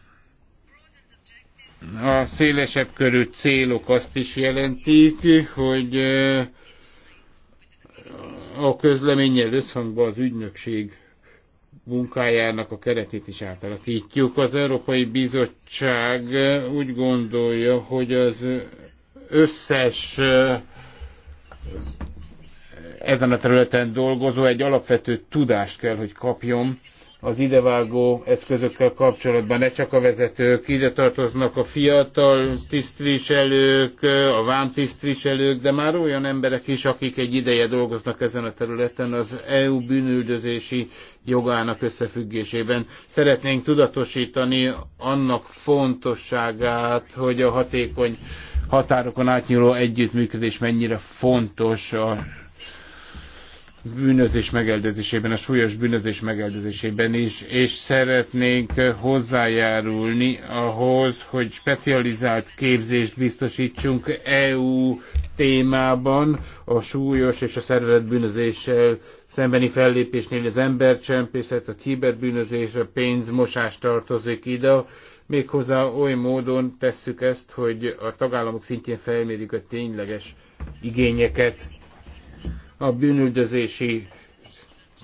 Speaker 5: A szélesebb körű célok azt is jelentik, hogy a közleménnyel összhangban az ügynökség munkájának a keretét is átalakítjuk. Az Európai Bizottság úgy gondolja, hogy az összes ezen a területen dolgozó egy alapvető tudást kell, hogy kapjon az idevágó eszközökkel kapcsolatban. Ne csak a vezetők, ide tartoznak a fiatal tisztviselők, a vámtisztviselők, de már olyan emberek is, akik egy ideje dolgoznak ezen a területen az EU bűnüldözési jogának összefüggésében. Szeretnénk tudatosítani annak fontosságát, hogy a hatékony határokon átnyúló együttműködés mennyire fontos a bűnözés megeldezésében, a súlyos bűnözés megeldezésében is, és szeretnénk hozzájárulni ahhoz, hogy specializált képzést biztosítsunk EU témában a súlyos és a szervezett bűnözéssel szembeni fellépésnél az embercsempészet, a kiberbűnözés, a pénzmosás tartozik ide, méghozzá oly módon tesszük ezt, hogy a tagállamok szintjén felmérjük a tényleges igényeket a bűnüldözési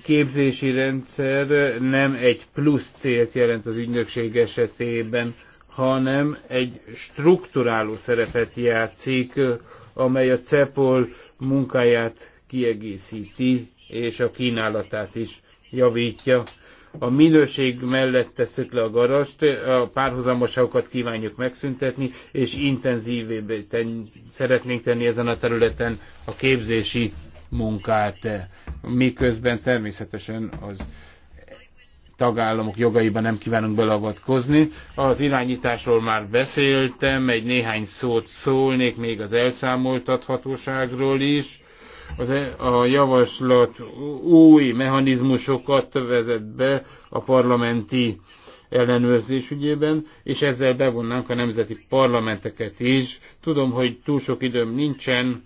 Speaker 5: képzési rendszer nem egy plusz célt jelent az ügynökség esetében, hanem egy strukturáló szerepet játszik, amely a CEPOL munkáját kiegészíti, és a kínálatát is javítja. A minőség mellett tesszük le a garast, a párhuzamoságokat kívánjuk megszüntetni, és intenzívébb ten, szeretnénk tenni ezen a területen a képzési munkát, miközben természetesen az tagállamok jogaiban nem kívánunk belavatkozni. Az irányításról már beszéltem, egy néhány szót szólnék még az elszámoltathatóságról is. Az, e- a javaslat új mechanizmusokat vezet be a parlamenti ellenőrzés ügyében, és ezzel bevonnánk a nemzeti parlamenteket is. Tudom, hogy túl sok időm nincsen,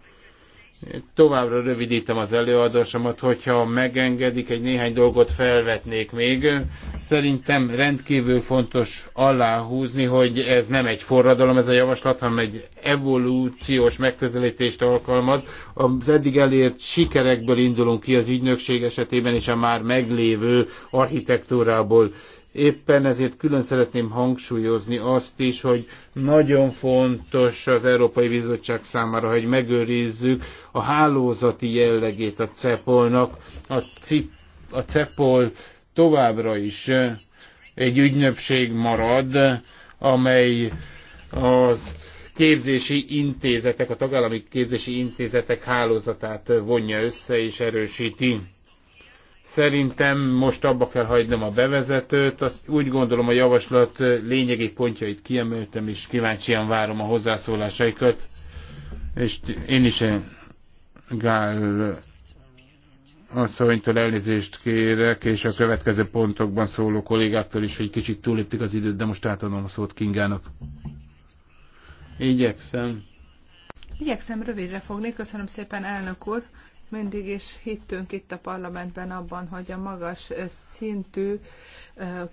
Speaker 5: Továbbra rövidítem az előadásomat, hogyha megengedik, egy néhány dolgot felvetnék még. Szerintem rendkívül fontos aláhúzni, hogy ez nem egy forradalom ez a javaslat, hanem egy evolúciós megközelítést alkalmaz. Az eddig elért sikerekből indulunk ki az ügynökség esetében és a már meglévő architektúrából Éppen ezért külön szeretném hangsúlyozni azt is, hogy nagyon fontos az Európai Bizottság számára, hogy megőrizzük a hálózati jellegét a CEPOL-nak. A, CIP, a CEPOL továbbra is egy ügynökség marad, amely az képzési intézetek, a tagállami képzési intézetek hálózatát vonja össze és erősíti Szerintem most abba kell hagynom a bevezetőt. Azt úgy gondolom a javaslat lényegi pontjait kiemeltem, és kíváncsian várom a hozzászólásaikat. És én is eh, Gál asszonytól elnézést kérek, és a következő pontokban szóló kollégáktól is, hogy kicsit túléptük az időt, de most átadom a szót Kingának. Igyekszem.
Speaker 2: Igyekszem rövidre fogni. Köszönöm szépen, elnök úr mindig is hittünk itt a parlamentben abban, hogy a magas szintű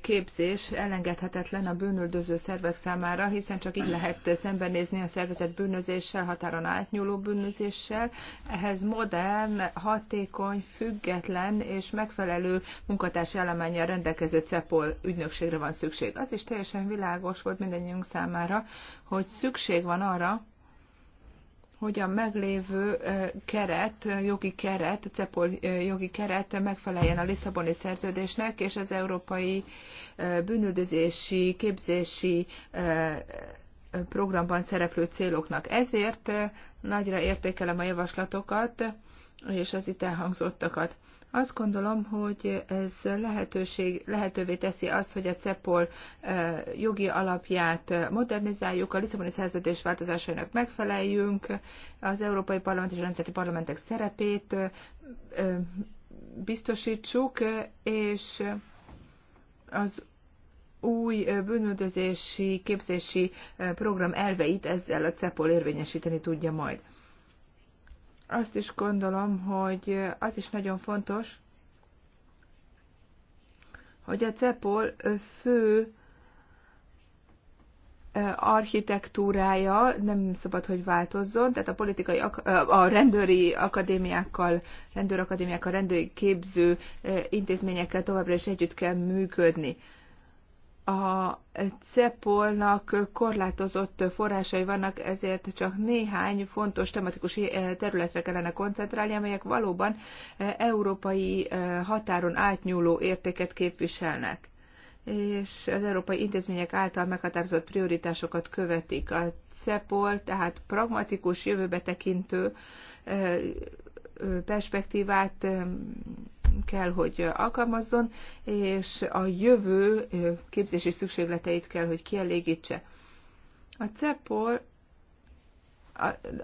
Speaker 2: képzés elengedhetetlen a bűnöldöző szervek számára, hiszen csak így lehet szembenézni a szervezet bűnözéssel, határon átnyúló bűnözéssel. Ehhez modern, hatékony, független és megfelelő munkatársi állományjal rendelkező CEPOL ügynökségre van szükség. Az is teljesen világos volt mindannyiunk számára, hogy szükség van arra, hogy a meglévő keret, jogi keret, a CEPOL jogi keret megfeleljen a Lisszaboni szerződésnek és az európai bűnüldözési, képzési programban szereplő céloknak. Ezért nagyra értékelem a javaslatokat, és az itt elhangzottakat. Azt gondolom, hogy ez lehetőség, lehetővé teszi azt, hogy a CEPOL jogi alapját modernizáljuk, a Lisszaboni szerződés változásainak megfeleljünk, az Európai Parlament és a Nemzeti Parlamentek szerepét biztosítsuk, és az új bűnöldözési, képzési program elveit ezzel a CEPOL érvényesíteni tudja majd azt is gondolom, hogy az is nagyon fontos, hogy a CEPOL fő architektúrája nem szabad, hogy változzon, tehát a politikai, a rendőri akadémiákkal, rendőrakadémiákkal, rendőri képző intézményekkel továbbra is együtt kell működni a CEPOL-nak korlátozott forrásai vannak, ezért csak néhány fontos tematikus eh, területre kellene koncentrálni, amelyek valóban eh, európai eh, határon átnyúló értéket képviselnek és az európai intézmények által meghatározott prioritásokat követik. A CEPOL tehát pragmatikus, jövőbe tekintő perspektívát kell, hogy alkalmazzon, és a jövő képzési szükségleteit kell, hogy kielégítse. A CEPOL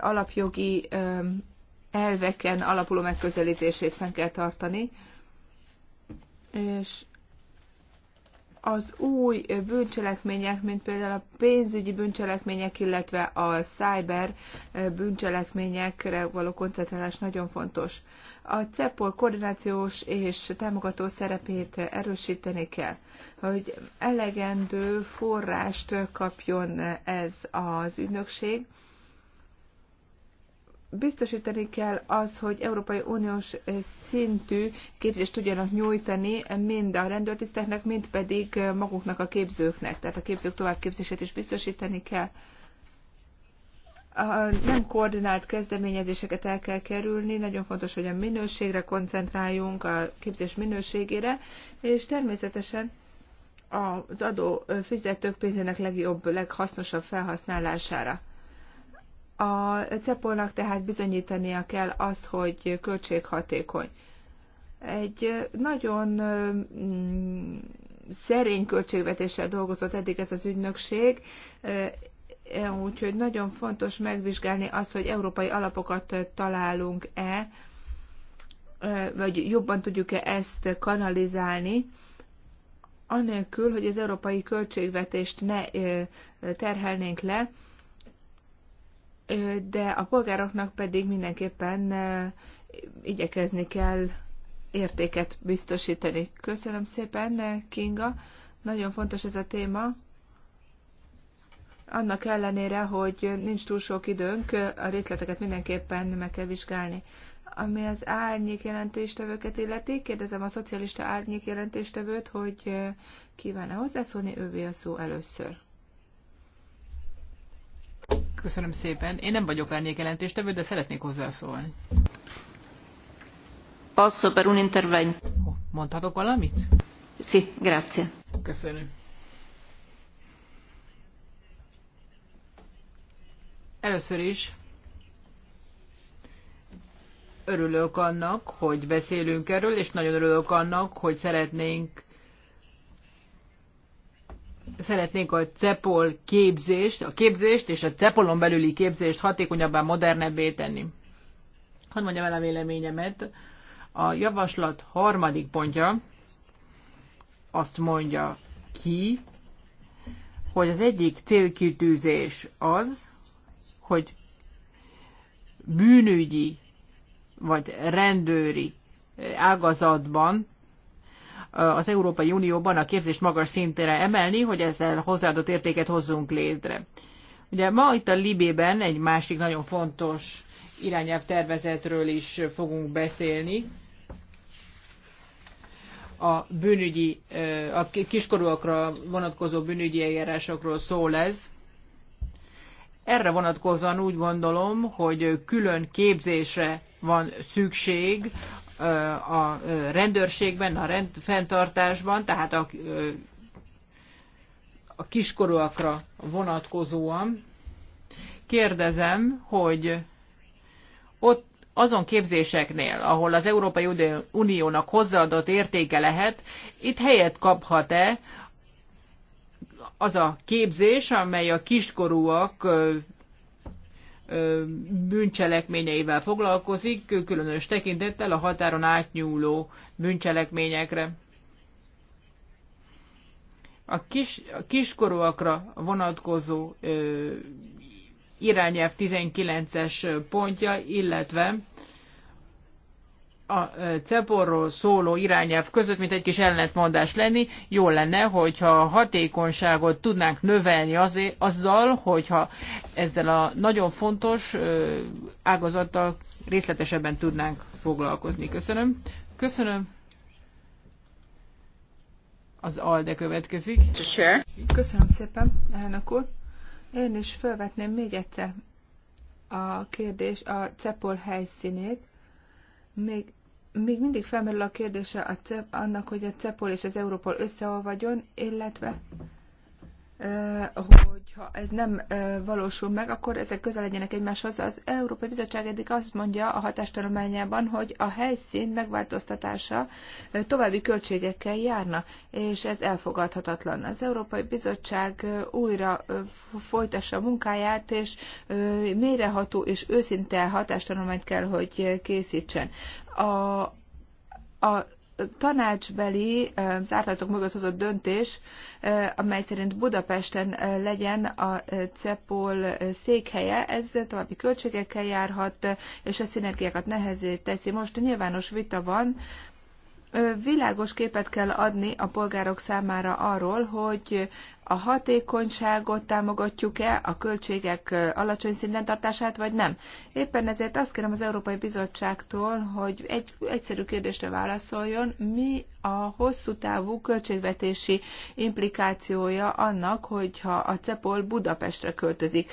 Speaker 2: alapjogi elveken alapuló megközelítését fenn kell tartani, és az új bűncselekmények, mint például a pénzügyi bűncselekmények, illetve a cyber eh, bűncselekményekre való koncentrálás nagyon fontos. A CEPOL koordinációs és támogató szerepét erősíteni kell, hogy elegendő forrást kapjon ez az ügynökség, biztosítani kell az, hogy Európai Uniós szintű képzést tudjanak nyújtani mind a rendőrtiszteknek, mind pedig maguknak a képzőknek. Tehát a képzők továbbképzését is biztosítani kell. A nem koordinált kezdeményezéseket el kell kerülni, nagyon fontos, hogy a minőségre koncentráljunk, a képzés minőségére, és természetesen az adó fizetők pénzének legjobb, leghasznosabb felhasználására a cepolnak tehát bizonyítania kell azt, hogy költséghatékony. Egy nagyon mm, szerény költségvetéssel dolgozott eddig ez az ügynökség, e, úgyhogy nagyon fontos megvizsgálni azt, hogy európai alapokat találunk-e, e, vagy jobban tudjuk-e ezt kanalizálni, anélkül, hogy az európai költségvetést ne e, terhelnénk le, de a polgároknak pedig mindenképpen igyekezni kell értéket biztosítani. Köszönöm szépen, Kinga. Nagyon fontos ez a téma. Annak ellenére, hogy nincs túl sok időnk, a részleteket mindenképpen meg kell vizsgálni. Ami az árnyék jelentéstevőket illeti, kérdezem a szocialista árnyék jelentéstevőt, hogy kíván-e hozzászólni, ővé a szó először.
Speaker 3: Köszönöm szépen. Én nem vagyok árnyékjelentéstevő, de szeretnék hozzászólni. Passo per un intervento. Mondhatok valamit? Sí, grazie. Köszönöm. Először is örülök annak, hogy beszélünk erről, és nagyon örülök annak, hogy szeretnénk szeretnénk a CEPOL képzést, a képzést és a CEPOLon belüli képzést hatékonyabbá, modernebbé tenni. Hadd mondjam el a véleményemet. A javaslat harmadik pontja azt mondja ki, hogy az egyik célkitűzés az, hogy bűnügyi vagy rendőri ágazatban az Európai Unióban a képzést magas szintre emelni, hogy ezzel hozzáadott értéket hozzunk létre. Ugye ma itt a Libében egy másik nagyon fontos irányelv tervezetről is fogunk beszélni. A bűnügyi, a kiskorúakra vonatkozó bűnügyi eljárásokról szól ez. Erre vonatkozóan úgy gondolom, hogy külön képzésre van szükség a rendőrségben, a rendfenntartásban, tehát a, a kiskorúakra vonatkozóan. Kérdezem, hogy ott azon képzéseknél, ahol az Európai Uniónak hozzáadott értéke lehet, itt helyet kaphat-e az a képzés, amely a kiskorúak bűncselekményeivel foglalkozik, különös tekintettel a határon átnyúló bűncselekményekre. A, kis, a kiskorúakra vonatkozó ö, irányelv 19-es pontja, illetve a CEPOR-ról szóló irányelv között, mint egy kis ellentmondás lenni, jó lenne, hogyha a hatékonyságot tudnánk növelni azért, azzal, hogyha ezzel a nagyon fontos ágazattal részletesebben tudnánk foglalkozni. Köszönöm. Köszönöm. Az ALDE következik.
Speaker 2: Köszönöm szépen, elnök úr. Én is felvetném még egyszer a kérdés a CEPOL helyszínét. Még még mindig felmerül a kérdése a CEP, annak, hogy a CEPOL és az Európol összeolvadjon, illetve Eh, hogy ha ez nem eh, valósul meg, akkor ezek közel legyenek egymáshoz. Az Európai Bizottság eddig azt mondja a hatástanulmányában, hogy a helyszín megváltoztatása eh, további költségekkel járna, és ez elfogadhatatlan. Az Európai Bizottság újra folytassa a munkáját, és méreható és őszinte hatástanulmányt kell, hogy készítsen. A, a tanácsbeli zárlatok mögött hozott döntés, amely szerint Budapesten legyen a CEPOL székhelye, ez további költségekkel járhat, és a szinergiákat nehezé teszi. Most nyilvános vita van világos képet kell adni a polgárok számára arról, hogy a hatékonyságot támogatjuk-e, a költségek alacsony szinten tartását, vagy nem. Éppen ezért azt kérem az Európai Bizottságtól, hogy egy egyszerű kérdésre válaszoljon, mi a hosszú távú költségvetési implikációja annak, hogyha a CEPOL Budapestre költözik,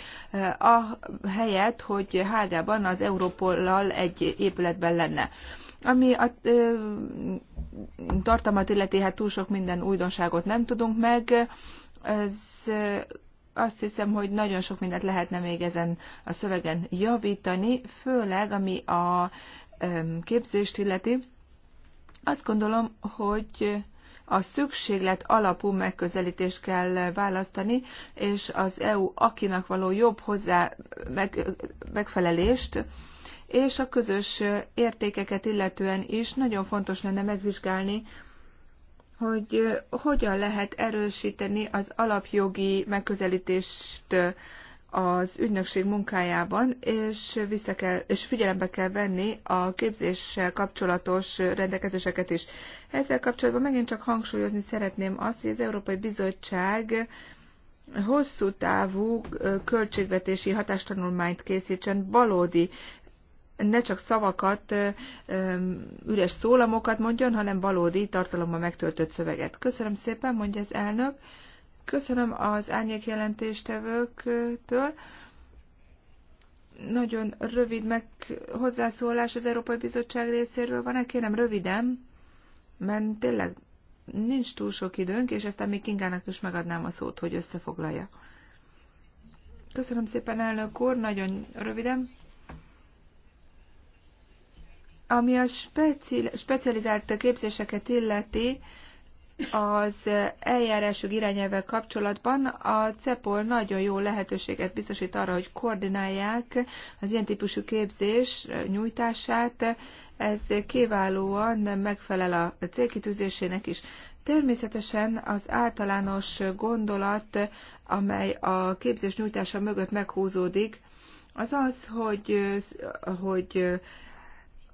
Speaker 2: a helyet, hogy Hágában az Európollal egy épületben lenne. Ami a ö, tartalmat illeti, hát túl sok minden újdonságot nem tudunk meg. Ez azt hiszem, hogy nagyon sok mindent lehetne még ezen a szövegen javítani, főleg ami a képzést illeti. Azt gondolom, hogy a szükséglet alapú megközelítést kell választani, és az EU akinak való jobb hozzá meg, megfelelést és a közös értékeket illetően is nagyon fontos lenne megvizsgálni, hogy hogyan lehet erősíteni az alapjogi megközelítést az ügynökség munkájában, és, vissza kell, és figyelembe kell venni a képzéssel kapcsolatos rendelkezéseket is. Ezzel kapcsolatban megint csak hangsúlyozni szeretném azt, hogy az Európai Bizottság hosszú távú költségvetési hatástanulmányt készítsen valódi ne csak szavakat, üres szólamokat mondjon, hanem valódi tartalommal megtöltött szöveget. Köszönöm szépen, mondja az elnök. Köszönöm az árnyék jelentéstevőktől. Nagyon rövid meg hozzászólás az Európai Bizottság részéről van-e? Kérem, röviden, mert tényleg nincs túl sok időnk, és aztán még Kingának is megadnám a szót, hogy összefoglalja. Köszönöm szépen, elnök úr, nagyon röviden. Ami a speci specializált képzéseket illeti, az eljárások irányelvvel kapcsolatban a CEPOL nagyon jó lehetőséget biztosít arra, hogy koordinálják az ilyen típusú képzés nyújtását. Ez kiválóan megfelel a célkitűzésének is. Természetesen az általános gondolat, amely a képzés nyújtása mögött meghúzódik, az az, hogy, hogy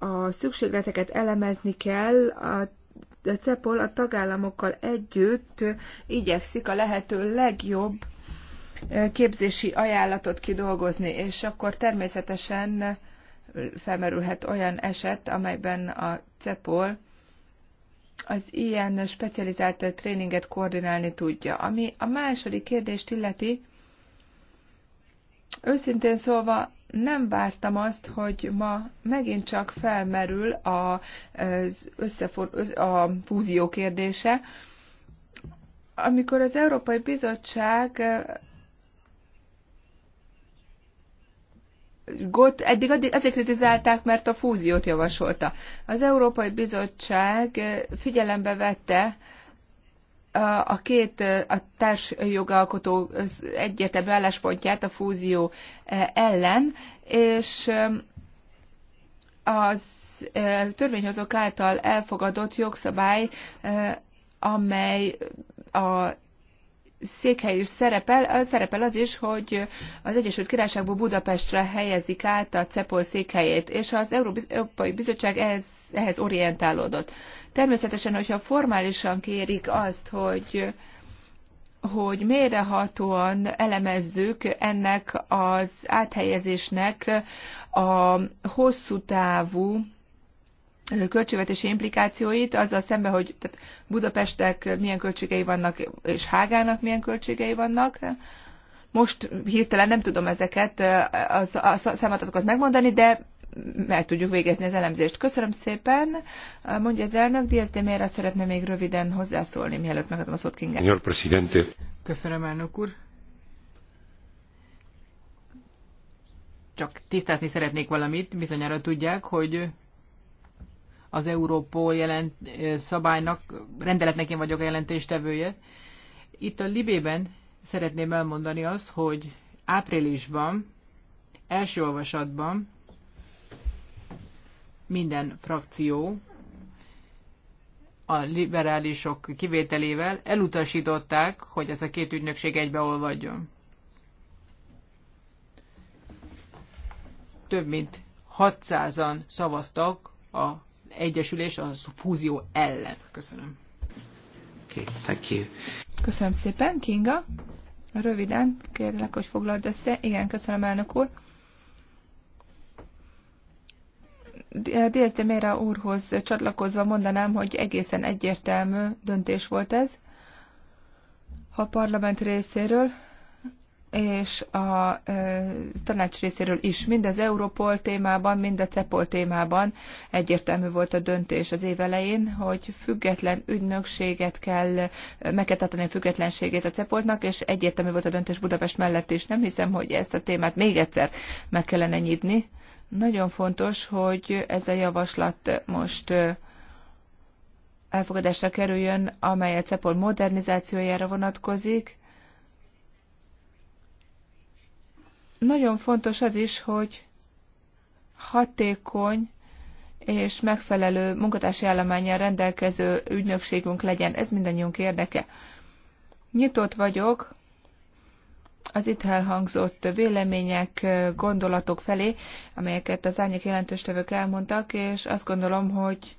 Speaker 2: a szükségleteket elemezni kell, a de CEPOL a tagállamokkal együtt igyekszik a lehető legjobb e, képzési ajánlatot kidolgozni, és akkor természetesen felmerülhet olyan eset, amelyben a CEPOL az ilyen specializált tréninget koordinálni tudja. Ami a második kérdést illeti, őszintén szólva nem vártam azt, hogy ma megint csak felmerül az összefor, a fúzió kérdése. Amikor az Európai Bizottság Gott, eddig, addig azért kritizálták, mert a fúziót javasolta. Az Európai Bizottság figyelembe vette a két a társjogalkotó egyetem álláspontját a fúzió e, ellen, és az e, törvényhozók által elfogadott jogszabály, e, amely a székhely is szerepel, szerepel az is, hogy az Egyesült Királyságból Budapestre helyezik át a CEPOL székhelyét, és az Európai Bizottság ehhez, ehhez orientálódott. Természetesen, hogyha formálisan kérik azt, hogy hogy mérehatóan elemezzük ennek az áthelyezésnek a hosszú távú költségvetési implikációit, azzal szemben, hogy tehát milyen költségei vannak, és Hágának milyen költségei vannak. Most hirtelen nem tudom ezeket a számadatokat megmondani, de el tudjuk végezni az elemzést. Köszönöm szépen, mondja az elnök, Diaz de Mera szeretne még röviden hozzászólni, mielőtt megadom a szót Kinget. Köszönöm, elnök úr.
Speaker 3: Csak tisztázni szeretnék valamit, bizonyára tudják, hogy az Európol jelent szabálynak, rendeletnek én vagyok a jelentéstevője. Itt a Libében szeretném elmondani azt, hogy áprilisban, első olvasatban minden frakció a liberálisok kivételével elutasították, hogy ez a két ügynökség egybeolvadjon. Több mint 600-an szavaztak a egyesülés a fúzió ellen. Köszönöm.
Speaker 1: Okay, thank you.
Speaker 2: Köszönöm szépen, Kinga. Röviden, kérlek, hogy foglald össze. Igen, köszönöm, elnök úr. Diaz de Mera úrhoz csatlakozva mondanám, hogy egészen egyértelmű döntés volt ez a parlament részéről, és a e, tanács részéről is, mind az Európol témában, mind a CEPOL témában egyértelmű volt a döntés az év elején, hogy független ügynökséget kell, meg kell tartani a függetlenségét a CEPOLnak, és egyértelmű volt a döntés Budapest mellett is. Nem hiszem, hogy ezt a témát még egyszer meg kellene nyitni nagyon fontos, hogy ez a javaslat most elfogadásra kerüljön, amely a CEPOL modernizációjára vonatkozik. Nagyon fontos az is, hogy hatékony és megfelelő munkatársi állományjal rendelkező ügynökségünk legyen. Ez mindannyiunk érdeke. Nyitott vagyok az itt elhangzott vélemények, gondolatok felé, amelyeket az árnyék jelentőstevők elmondtak, és azt gondolom, hogy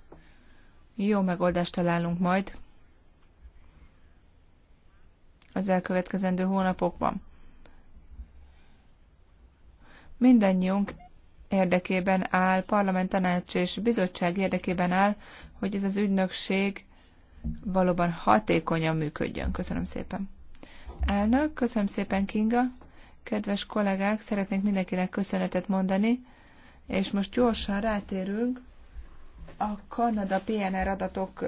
Speaker 2: jó megoldást találunk majd az elkövetkezendő hónapokban. Mindennyiunk érdekében áll, parlament tanács és bizottság érdekében áll, hogy ez az ügynökség valóban hatékonyan működjön. Köszönöm szépen! Elnök, köszönöm szépen Kinga. Kedves kollégák, szeretnék mindenkinek köszönetet mondani, és most gyorsan rátérünk a Kanada PNR adatok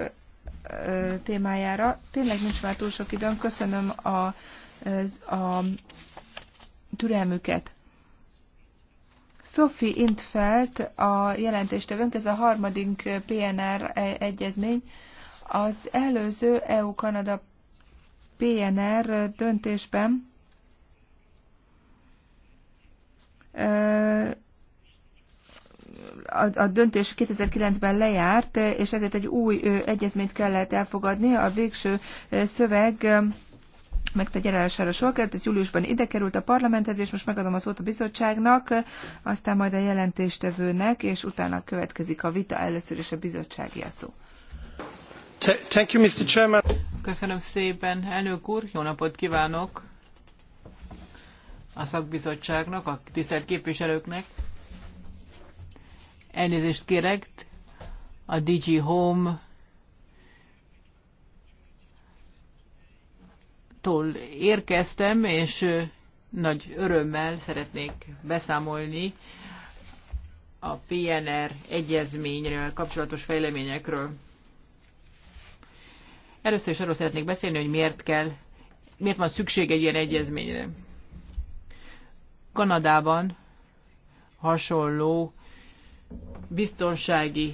Speaker 2: témájára. Tényleg nincs már túl sok időm, köszönöm a, a türelmüket. Sophie Intfeld a jelentéstevőnk, ez a harmadik PNR e-, egyezmény, az előző EU-Kanada PNR döntésben a, döntés 2009-ben lejárt, és ezért egy új egyezményt kellett elfogadni. A végső szöveg megtegyelására sor került, ez júliusban ide került a parlamenthez, és most megadom a szót a bizottságnak, aztán majd a jelentéstevőnek, és utána következik a vita, először is a bizottsági
Speaker 4: a szó.
Speaker 3: Köszönöm szépen, elnök úr, jó napot kívánok a szakbizottságnak, a tisztelt képviselőknek. Elnézést kérek, a DG Home tól érkeztem, és nagy örömmel szeretnék beszámolni a PNR egyezményről, kapcsolatos fejleményekről. Először is arról szeretnék beszélni, hogy miért kell, miért van szükség egy ilyen egyezményre. Kanadában hasonló biztonsági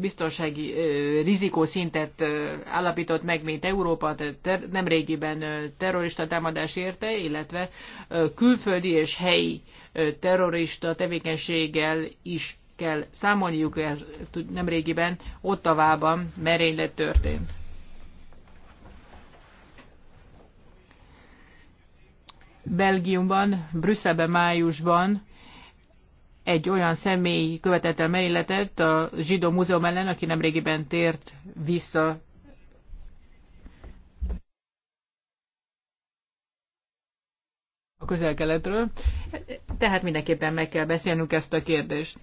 Speaker 3: biztonsági rizikószintet állapított meg, mint Európa, ter, nemrégiben terrorista támadás érte, illetve külföldi és helyi terrorista tevékenységgel is kell számolniuk, nemrégiben Ottavában merénylet történt. Belgiumban, Brüsszelben májusban egy olyan személy követett el merényletet a zsidó múzeum ellen, aki nemrégiben tért vissza a közel-keletről. Tehát mindenképpen meg kell beszélnünk ezt a kérdést.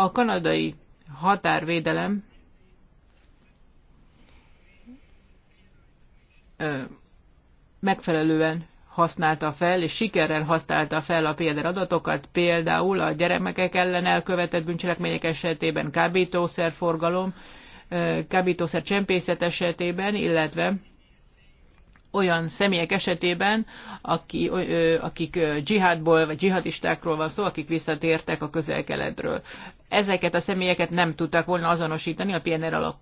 Speaker 3: A kanadai határvédelem megfelelően használta fel, és sikerrel használta fel a példa adatokat, például a gyermekek ellen elkövetett bűncselekmények esetében kábítószerforgalom, kábítószer csempészet esetében, illetve olyan személyek esetében, aki, akik dzsihádból vagy dzsihadistákról van szó, akik visszatértek a közel-keletről ezeket a személyeket nem tudták volna azonosítani a PNR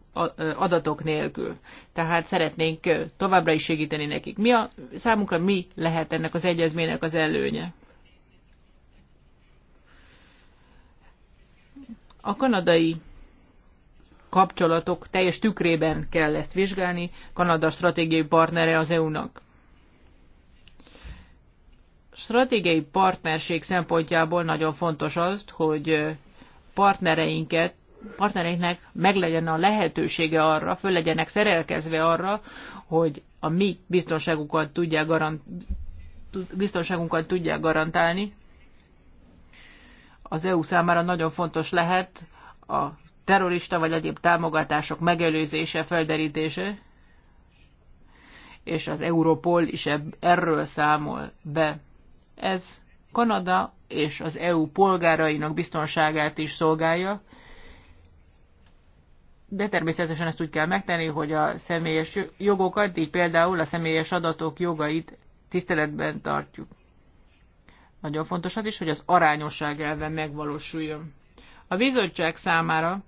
Speaker 3: adatok nélkül. Tehát szeretnénk továbbra is segíteni nekik. Mi a, számunkra mi lehet ennek az egyezménynek az előnye? A kanadai kapcsolatok teljes tükrében kell ezt vizsgálni, Kanada stratégiai partnere az EU-nak. Stratégiai partnerség szempontjából nagyon fontos az, hogy partnereinket, partnereinknek meglegyen a lehetősége arra, föl legyenek szerelkezve arra, hogy a mi biztonságunkat tudják, garant, biztonságunkat tudják garantálni. Az EU számára nagyon fontos lehet a terrorista vagy egyéb támogatások megelőzése, felderítése, és az Europol is erről számol be. Ez Kanada és az EU polgárainak biztonságát is szolgálja, de természetesen ezt úgy kell megtenni, hogy a személyes jogokat, így például a személyes adatok jogait tiszteletben tartjuk. Nagyon fontos az is, hogy az arányosság elve megvalósuljon. A bizottság számára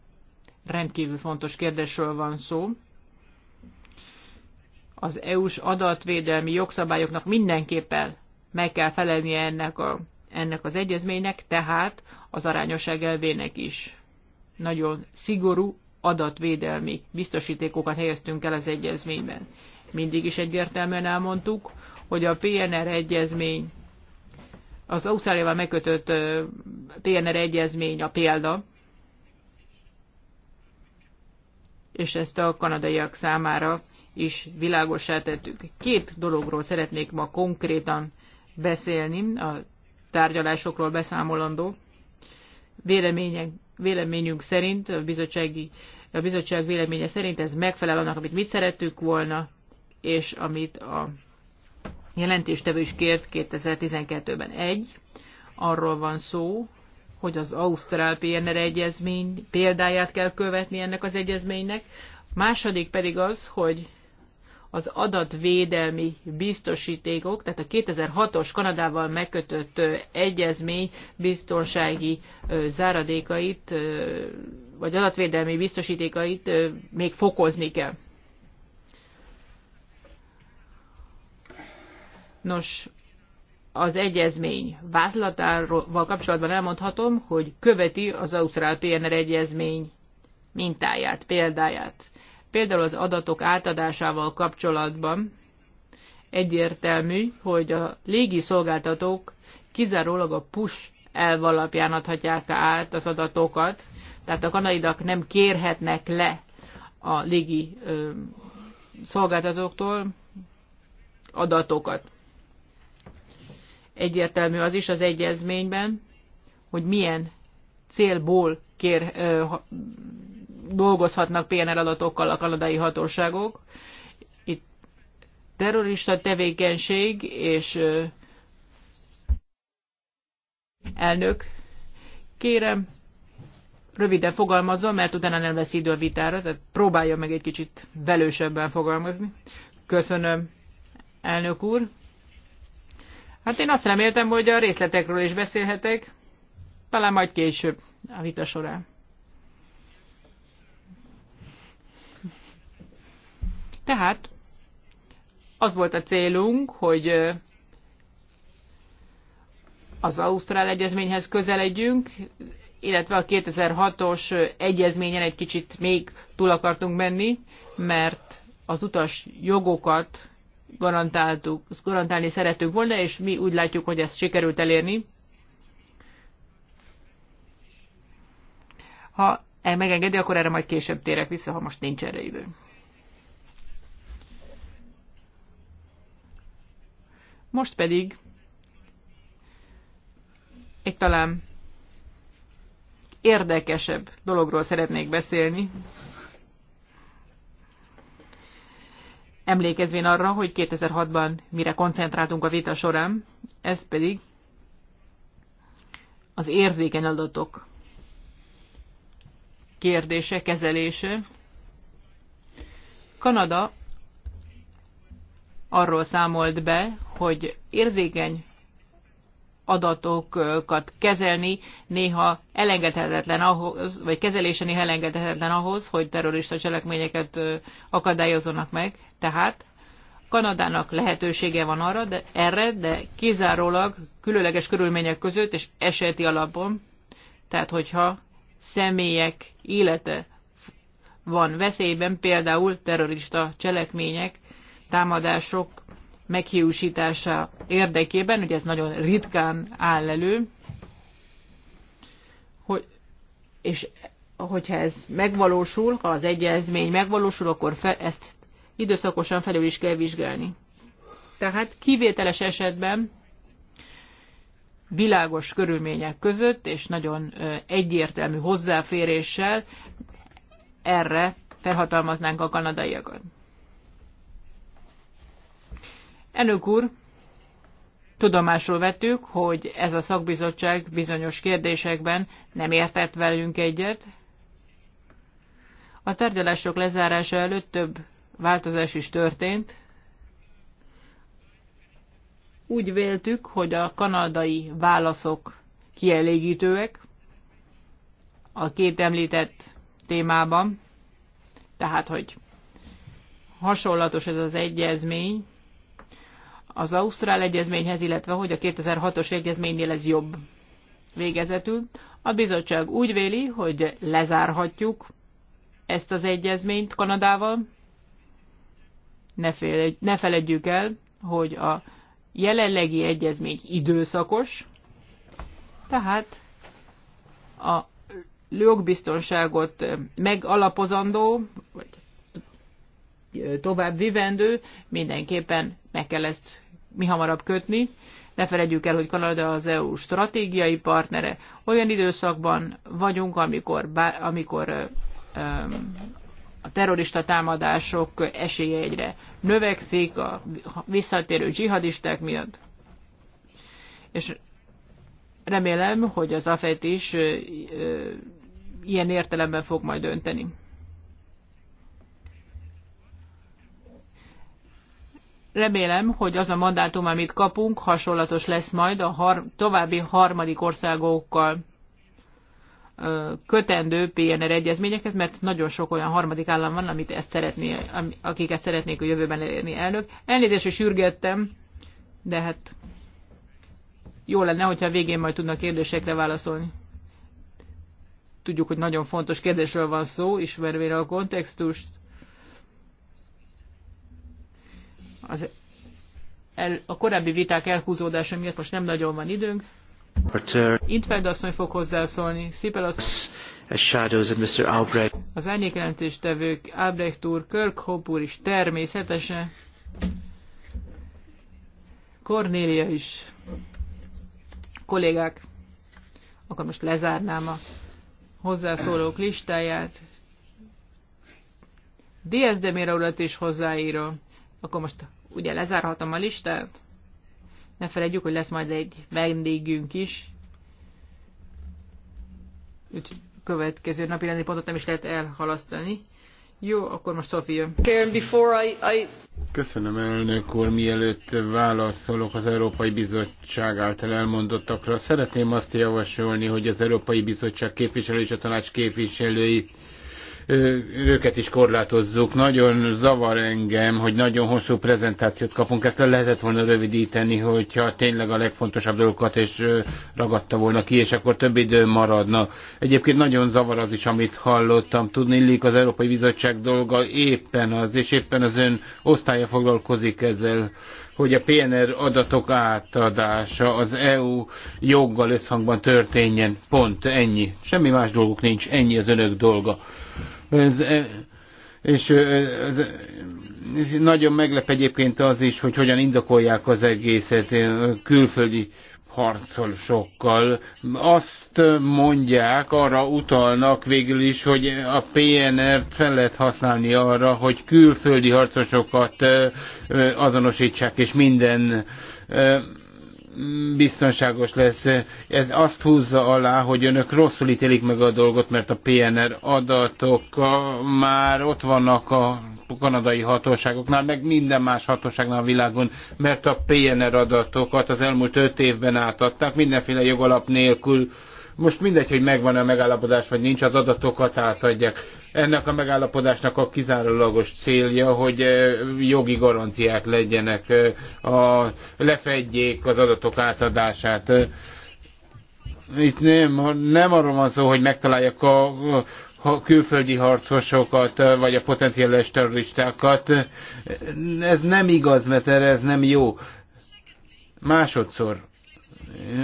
Speaker 3: rendkívül fontos kérdésről van szó. Az EU-s adatvédelmi jogszabályoknak mindenképpen meg kell felelnie ennek, a, ennek az egyezménynek, tehát az arányosság elvének is. Nagyon szigorú adatvédelmi biztosítékokat helyeztünk el az egyezményben. Mindig is egyértelműen elmondtuk, hogy a PNR egyezmény, az Ausztráliával megkötött PNR egyezmény a példa, és ezt a kanadaiak számára is világosá tettük. Két dologról szeretnék ma konkrétan beszélni, a tárgyalásokról beszámolandó. Vélemények, véleményünk szerint, a, bizottsági, a bizottság véleménye szerint ez megfelel annak, amit mit szerettük volna, és amit a jelentéstevő is kért 2012-ben. Egy, arról van szó, hogy az Ausztrál PNR egyezmény példáját kell követni ennek az egyezménynek. Második pedig az, hogy az adatvédelmi biztosítékok, tehát a 2006-os Kanadával megkötött egyezmény biztonsági záradékait, vagy adatvédelmi biztosítékait még fokozni kell. Nos, az egyezmény vázlatával kapcsolatban elmondhatom, hogy követi az Ausztrál PNR egyezmény mintáját, példáját. Például az adatok átadásával kapcsolatban egyértelmű, hogy a légi szolgáltatók kizárólag a push elv alapján adhatják át az adatokat, tehát a kanadidak nem kérhetnek le a légi ö, szolgáltatóktól adatokat. Egyértelmű az is az egyezményben, hogy milyen célból kér, ö, dolgozhatnak PNR adatokkal a kanadai hatóságok. Itt terrorista tevékenység és elnök, kérem, röviden fogalmazom, mert utána nem lesz idő a vitára, tehát próbálja meg egy kicsit velősebben fogalmazni. Köszönöm, elnök úr. Hát én azt reméltem, hogy a részletekről is beszélhetek, talán majd később a vita során. Tehát az volt a célunk, hogy az Ausztrál Egyezményhez közeledjünk, illetve a 2006-os egyezményen egy kicsit még túl akartunk menni, mert az utas jogokat garantáltuk, garantálni szerettük volna, és mi úgy látjuk, hogy ezt sikerült elérni. Ha e megengedi, akkor erre majd később térek vissza, ha most nincs erre idő. Most pedig egy talán érdekesebb dologról szeretnék beszélni. Emlékezvén arra, hogy 2006-ban mire koncentráltunk a vita során, ez pedig az érzékeny adatok kérdése, kezelése. Kanada arról számolt be, hogy érzékeny adatokat kezelni néha elengedhetetlen ahhoz, vagy kezelése néha elengedhetetlen ahhoz, hogy terrorista cselekményeket akadályozzanak meg. Tehát Kanadának lehetősége van arra, de erre, de kizárólag különleges körülmények között és eseti alapon. Tehát, hogyha személyek élete van veszélyben, például terrorista cselekmények, támadások meghiúsítása érdekében, hogy ez nagyon ritkán áll elő, hogy, és hogyha ez megvalósul, ha az egyezmény megvalósul, akkor fe, ezt időszakosan felül is kell vizsgálni. Tehát kivételes esetben világos körülmények között és nagyon egyértelmű hozzáféréssel erre felhatalmaznánk a kanadaiakat. Elnök úr, tudomásul vettük, hogy ez a szakbizottság bizonyos kérdésekben nem értett velünk egyet. A tárgyalások lezárása előtt több változás is történt. Úgy véltük, hogy a kanadai válaszok kielégítőek a két említett témában, tehát hogy hasonlatos ez az egyezmény, az Ausztrál Egyezményhez, illetve hogy a 2006-os egyezménynél ez jobb. Végezetül a bizottság úgy véli, hogy lezárhatjuk ezt az egyezményt Kanadával. Ne, fél, ne feledjük el, hogy a jelenlegi egyezmény időszakos, tehát a jogbiztonságot megalapozandó, vagy tovább vivendő, mindenképpen meg kell ezt mi hamarabb kötni. Ne felejtjük el, hogy Kanada az EU stratégiai partnere. Olyan időszakban vagyunk, amikor, bár, amikor um, a terrorista támadások esélye egyre növekszik a visszatérő dzsihadisták miatt. És remélem, hogy az AFET is ilyen értelemben fog majd dönteni. Remélem, hogy az a mandátum, amit kapunk, hasonlatos lesz majd a har- további harmadik országokkal kötendő PNR egyezményekhez, mert nagyon sok olyan harmadik állam van, amit ezt szeretné, akik ezt szeretnék a jövőben elérni elnök. Elnézést, hogy sürgettem, de hát jó lenne, hogyha a végén majd tudnak kérdésekre válaszolni. Tudjuk, hogy nagyon fontos kérdésről van szó, ismervére a kontextust. az el, a korábbi viták elhúzódása miatt most nem nagyon van időnk. Intveld asszony fog hozzászólni, Szipel asszony, az árnyékjelentéstevők Albrecht úr, Kirkhope úr is természetesen, Cornélia is, kollégák, akkor most lezárnám a hozzászólók listáját. Diaz de Mira urat is hozzáírom. Akkor most ugye lezárhatom a listát. Ne felejtjük, hogy lesz majd egy vendégünk is. Úgy következő napi rendi pontot nem is lehet elhalasztani. Jó, akkor most Sofia.
Speaker 5: Köszönöm elnök úr, mielőtt válaszolok az Európai Bizottság által elmondottakra. Szeretném azt javasolni, hogy az Európai Bizottság képviselői és a tanács képviselői őket is korlátozzuk. Nagyon zavar engem, hogy nagyon hosszú prezentációt kapunk. Ezt le lehetett volna rövidíteni, hogyha tényleg a legfontosabb dolgokat és ragadta volna ki, és akkor több idő maradna. Egyébként nagyon zavar az is, amit hallottam. Tudni illik az Európai Bizottság dolga éppen az, és éppen az ön osztálya foglalkozik ezzel hogy a PNR adatok átadása az EU joggal összhangban történjen. Pont ennyi. Semmi más dolguk nincs, ennyi az önök dolga. Ez, e, és e, ez, ez nagyon meglep egyébként az is, hogy hogyan indokolják az egészet külföldi harcosokkal. Azt mondják, arra utalnak végül is, hogy a PNR-t fel lehet használni arra, hogy külföldi harcosokat e, azonosítsák, és minden biztonságos lesz. Ez azt húzza alá, hogy önök rosszul ítélik meg a dolgot, mert a PNR adatok már ott vannak a kanadai hatóságoknál, meg minden más hatóságnál a világon, mert a PNR adatokat az elmúlt öt évben átadták, mindenféle jogalap nélkül most mindegy, hogy megvan a megállapodás, vagy nincs, az adatokat átadják. Ennek a megállapodásnak a kizárólagos célja, hogy jogi garanciák legyenek, a, lefedjék az adatok átadását. Itt nem, nem arról van szó, hogy megtalálják a, a külföldi harcosokat, vagy a potenciális terroristákat. Ez nem igaz, mert erre ez nem jó. Másodszor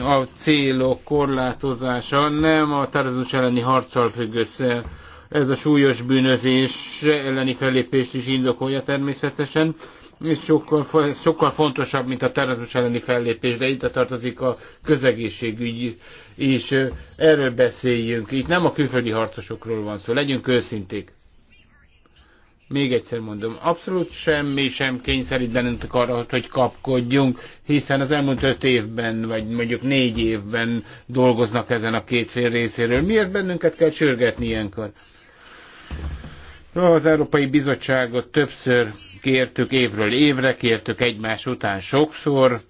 Speaker 5: a célok korlátozása nem a terrorizmus elleni harccal függ össze. Ez a súlyos bűnözés elleni fellépést is indokolja természetesen, és sokkal, sokkal fontosabb, mint a terrorizmus elleni fellépés, de itt tartozik a közegészségügy, és erről beszéljünk. Itt nem a külföldi harcosokról van szó, legyünk őszinték. Még egyszer mondom, abszolút semmi sem kényszerít bennünk arra, hogy kapkodjunk, hiszen az elmúlt öt évben, vagy mondjuk négy évben dolgoznak ezen a két fél részéről. Miért bennünket kell csörgetni ilyenkor? Az Európai Bizottságot többször kértük, évről évre kértük egymás után sokszor,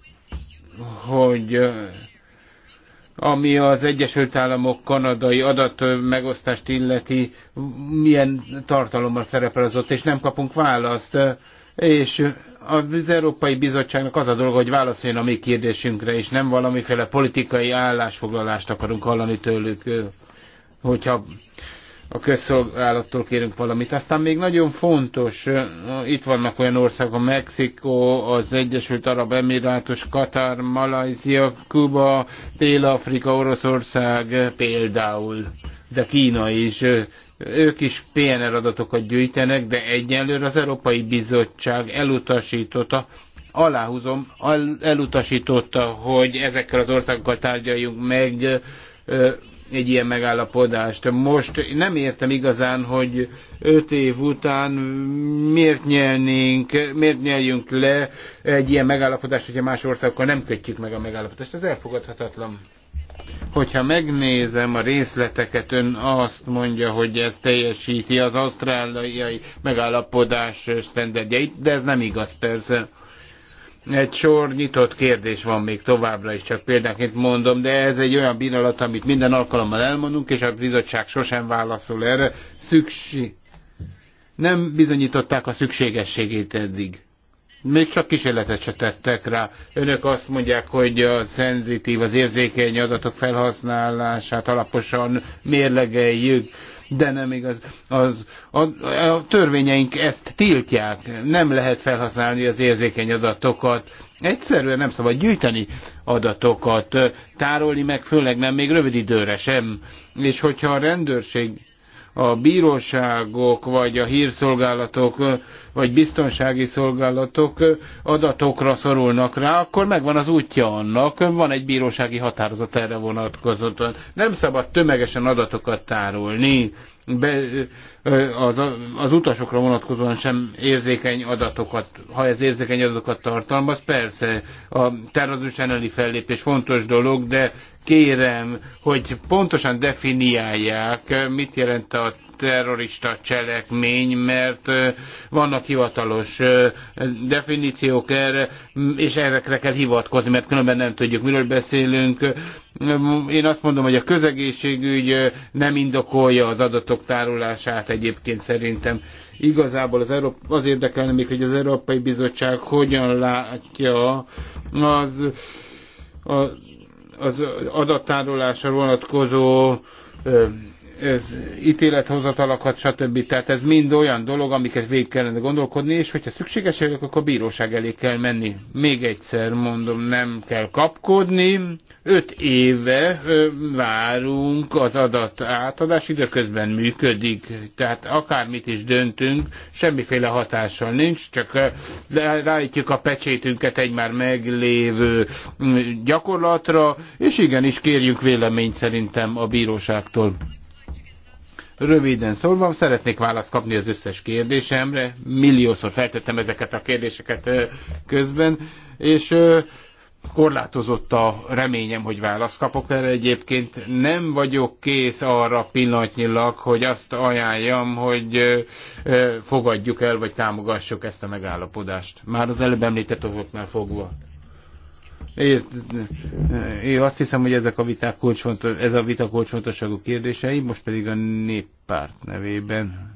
Speaker 5: hogy ami az Egyesült Államok kanadai adatmegosztást illeti, milyen tartalommal szerepel az ott, és nem kapunk választ. És az Európai Bizottságnak az a dolga, hogy válaszoljon a mi kérdésünkre, és nem valamiféle politikai állásfoglalást akarunk hallani tőlük, hogyha a közszolgálattól kérünk valamit. Aztán még nagyon fontos, itt vannak olyan országok, Mexikó, az Egyesült Arab Emirátus, Katar, Malajzia, Kuba, Dél-Afrika, Oroszország például, de Kína is. Ők is PNR adatokat gyűjtenek, de egyelőre az Európai Bizottság elutasította, aláhúzom, elutasította, hogy ezekkel az országokkal tárgyaljunk meg egy ilyen megállapodást. Most nem értem igazán, hogy öt év után miért nyelnénk, miért nyeljünk le egy ilyen megállapodást, hogyha más országokkal nem kötjük meg a megállapodást. Ez elfogadhatatlan. Hogyha megnézem a részleteket, ön azt mondja, hogy ez teljesíti az ausztráliai megállapodás sztenderdjeit, de ez nem igaz persze egy sor nyitott kérdés van még továbbra is, csak példáként mondom, de ez egy olyan bírálat, amit minden alkalommal elmondunk, és a bizottság sosem válaszol erre. Szüksi. Nem bizonyították a szükségességét eddig. Még csak kísérletet se tettek rá. Önök azt mondják, hogy a szenzitív, az érzékeny adatok felhasználását alaposan mérlegeljük de nem igaz. Az, a, a törvényeink ezt tiltják, nem lehet felhasználni az érzékeny adatokat, egyszerűen nem szabad gyűjteni adatokat, tárolni meg, főleg nem még rövid időre sem. És hogyha a rendőrség a bíróságok, vagy a hírszolgálatok, vagy biztonsági szolgálatok adatokra szorulnak rá, akkor megvan az útja annak, van egy bírósági határozat erre vonatkozóan. Nem szabad tömegesen adatokat tárolni, be, az, az utasokra vonatkozóan sem érzékeny adatokat, ha ez érzékeny adatokat tartalmaz, persze a terrorizmus elleni fellépés fontos dolog, de kérem, hogy pontosan definiálják, mit jelent a terrorista cselekmény, mert vannak hivatalos definíciók erre, és ezekre kell hivatkozni, mert különben nem tudjuk, miről beszélünk. Én azt mondom, hogy a közegészségügy nem indokolja az adatok tárolását egyébként szerintem. Igazából az, Európa, az érdekelne még, hogy az Európai Bizottság hogyan látja az a az adattárolásra vonatkozó ez, ítélethozatalakat, stb. Tehát ez mind olyan dolog, amiket végig kellene gondolkodni, és hogyha szükséges vagyok, akkor a bíróság elé kell menni. Még egyszer mondom, nem kell kapkodni, Öt éve várunk az adat átadás, időközben működik, tehát akármit is döntünk, semmiféle hatással nincs, csak ráítjuk a pecsétünket egy már meglévő mm, gyakorlatra, és igenis kérjük véleményt szerintem a bíróságtól. Röviden szólva, szeretnék választ kapni az összes kérdésemre. Milliószor feltettem ezeket a kérdéseket közben, és korlátozott a reményem, hogy választ kapok erre egyébként. Nem vagyok kész arra pillanatnyilag, hogy azt ajánljam, hogy fogadjuk el, vagy támogassuk ezt a megállapodást. Már az előbb említett okoknál fogva. Én azt hiszem, hogy ezek a viták ez a vita kulcsfontosságú kérdései, most pedig a néppárt nevében.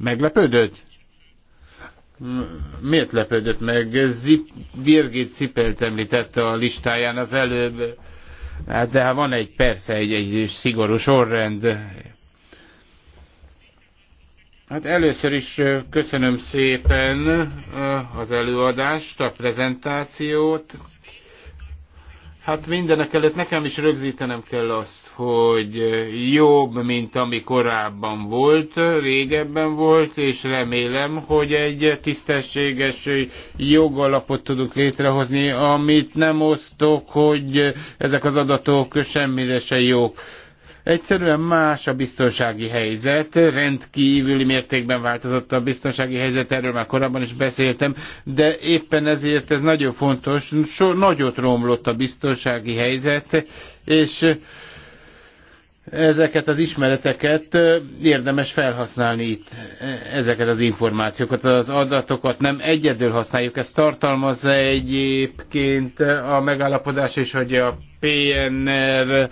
Speaker 5: Meglepődött? miért lepődött meg? Zip, Birgit Szipelt említette a listáján az előbb. Hát de hát van egy, persze, egy, egy szigorú sorrend. Hát először is köszönöm szépen az előadást, a prezentációt. Hát mindenek előtt nekem is rögzítenem kell azt, hogy jobb, mint ami korábban volt, régebben volt, és remélem, hogy egy tisztességes jogalapot tudunk létrehozni, amit nem osztok, hogy ezek az adatok semmire se jók Egyszerűen más a biztonsági helyzet, rendkívüli mértékben változott a biztonsági helyzet, erről már korábban is beszéltem, de éppen ezért ez nagyon fontos, so, nagyot romlott a biztonsági helyzet, és ezeket az ismereteket érdemes felhasználni itt, ezeket az információkat, az adatokat nem egyedül használjuk, ez tartalmazza egyébként a megállapodás is, hogy a PNR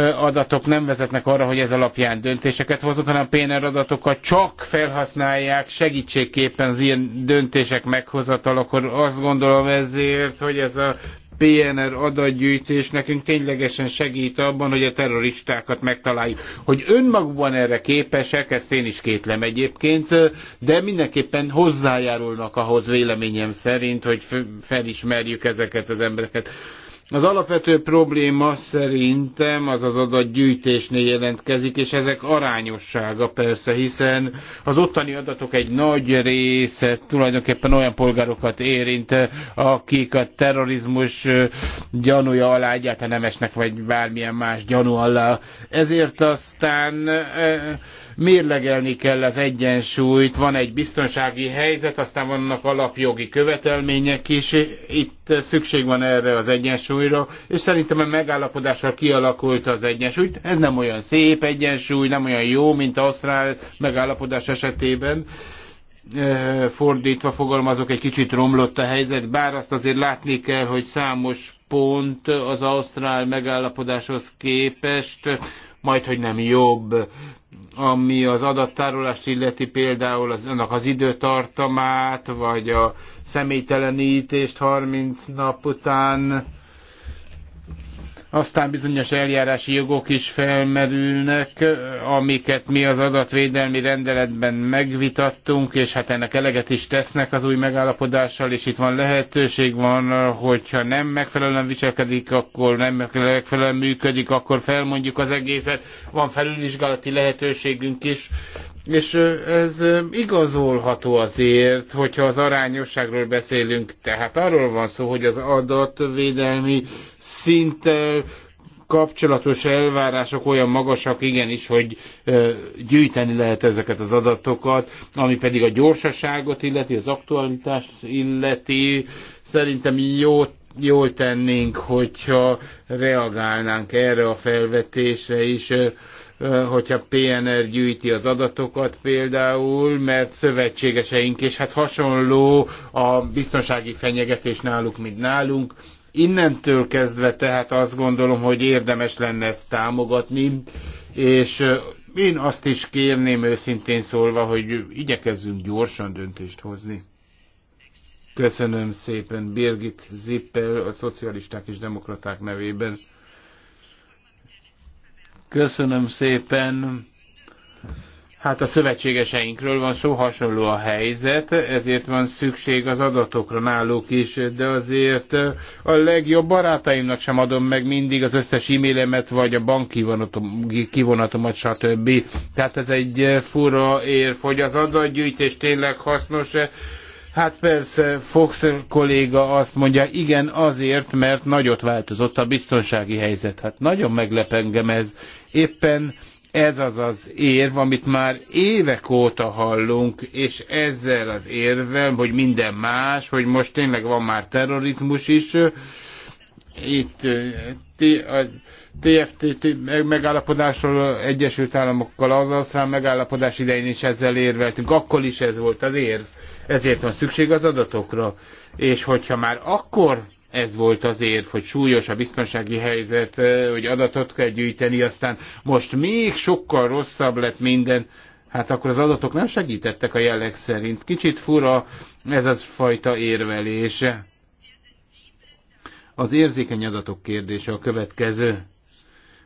Speaker 5: adatok nem vezetnek arra, hogy ez alapján döntéseket hozunk, hanem a PNR adatokat csak felhasználják segítségképpen az ilyen döntések meghozatalakor. Azt gondolom ezért, hogy ez a PNR adatgyűjtés nekünk ténylegesen segít abban, hogy a terroristákat megtaláljuk. Hogy önmagukban erre képesek, ezt én is kétlem egyébként, de mindenképpen hozzájárulnak ahhoz véleményem szerint, hogy felismerjük ezeket az embereket. Az alapvető probléma szerintem az az adatgyűjtésnél jelentkezik, és ezek arányossága persze, hiszen az ottani adatok egy nagy része tulajdonképpen olyan polgárokat érint, akik a terrorizmus gyanúja alá egyáltalán nem esnek, vagy bármilyen más gyanú alá. Ezért aztán mérlegelni kell az egyensúlyt, van egy biztonsági helyzet, aztán vannak alapjogi követelmények is, itt szükség van erre az egyensúlyra, és szerintem a megállapodással kialakult az egyensúly. Ez nem olyan szép egyensúly, nem olyan jó, mint Ausztrál megállapodás esetében eh, fordítva fogalmazok, egy kicsit romlott a helyzet, bár azt azért látni kell, hogy számos pont az ausztrál megállapodáshoz képest, majd hogy nem jobb, ami az adattárolást illeti például az, annak az időtartamát, vagy a személytelenítést 30 nap után, aztán bizonyos eljárási jogok is felmerülnek, amiket mi az adatvédelmi rendeletben megvitattunk, és hát ennek eleget is tesznek az új megállapodással, és itt van lehetőség van, hogyha nem megfelelően viselkedik, akkor nem megfelelően működik, akkor felmondjuk az egészet. Van felülvizsgálati lehetőségünk is, és ez igazolható azért, hogyha az arányosságról beszélünk, tehát arról van szó, hogy az adatvédelmi szinttel kapcsolatos elvárások olyan magasak, igenis, hogy gyűjteni lehet ezeket az adatokat, ami pedig a gyorsaságot illeti, az aktualitást illeti, szerintem jót jól tennénk, hogyha reagálnánk erre a felvetésre is, hogyha PNR gyűjti az adatokat például, mert szövetségeseink, és hát hasonló a biztonsági fenyegetés náluk, mint nálunk. Innentől kezdve tehát azt gondolom, hogy érdemes lenne ezt támogatni, és én azt is kérném őszintén szólva, hogy igyekezzünk gyorsan döntést hozni. Köszönöm szépen Birgit Zippel a szocialisták és demokraták nevében. Köszönöm szépen. Hát a szövetségeseinkről van szó, hasonló a helyzet, ezért van szükség az adatokra náluk is, de azért a legjobb barátaimnak sem adom meg mindig az összes e-mailemet, vagy a banki kivonatomat, stb. Tehát ez egy fura ér hogy az adatgyűjtés tényleg hasznos -e. Hát persze, Fox kolléga azt mondja, igen, azért, mert nagyot változott a biztonsági helyzet. Hát nagyon meglep engem ez, Éppen ez az az érv, amit már évek óta hallunk, és ezzel az érvel, hogy minden más, hogy most tényleg van már terrorizmus is, itt eh, a TFT megállapodásról Egyesült Államokkal az Ausztrál megállapodás idején is ezzel érveltünk, akkor is ez volt az érv, ezért van szükség az adatokra. És hogyha már akkor ez volt az érv, hogy súlyos a biztonsági helyzet, hogy adatot kell gyűjteni, aztán most még sokkal rosszabb lett minden, hát akkor az adatok nem segítettek a jelleg szerint. Kicsit fura ez az fajta érvelése. Az érzékeny adatok kérdése a következő.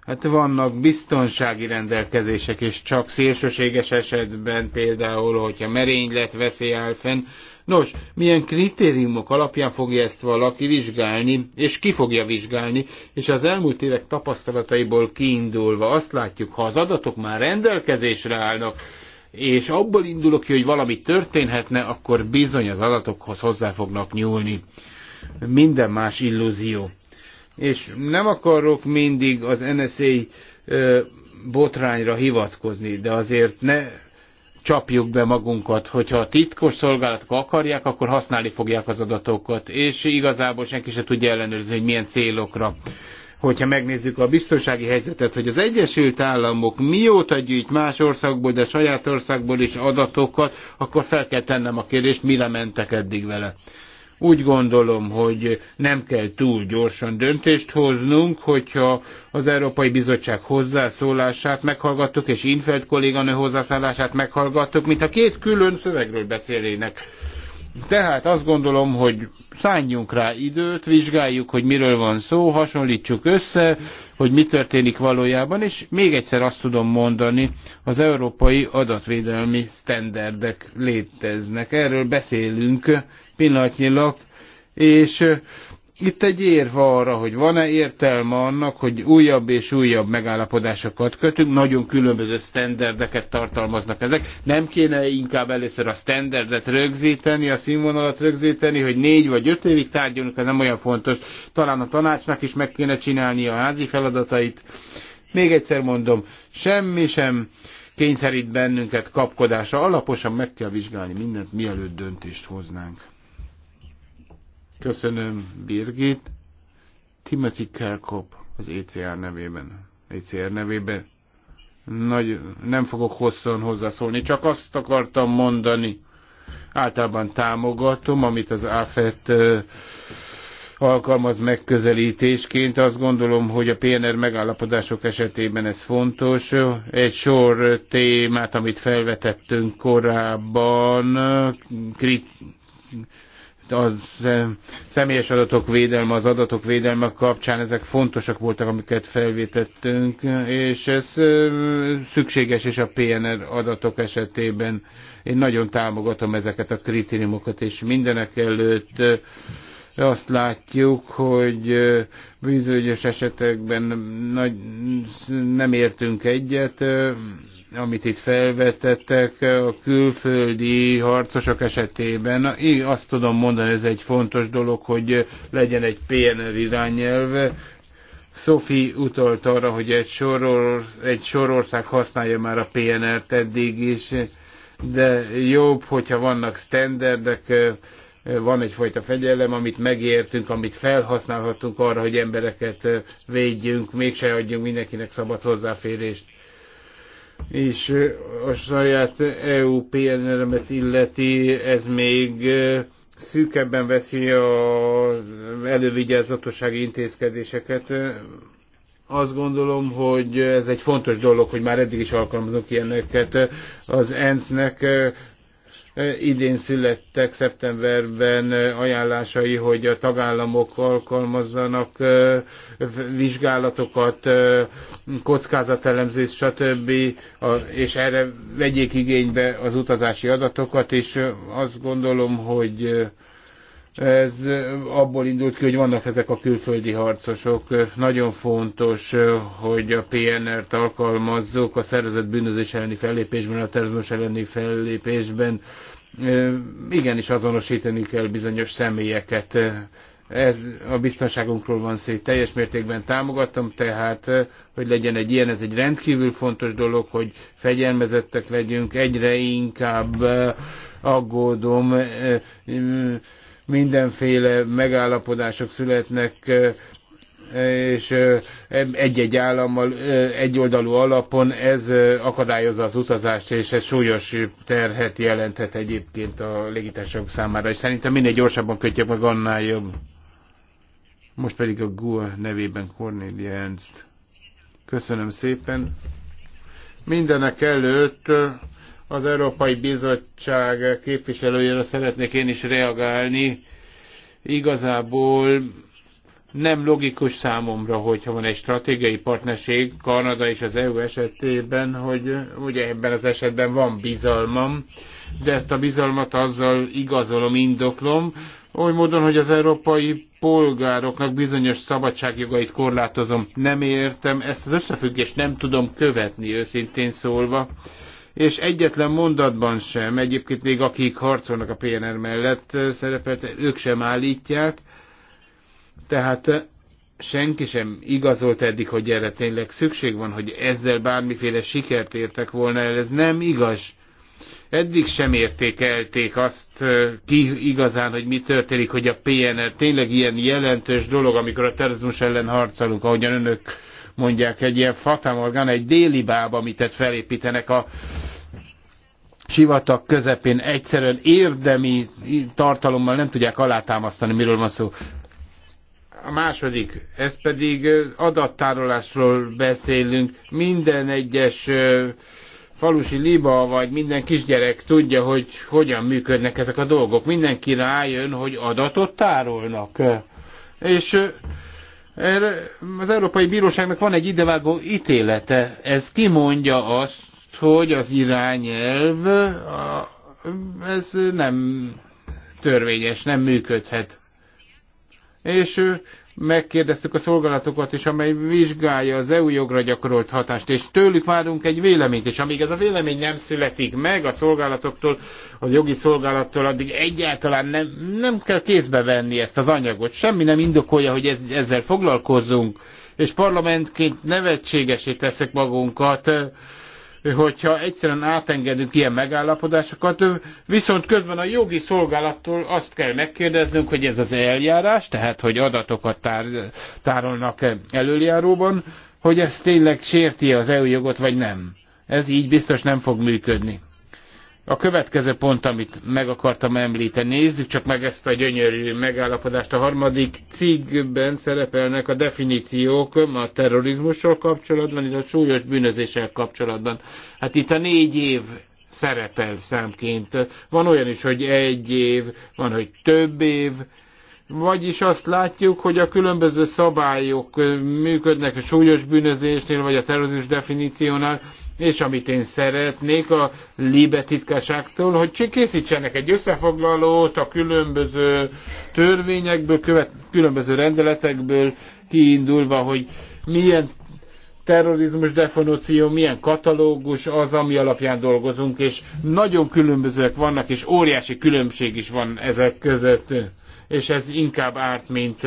Speaker 5: Hát vannak biztonsági rendelkezések, és csak szélsőséges esetben például, hogyha merénylet veszély áll fenn, Nos, milyen kritériumok alapján fogja ezt valaki vizsgálni, és ki fogja vizsgálni, és az elmúlt évek tapasztalataiból kiindulva azt látjuk, ha az adatok már rendelkezésre állnak, és abból indulok ki, hogy valami történhetne, akkor bizony az adatokhoz hozzá fognak nyúlni. Minden más illúzió. És nem akarok mindig az NSA botrányra hivatkozni, de azért ne csapjuk be magunkat, hogyha a titkos szolgálatok akarják, akkor használni fogják az adatokat, és igazából senki se tudja ellenőrizni, hogy milyen célokra hogyha megnézzük a biztonsági helyzetet, hogy az Egyesült Államok mióta gyűjt más országból, de saját országból is adatokat, akkor fel kell tennem a kérdést, mire mentek eddig vele. Úgy gondolom, hogy nem kell túl gyorsan döntést hoznunk, hogyha az Európai Bizottság hozzászólását meghallgattuk, és Infeld kolléganő hozzászólását meghallgattuk, mint a két külön szövegről beszélnének. Tehát azt gondolom, hogy szálljunk rá időt, vizsgáljuk, hogy miről van szó, hasonlítsuk össze, hogy mi történik valójában, és még egyszer azt tudom mondani, az európai adatvédelmi sztenderdek léteznek. Erről beszélünk pillanatnyilag, és itt egy érve arra, hogy van-e értelme annak, hogy újabb és újabb megállapodásokat kötünk, nagyon különböző sztenderdeket tartalmaznak ezek. Nem kéne inkább először a sztenderdet rögzíteni, a színvonalat rögzíteni, hogy négy vagy öt évig tárgyalunk, ez nem olyan fontos. Talán a tanácsnak is meg kéne csinálni a házi feladatait. Még egyszer mondom, semmi sem kényszerít bennünket kapkodásra. Alaposan meg kell vizsgálni mindent, mielőtt döntést hoznánk. Köszönöm, Birgit. Timothy Kerkop az ECR nevében. ECR nevében. Nagy, nem fogok hosszan hozzászólni, csak azt akartam mondani. Általában támogatom, amit az AFET alkalmaz megközelítésként. Azt gondolom, hogy a PNR megállapodások esetében ez fontos. Egy sor témát, amit felvetettünk korábban, krit a személyes adatok védelme, az adatok védelme kapcsán ezek fontosak voltak, amiket felvétettünk, és ez szükséges is a PNR adatok esetében. Én nagyon támogatom ezeket a kritériumokat, és mindenek előtt azt látjuk, hogy bizonyos esetekben nagy, nem értünk egyet, amit itt felvetettek a külföldi harcosok esetében. Én azt tudom mondani, ez egy fontos dolog, hogy legyen egy PNR irányelv, Sophie utalt arra, hogy egy, soror, egy sorország használja már a PNR-t eddig is, de jobb, hogyha vannak standardek, van egyfajta fegyelem, amit megértünk, amit felhasználhatunk arra, hogy embereket védjünk, mégse adjunk mindenkinek szabad hozzáférést. És a saját EU PNR-emet illeti, ez még szűkebben veszi az elővigyázatossági intézkedéseket. Azt gondolom, hogy ez egy fontos dolog, hogy már eddig is alkalmazunk ilyeneket. Az ENSZ-nek idén születtek szeptemberben ajánlásai, hogy a tagállamok alkalmazzanak vizsgálatokat, kockázatelemzést, stb. és erre vegyék igénybe az utazási adatokat, és azt gondolom, hogy ez abból indult ki, hogy vannak ezek a külföldi harcosok. Nagyon fontos, hogy a PNR-t alkalmazzuk a szervezett bűnözés elleni fellépésben, a terrorizmus elleni fellépésben. Igenis azonosítani kell bizonyos személyeket. Ez a biztonságunkról van szó. Teljes mértékben támogatom, tehát, hogy legyen egy ilyen, ez egy rendkívül fontos dolog, hogy fegyelmezettek legyünk, egyre inkább aggódom mindenféle megállapodások születnek, és egy-egy állammal egyoldalú alapon ez akadályozza az utazást, és ez súlyos terhet jelenthet egyébként a légitársaságok számára, és szerintem minél gyorsabban kötjük meg, annál jobb. Most pedig a GUA nevében Cornélia Ernst. Köszönöm szépen. Mindenek előtt az Európai Bizottság képviselőjére szeretnék én is reagálni. Igazából nem logikus számomra, hogyha van egy stratégiai partnerség Kanada és az EU esetében, hogy ugye ebben az esetben van bizalmam, de ezt a bizalmat azzal igazolom, indoklom, oly módon, hogy az európai polgároknak bizonyos szabadságjogait korlátozom. Nem értem, ezt az összefüggést nem tudom követni, őszintén szólva és egyetlen mondatban sem, egyébként még akik harcolnak a PNR mellett eh, szerepelt, ők sem állítják, tehát eh, senki sem igazolt eddig, hogy erre tényleg szükség van, hogy ezzel bármiféle sikert értek volna el, ez nem igaz. Eddig sem értékelték azt eh, ki igazán, hogy mi történik, hogy a PNR tényleg ilyen jelentős dolog, amikor a terrorizmus ellen harcolunk, ahogyan önök mondják, egy ilyen fatamorgan, egy déli báb, amit felépítenek a sivatag közepén egyszerűen érdemi tartalommal nem tudják alátámasztani, miről van szó. A második, ez pedig adattárolásról beszélünk. Minden egyes falusi liba, vagy minden kisgyerek tudja, hogy hogyan működnek ezek a dolgok. Mindenki rájön, hogy adatot tárolnak. És az Európai Bíróságnak van egy idevágó ítélete. Ez kimondja azt, hogy az irányelv ez nem törvényes, nem működhet. És megkérdeztük a szolgálatokat is, amely vizsgálja az EU jogra gyakorolt hatást, és tőlük várunk egy véleményt, és amíg ez a vélemény nem születik meg a szolgálatoktól, a jogi szolgálattól, addig egyáltalán nem, nem kell kézbe venni ezt az anyagot. Semmi nem indokolja, hogy ez, ezzel foglalkozzunk, és parlamentként nevetségesé teszek magunkat, hogyha egyszerűen átengedünk ilyen megállapodásokat, viszont közben a jogi szolgálattól azt kell megkérdeznünk, hogy ez az eljárás, tehát hogy adatokat tár, tárolnak e előjáróban, hogy ez tényleg sérti az EU jogot, vagy nem. Ez így biztos nem fog működni. A következő pont, amit meg akartam említeni, nézzük csak meg ezt a gyönyörű megállapodást. A harmadik cikkben szerepelnek a definíciók a terrorizmussal kapcsolatban, illetve a súlyos bűnözéssel kapcsolatban. Hát itt a négy év szerepel számként. Van olyan is, hogy egy év, van, hogy több év, vagyis azt látjuk, hogy a különböző szabályok működnek a súlyos bűnözésnél, vagy a terrorizmus definíciónál, és amit én szeretnék a Libe titkárságtól, hogy készítsenek egy összefoglalót a különböző törvényekből, követ, különböző rendeletekből kiindulva, hogy milyen terrorizmus definíció, milyen katalógus az, ami alapján dolgozunk, és nagyon különbözőek vannak, és óriási különbség is van ezek között, és ez inkább árt, mint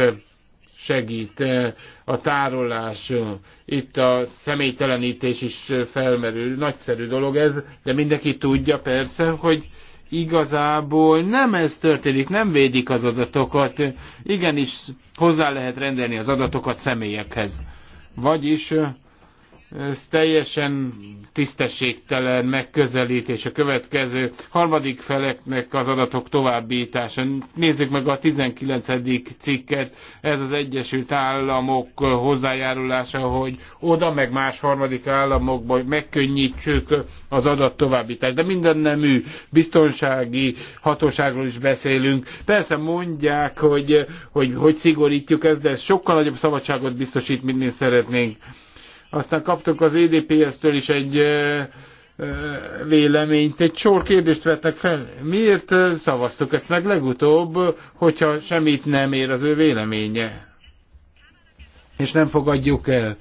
Speaker 5: segít eh, a tárolás, eh, itt a személytelenítés is eh, felmerül, nagyszerű dolog ez, de mindenki tudja persze, hogy igazából nem ez történik, nem védik az adatokat, igenis hozzá lehet rendelni az adatokat személyekhez. Vagyis ez teljesen tisztességtelen megközelítés a következő harmadik feleknek az adatok továbbítása. Nézzük meg a 19. cikket, ez az Egyesült Államok hozzájárulása, hogy oda meg más harmadik államokba megkönnyítsük az adat továbbítást. De minden nemű biztonsági hatóságról is beszélünk. Persze mondják, hogy hogy, hogy szigorítjuk ezt, de ez sokkal nagyobb szabadságot biztosít, mint mi szeretnénk. Aztán kaptuk az EDPS-től is egy véleményt, egy sor kérdést vettek fel. Miért szavaztuk ezt meg legutóbb, hogyha semmit nem ér az ő véleménye? És nem fogadjuk el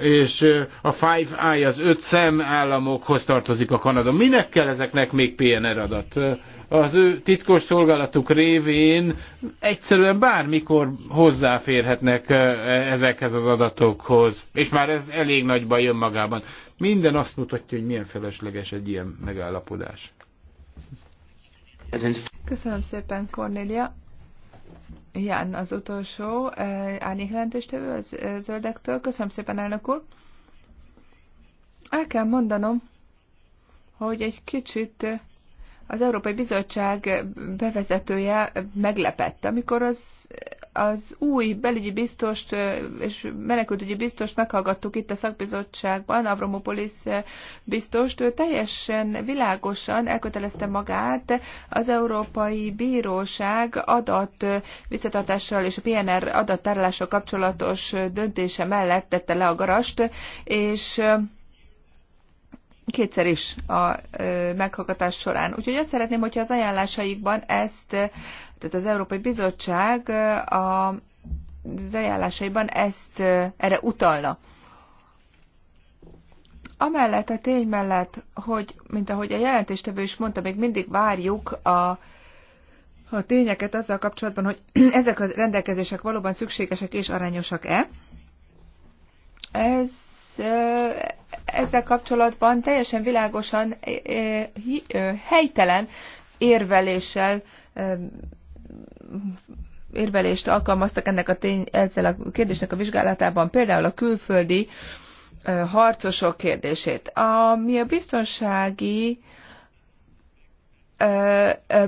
Speaker 5: és a Five Eye, az öt szem államokhoz tartozik a Kanada. Minek kell ezeknek még PNR adat? Az ő titkos szolgálatuk révén egyszerűen bármikor hozzáférhetnek ezekhez az adatokhoz, és már ez elég nagy baj jön magában. Minden azt mutatja, hogy milyen felesleges egy ilyen megállapodás.
Speaker 2: Köszönöm szépen, Cornélia. Igen, az utolsó eh, árnyékjelentéstevő az eh, zöldektől. Köszönöm szépen, elnök úr. El kell mondanom, hogy egy kicsit eh, az Európai Bizottság bevezetője meglepett, amikor az az új belügyi biztost és menekültügyi biztost meghallgattuk itt a szakbizottságban, Avromopolis biztost, ő teljesen világosan elkötelezte magát az Európai Bíróság adat visszatartással és a PNR adattárlással kapcsolatos döntése mellett tette le a garast, és kétszer is a meghallgatás során. Úgyhogy azt szeretném, hogyha az ajánlásaikban ezt, tehát az Európai Bizottság a, az ajánlásaiban ezt erre utalna. Amellett a tény mellett, hogy, mint ahogy a jelentéstevő is mondta, még mindig várjuk a, a tényeket azzal kapcsolatban, hogy ezek a rendelkezések valóban szükségesek és arányosak-e. Ez ezzel kapcsolatban teljesen világosan eh, eh, eh, helytelen érveléssel érvelést alkalmaztak ennek a tény, ezzel a kérdésnek a vizsgálatában, például a külföldi harcosok kérdését. Ami a biztonsági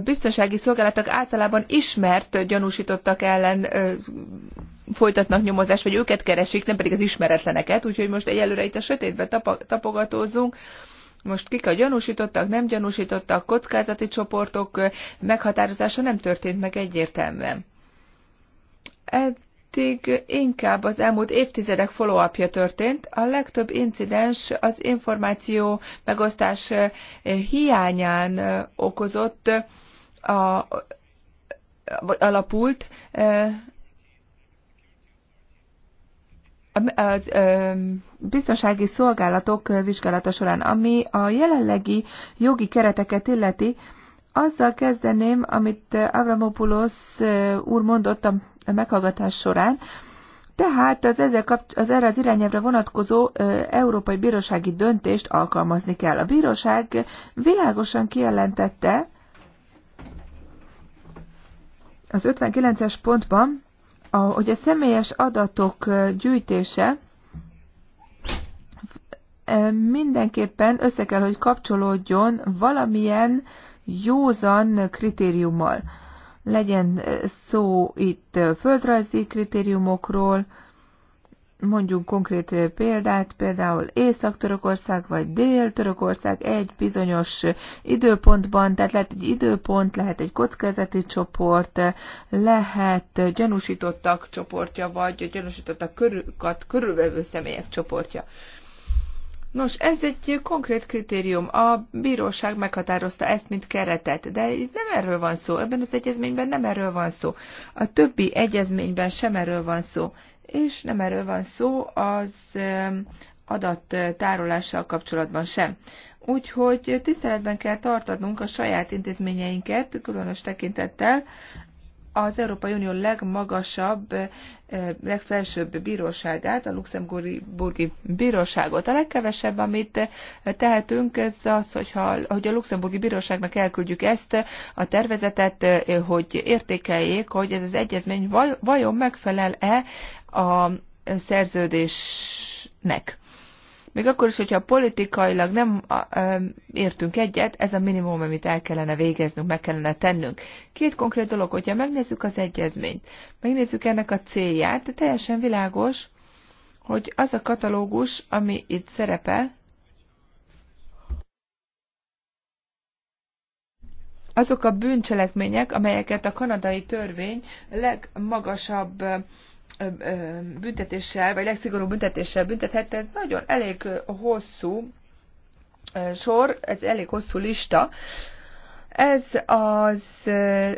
Speaker 2: biztonsági szolgálatok általában ismert gyanúsítottak ellen folytatnak nyomozást, vagy őket keresik, nem pedig az ismeretleneket, úgyhogy most egyelőre itt a sötétbe tapogatózunk. Most kik a gyanúsítottak, nem gyanúsítottak, kockázati csoportok meghatározása nem történt meg egyértelműen. Tíg inkább az elmúlt évtizedek follow történt. A legtöbb incidens az információ megosztás eh, hiányán eh, okozott a, alapult eh, az biztonsági szolgálatok vizsgálata során, ami a jelenlegi jogi kereteket illeti, azzal kezdeném, amit Avramopoulos úr mondott a meghallgatás során. Tehát az, ezzel kap, az erre az irányelvre vonatkozó ö, Európai Bírósági döntést alkalmazni kell. A bíróság világosan kijelentette az 59-es pontban, a, hogy a személyes adatok gyűjtése mindenképpen össze kell, hogy kapcsolódjon valamilyen józan kritériummal legyen szó itt földrajzi kritériumokról, mondjunk konkrét példát, például Észak-Törökország vagy Dél-Törökország egy bizonyos időpontban, tehát lehet egy időpont, lehet egy kockázati csoport, lehet gyanúsítottak csoportja, vagy gyanúsítottak körül, körülvevő személyek csoportja. Nos, ez egy konkrét kritérium. A bíróság meghatározta ezt, mint keretet, de itt nem erről van szó. Ebben az egyezményben nem erről van szó. A többi egyezményben sem erről van szó. És nem erről van szó az tárolással kapcsolatban sem. Úgyhogy tiszteletben kell tartanunk a saját intézményeinket, különös tekintettel az Európai Unió legmagasabb, eh, legfelsőbb bíróságát, a luxemburgi bíróságot. A legkevesebb, amit eh, tehetünk, ez az, hogyha, hogy a luxemburgi bíróságnak elküldjük ezt a tervezetet, eh, hogy értékeljék, hogy ez az egyezmény vajon megfelel-e a szerződésnek. Még akkor is, hogyha politikailag nem értünk egyet, ez a minimum, amit el kellene végeznünk, meg kellene tennünk. Két konkrét dolog, hogyha megnézzük az egyezményt, megnézzük ennek a célját, teljesen világos, hogy az a katalógus, ami itt szerepel, azok a bűncselekmények, amelyeket a kanadai törvény legmagasabb büntetéssel, vagy legszigorúbb büntetéssel büntethette, ez nagyon elég hosszú sor, ez elég hosszú lista. Ez az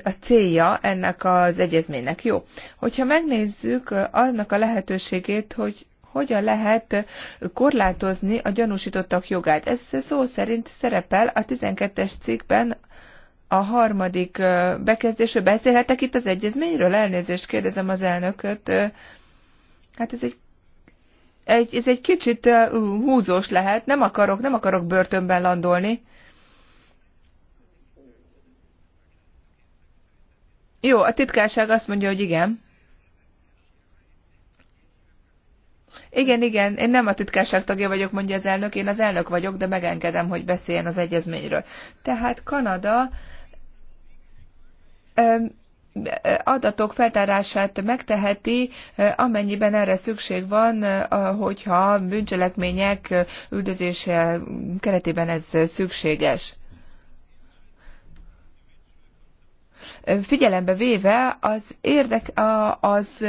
Speaker 2: a célja ennek az egyezménynek. Jó, hogyha megnézzük annak a lehetőségét, hogy hogyan lehet korlátozni a gyanúsítottak jogát. Ez szó szerint szerepel a 12-es cikkben, a harmadik bekezdésről beszélhetek itt az egyezményről? Elnézést kérdezem az elnököt. Hát ez egy, egy, ez egy kicsit húzós lehet. Nem akarok, nem akarok börtönben landolni. Jó, a titkárság azt mondja, hogy igen. Igen, igen, én nem a titkárság tagja vagyok, mondja az elnök, én az elnök vagyok, de megengedem, hogy beszéljen az egyezményről. Tehát Kanada adatok feltárását megteheti, amennyiben erre szükség van, hogyha bűncselekmények üldözése keretében ez szükséges. Figyelembe véve az érdek, az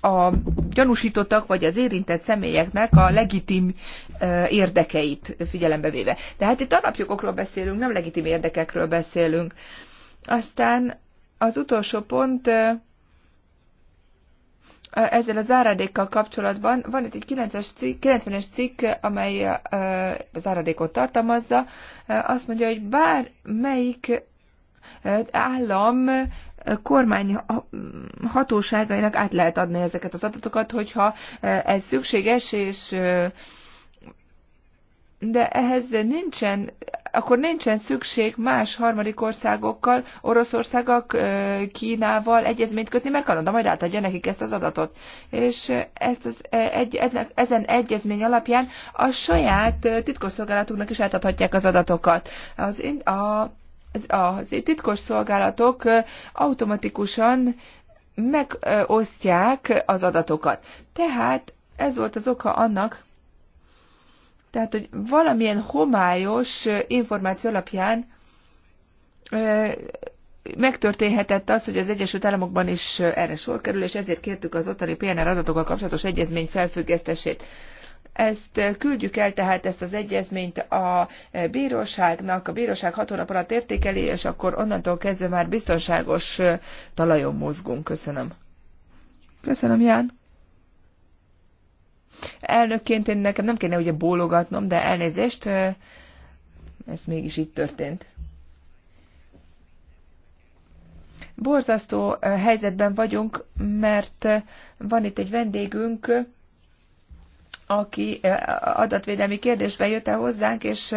Speaker 2: a gyanúsítottak vagy az érintett személyeknek a legitim érdekeit figyelembe véve. Tehát itt alapjogokról beszélünk, nem legitim érdekekről beszélünk. Aztán az utolsó pont ezzel a záradékkal kapcsolatban van itt egy 9-es cikk, 90-es cikk, amely a záradékot tartalmazza. Azt mondja, hogy bár melyik állam kormány hatóságainak át lehet adni ezeket az adatokat, hogyha ez szükséges, és de ehhez nincsen, akkor nincsen szükség más harmadik országokkal, Oroszországgal, Kínával egyezményt kötni, mert Kanada majd átadja nekik ezt az adatot. És ezt az, e, egy, ezen egyezmény alapján a saját titkosszolgálatuknak is átadhatják az adatokat. Az, a, az, az titkos szolgálatok automatikusan megosztják az adatokat. Tehát ez volt az oka annak, tehát, hogy valamilyen homályos információ alapján megtörténhetett az, hogy az Egyesült Államokban is erre sor kerül, és ezért kértük az ottani PNR adatokkal kapcsolatos egyezmény felfüggesztését. Ezt küldjük el, tehát ezt az egyezményt a bíróságnak, a bíróság hat hónap alatt értékeli, és akkor onnantól kezdve már biztonságos talajon mozgunk. Köszönöm. Köszönöm, Ján. Elnökként én nekem nem kéne ugye bólogatnom, de elnézést, ez mégis így történt. Borzasztó helyzetben vagyunk, mert van itt egy vendégünk, aki adatvédelmi kérdésben jött el hozzánk, és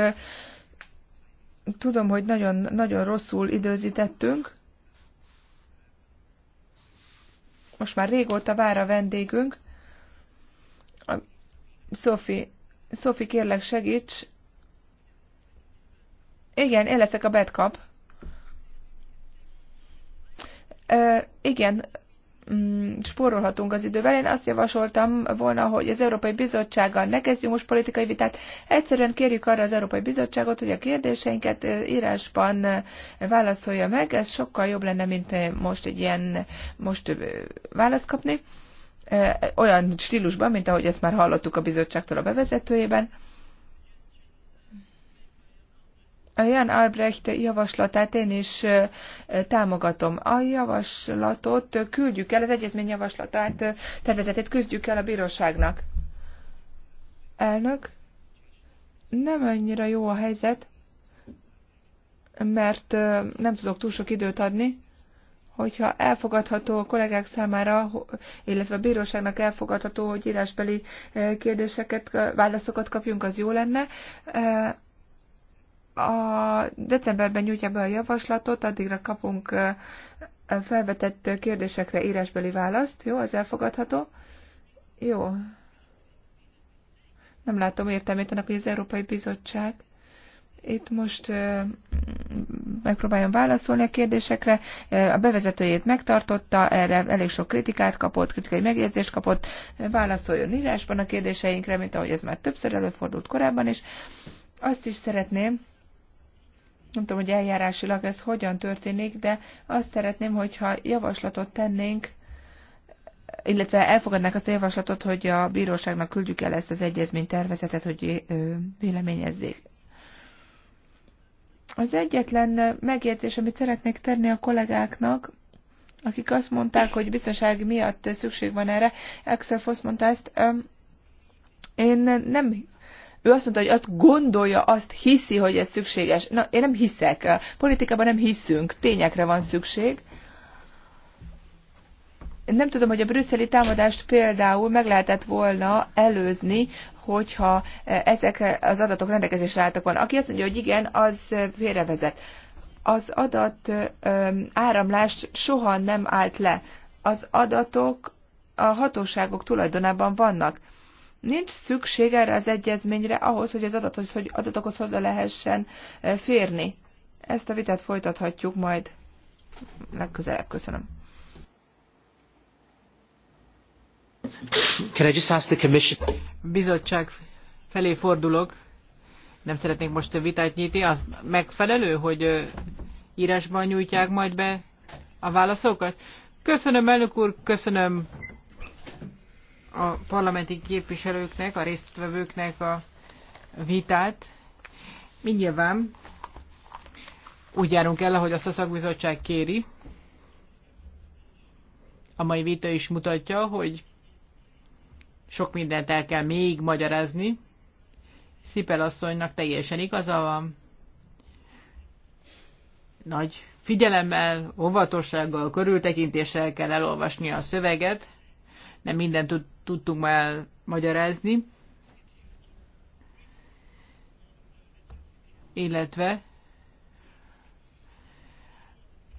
Speaker 2: tudom, hogy nagyon, nagyon rosszul időzítettünk. Most már régóta vár a vendégünk, Szofi, Szofi, kérlek segíts. Igen, én leszek a betkap. Uh, igen, mm, spórolhatunk az idővel. Én azt javasoltam volna, hogy az Európai Bizottsággal ne kezdjünk most politikai vitát. Egyszerűen kérjük arra az Európai Bizottságot, hogy a kérdéseinket írásban válaszolja meg. Ez sokkal jobb lenne, mint most egy ilyen most választ kapni olyan stílusban, mint ahogy ezt már hallottuk a bizottságtól a bevezetőjében. A Jan Albrecht javaslatát én is támogatom. A javaslatot küldjük el, az egyezmény javaslatát, tervezetét küldjük el a bíróságnak. Elnök, nem annyira jó a helyzet, mert nem tudok túl sok időt adni hogyha elfogadható a kollégák számára, illetve a bíróságnak elfogadható, hogy írásbeli e, kérdéseket, e, válaszokat kapjunk, az jó lenne. E, a decemberben nyújtja be a javaslatot, addigra kapunk felvetett kérdésekre írásbeli választ. Jó, az elfogadható? Jó. Nem látom értelmét annak, hogy az Európai Bizottság itt most megpróbáljon válaszolni a kérdésekre. A bevezetőjét megtartotta, erre elég sok kritikát kapott, kritikai megjegyzést kapott, válaszoljon írásban a kérdéseinkre, mint ahogy ez már többször előfordult korábban is. Azt is szeretném, nem tudom, hogy eljárásilag ez hogyan történik, de azt szeretném, hogyha javaslatot tennénk, illetve elfogadnák azt a javaslatot, hogy a bíróságnak küldjük el ezt az egyezménytervezetet, hogy véleményezzék az egyetlen megjegyzés, amit szeretnék tenni a kollégáknak, akik azt mondták, hogy biztonság miatt szükség van erre, Axel Foss mondta ezt, én nem ő azt mondta, hogy azt gondolja, azt hiszi, hogy ez szükséges. Na, én nem hiszek. Politikában nem hiszünk, tényekre van szükség nem tudom, hogy a brüsszeli támadást például meg lehetett volna előzni, hogyha e, ezek az adatok rendelkezésre álltak volna. Aki azt mondja, hogy igen, az félrevezet. Az adat áramlás soha nem állt le. Az adatok a hatóságok tulajdonában vannak. Nincs szükség erre az egyezményre ahhoz, hogy az adathoz, hogy adatokhoz hozzá lehessen e, férni. Ezt a vitát folytathatjuk majd legközelebb. Köszönöm.
Speaker 1: Can I just ask the
Speaker 3: commission? Bizottság felé fordulok. Nem szeretnék most vitát nyitni. Az megfelelő, hogy írásban nyújtják majd be a válaszokat? Köszönöm, elnök úr, köszönöm a parlamenti képviselőknek, a résztvevőknek a vitát. Mindjárt úgy járunk el, ahogy azt a szakbizottság kéri. A mai vita is mutatja, hogy sok mindent el kell még magyarázni. Szipel asszonynak teljesen igaza van. Nagy figyelemmel, óvatossággal, körültekintéssel kell elolvasni a szöveget. Nem mindent tudtunk már magyarázni. Illetve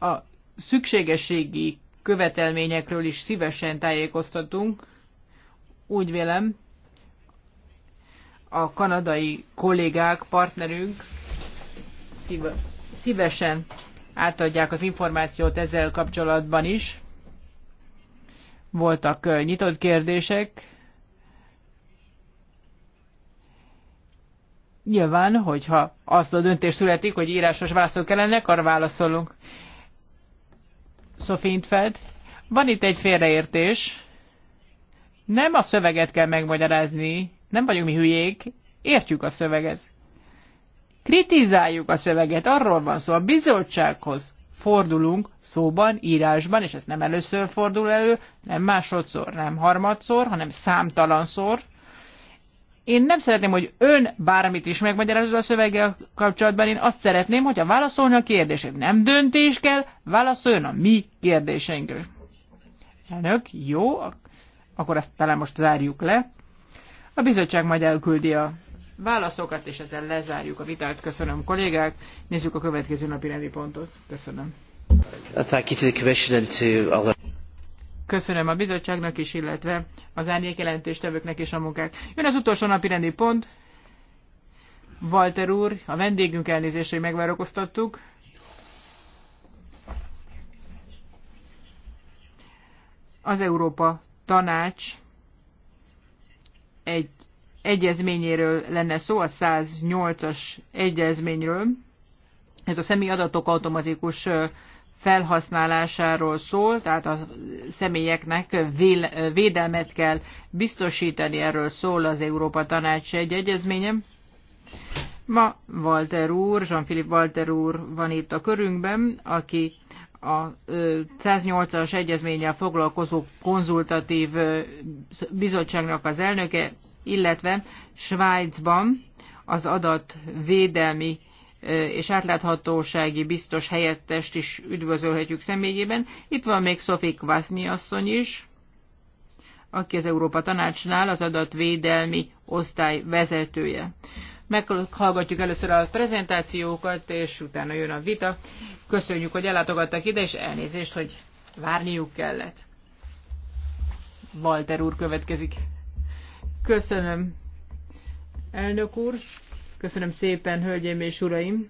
Speaker 3: a szükségességi követelményekről is szívesen tájékoztatunk, úgy vélem, a kanadai kollégák, partnerünk szívesen átadják az információt ezzel kapcsolatban is. Voltak nyitott kérdések. Nyilván, hogyha azt a döntés születik, hogy írásos válaszok kellene, arra válaszolunk. Sophie Intfeld, van itt egy félreértés nem a szöveget kell megmagyarázni, nem vagyunk mi hülyék, értjük a szöveget. Kritizáljuk a szöveget, arról van szó, a bizottsághoz fordulunk szóban, írásban, és ez nem először fordul elő, nem másodszor, nem harmadszor, hanem számtalanszor. Én nem szeretném, hogy ön bármit is megmagyarázza a szöveggel kapcsolatban, én azt szeretném, hogyha válaszolna a kérdését. Nem döntés kell, válaszoljon a mi kérdéseinkről. Elnök, jó, akkor ezt talán most zárjuk le. A bizottság majd elküldi a válaszokat, és ezzel lezárjuk a vitát. Köszönöm, kollégák. Nézzük a következő napi rendi pontot. Köszönöm. Köszönöm a bizottságnak is, illetve az árnyék jelentéstevőknek is a munkák. Jön az utolsó napi rendi pont. Walter úr, a vendégünk elnézést, hogy megvárokoztattuk. Az Európa tanács egy egyezményéről lenne szó, a 108-as egyezményről. Ez a személyi adatok automatikus felhasználásáról szól, tehát a személyeknek védelmet kell biztosítani, erről szól az Európa Tanács egy egyezménye. Ma Walter úr, Jean-Philippe Walter úr van itt a körünkben, aki a 108-as egyezménnyel foglalkozó konzultatív bizottságnak az elnöke, illetve Svájcban az adatvédelmi és átláthatósági biztos helyettest is üdvözölhetjük személyében. Itt van még Sophie Kvasznyi asszony is, aki az Európa Tanácsnál az adatvédelmi osztály vezetője. Meghallgatjuk először a prezentációkat, és utána jön a vita. Köszönjük, hogy ellátogattak ide, és elnézést, hogy várniuk kellett. Walter úr következik. Köszönöm, elnök úr. Köszönöm szépen, hölgyeim és uraim.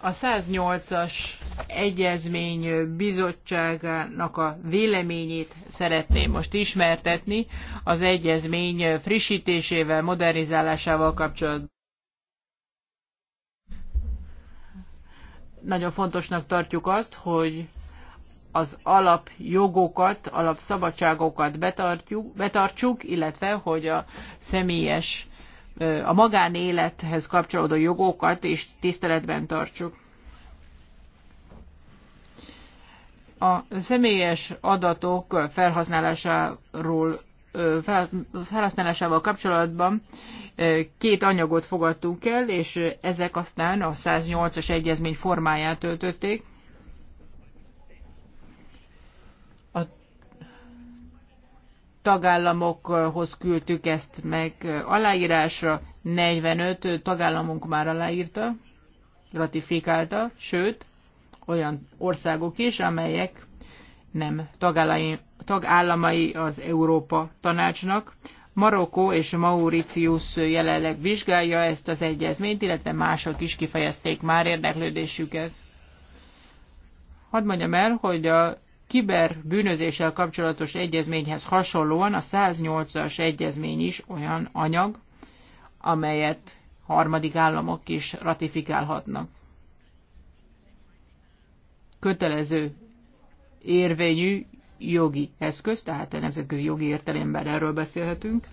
Speaker 3: A 108-as Egyezmény Bizottságának a véleményét szeretném most ismertetni az egyezmény frissítésével, modernizálásával kapcsolatban. Nagyon fontosnak tartjuk azt, hogy az alapjogokat, alapszabadságokat betartjuk, betartsuk, illetve hogy a személyes, a magánélethez kapcsolódó jogokat is tiszteletben tartsuk. a személyes adatok felhasználásáról felhasználásával kapcsolatban két anyagot fogadtunk el, és ezek aztán a 108-as egyezmény formáját öltötték. A tagállamokhoz küldtük ezt meg aláírásra, 45 tagállamunk már aláírta, ratifikálta, sőt, olyan országok is, amelyek nem tagállamai, az Európa tanácsnak. Marokkó és Mauritius jelenleg vizsgálja ezt az egyezményt, illetve mások is kifejezték már érdeklődésüket. Hadd mondjam el, hogy a kiberbűnözéssel kapcsolatos egyezményhez hasonlóan a 108-as egyezmény is olyan anyag, amelyet harmadik államok is ratifikálhatnak kötelező érvényű jogi eszköz, tehát a nemzetközi jogi értelemben erről beszélhetünk.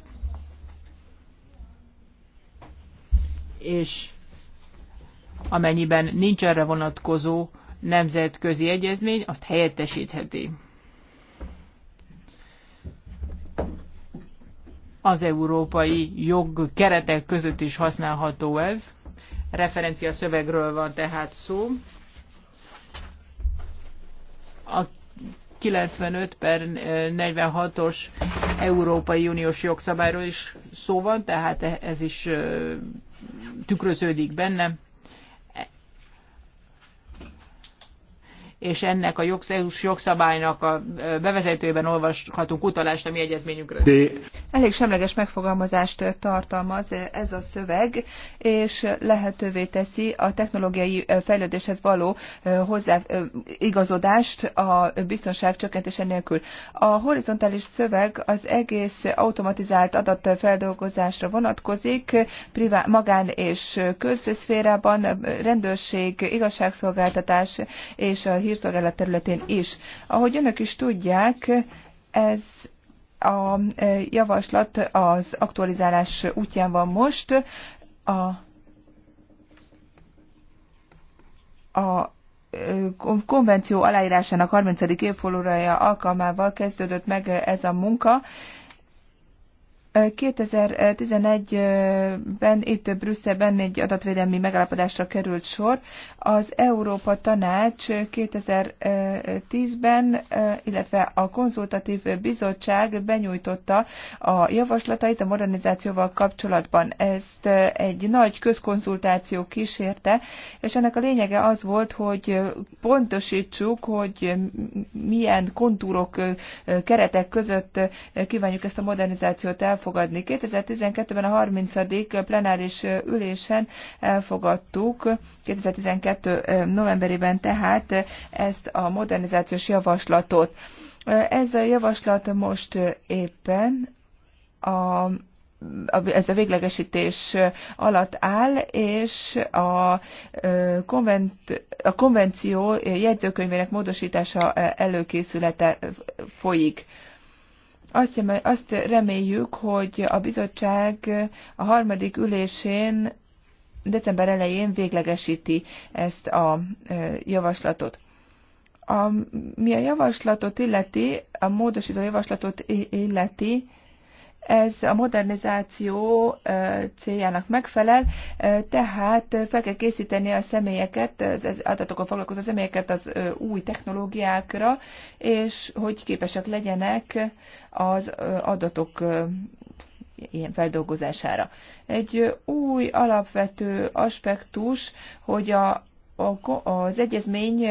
Speaker 3: És amennyiben nincs erre vonatkozó nemzetközi egyezmény, azt helyettesítheti. Az európai jog keretek között is használható ez. Referencia szövegről van tehát szó a 95 per 46-os Európai Uniós jogszabályról is szó van, tehát e- ez is tükröződik benne. és ennek a jogszerűs jogszabálynak a bevezetőben olvashatunk utalást a mi egyezményünkről. De...
Speaker 2: Elég semleges megfogalmazást tartalmaz ez a szöveg, és lehetővé teszi a technológiai fejlődéshez való hozzá igazodást a biztonság csökkentése nélkül. A horizontális szöveg az egész automatizált adatfeldolgozásra vonatkozik, privát, magán és közszférában, rendőrség, igazságszolgáltatás és a hírszolgálat területén is. Ahogy önök is tudják, ez a e, javaslat az aktualizálás útján van most. A, a e, konvenció aláírásának 30. évfordulója alkalmával kezdődött meg ez a munka, 2011-ben itt Brüsszelben egy adatvédelmi megállapodásra került sor. Az Európa Tanács 2010-ben, illetve a konzultatív bizottság benyújtotta a javaslatait a modernizációval kapcsolatban. Ezt egy nagy közkonzultáció kísérte, és ennek a lényege az volt, hogy pontosítsuk, hogy milyen kontúrok, keretek között kívánjuk ezt a modernizációt elfogadni elfogadni. 2012-ben a 30. plenáris ülésen elfogadtuk, 2012. novemberében tehát ezt a modernizációs javaslatot. Ez a javaslat most éppen a ez a véglegesítés alatt áll, és a, konvent, a konvenció jegyzőkönyvének módosítása előkészülete folyik. Azt, azt reméljük, hogy a bizottság a harmadik ülésén december elején véglegesíti ezt a e, javaslatot. A, mi a javaslatot illeti, a módosító javaslatot illeti, ez a modernizáció céljának megfelel, tehát fel kell készíteni a személyeket, az adatokon foglalkozó személyeket az új technológiákra, és hogy képesek legyenek az adatok ilyen feldolgozására. Egy új alapvető aspektus, hogy a, az egyezmény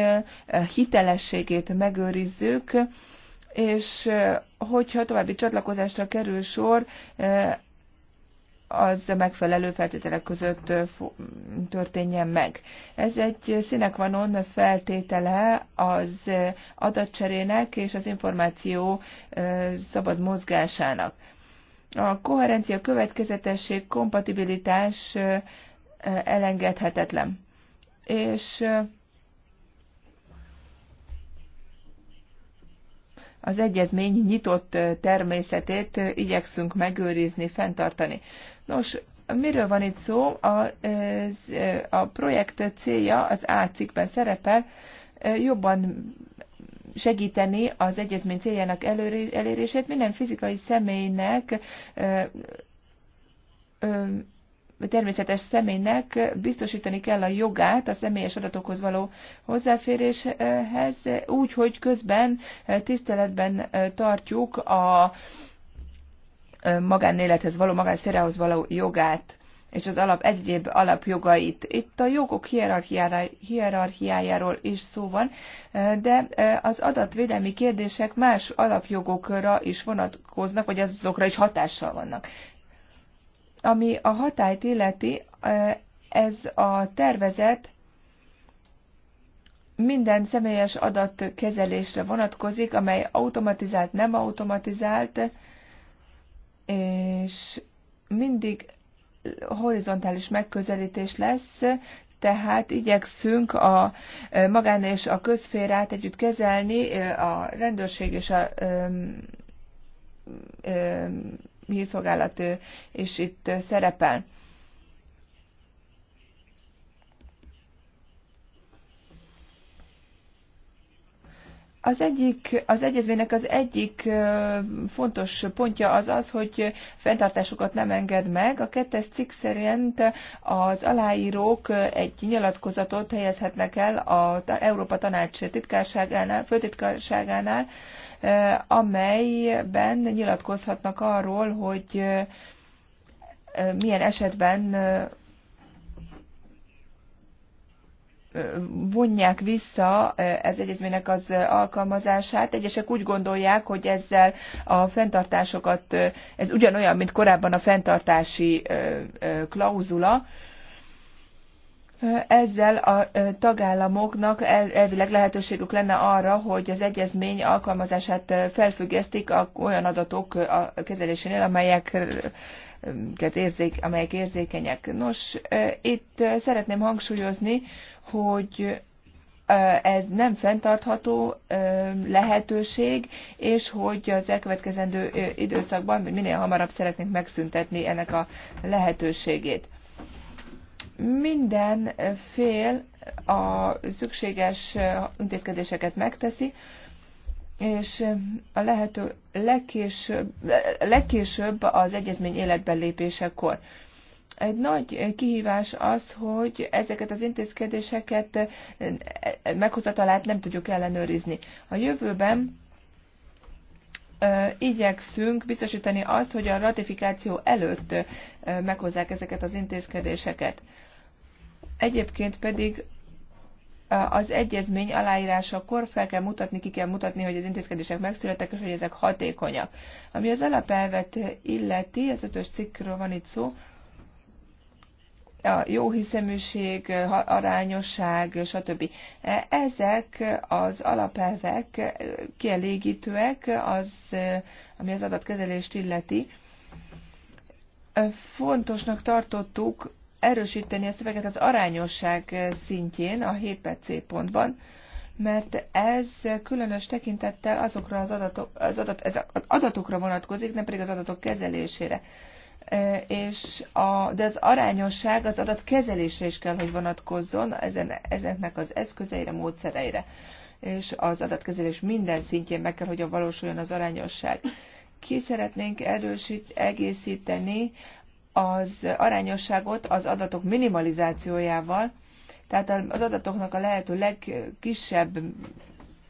Speaker 2: hitelességét megőrizzük, és hogyha további csatlakozásra kerül sor, az megfelelő feltételek között történjen meg. Ez egy színek on feltétele az adatcserének és az információ szabad mozgásának. A koherencia, következetesség, kompatibilitás elengedhetetlen. És az egyezmény nyitott természetét igyekszünk megőrizni, fenntartani. Nos, miről van itt szó? A, a projekt célja az A cikkben szerepel, jobban segíteni az egyezmény céljának elérését minden fizikai személynek természetes személynek biztosítani kell a jogát a személyes adatokhoz való hozzáféréshez, úgy, hogy közben eh, tiszteletben eh, tartjuk a eh, magánélethez való, magánszférához való jogát és az alap egyéb alapjogait. Itt a jogok hierarchiájáról is szó van, de az adatvédelmi kérdések más alapjogokra is vonatkoznak, vagy azokra is hatással vannak. Ami a hatályt illeti, ez a tervezet minden személyes adatkezelésre vonatkozik, amely automatizált, nem automatizált, és mindig horizontális megközelítés lesz, tehát igyekszünk a magán és a közférát együtt kezelni, a rendőrség és a hírszolgálat is itt szerepel. Az egyik, az egyezménynek az egyik fontos pontja az az, hogy fenntartásokat nem enged meg. A kettes cikk szerint az aláírók egy nyilatkozatot helyezhetnek el az Európa Tanács titkárságánál, főtitkárságánál, amelyben nyilatkozhatnak arról, hogy milyen esetben vonják vissza ez egyezménynek az alkalmazását. Egyesek úgy gondolják, hogy ezzel a fenntartásokat, ez ugyanolyan, mint korábban a fenntartási klauzula, ezzel a tagállamoknak elvileg lehetőségük lenne arra, hogy az egyezmény alkalmazását felfüggesztik olyan adatok a kezelésénél, érzék, amelyek érzékenyek. Nos, itt szeretném hangsúlyozni, hogy ez nem fenntartható lehetőség, és hogy az elkövetkezendő időszakban minél hamarabb szeretnénk megszüntetni ennek a lehetőségét. Minden fél a szükséges intézkedéseket megteszi, és a lehető legkésőbb, legkésőbb az egyezmény életben lépésekor. Egy nagy kihívás az, hogy ezeket az intézkedéseket meghozatalát nem tudjuk ellenőrizni. A jövőben igyekszünk biztosítani azt, hogy a ratifikáció előtt meghozzák ezeket az intézkedéseket. Egyébként pedig az egyezmény aláírásakor fel kell mutatni, ki kell mutatni, hogy az intézkedések megszülettek, és hogy ezek hatékonyak. Ami az alapelvet illeti, az ötös cikkről van itt szó, a jóhiszeműség, arányosság, stb. E, ezek az alapelvek kielégítőek, az, ami az adatkezelést illeti. E, fontosnak tartottuk erősíteni a szöveget az arányosság szintjén, a 7C pontban, mert ez különös tekintettel azokra az, adatok, az adat, ez az adatokra vonatkozik, nem pedig az adatok kezelésére és a, de az arányosság az kezelésre is kell, hogy vonatkozzon ezen, ezeknek az eszközeire, módszereire. És az adatkezelés minden szintjén meg kell, hogy a valósuljon az arányosság. Ki szeretnénk erősít, egészíteni az arányosságot az adatok minimalizációjával, tehát az adatoknak a lehető legkisebb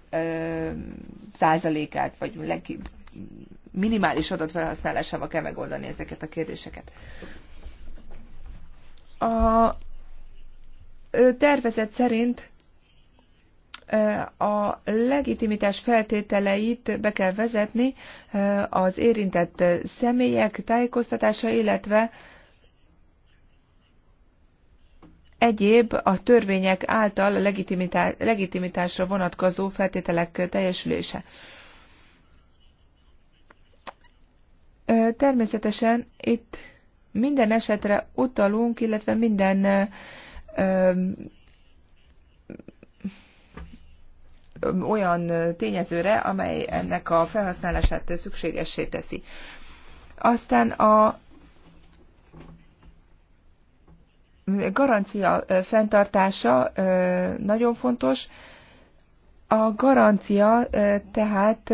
Speaker 2: ö, százalékát, vagy legkisebb minimális felhasználásával kell megoldani ezeket a kérdéseket. A tervezet szerint a legitimitás feltételeit be kell vezetni az érintett személyek tájékoztatása, illetve egyéb a törvények által a legitimitásra vonatkozó feltételek teljesülése. Természetesen itt minden esetre utalunk, illetve minden olyan tényezőre, amely ennek a felhasználását szükségessé teszi. Aztán a garancia fenntartása nagyon fontos. A garancia tehát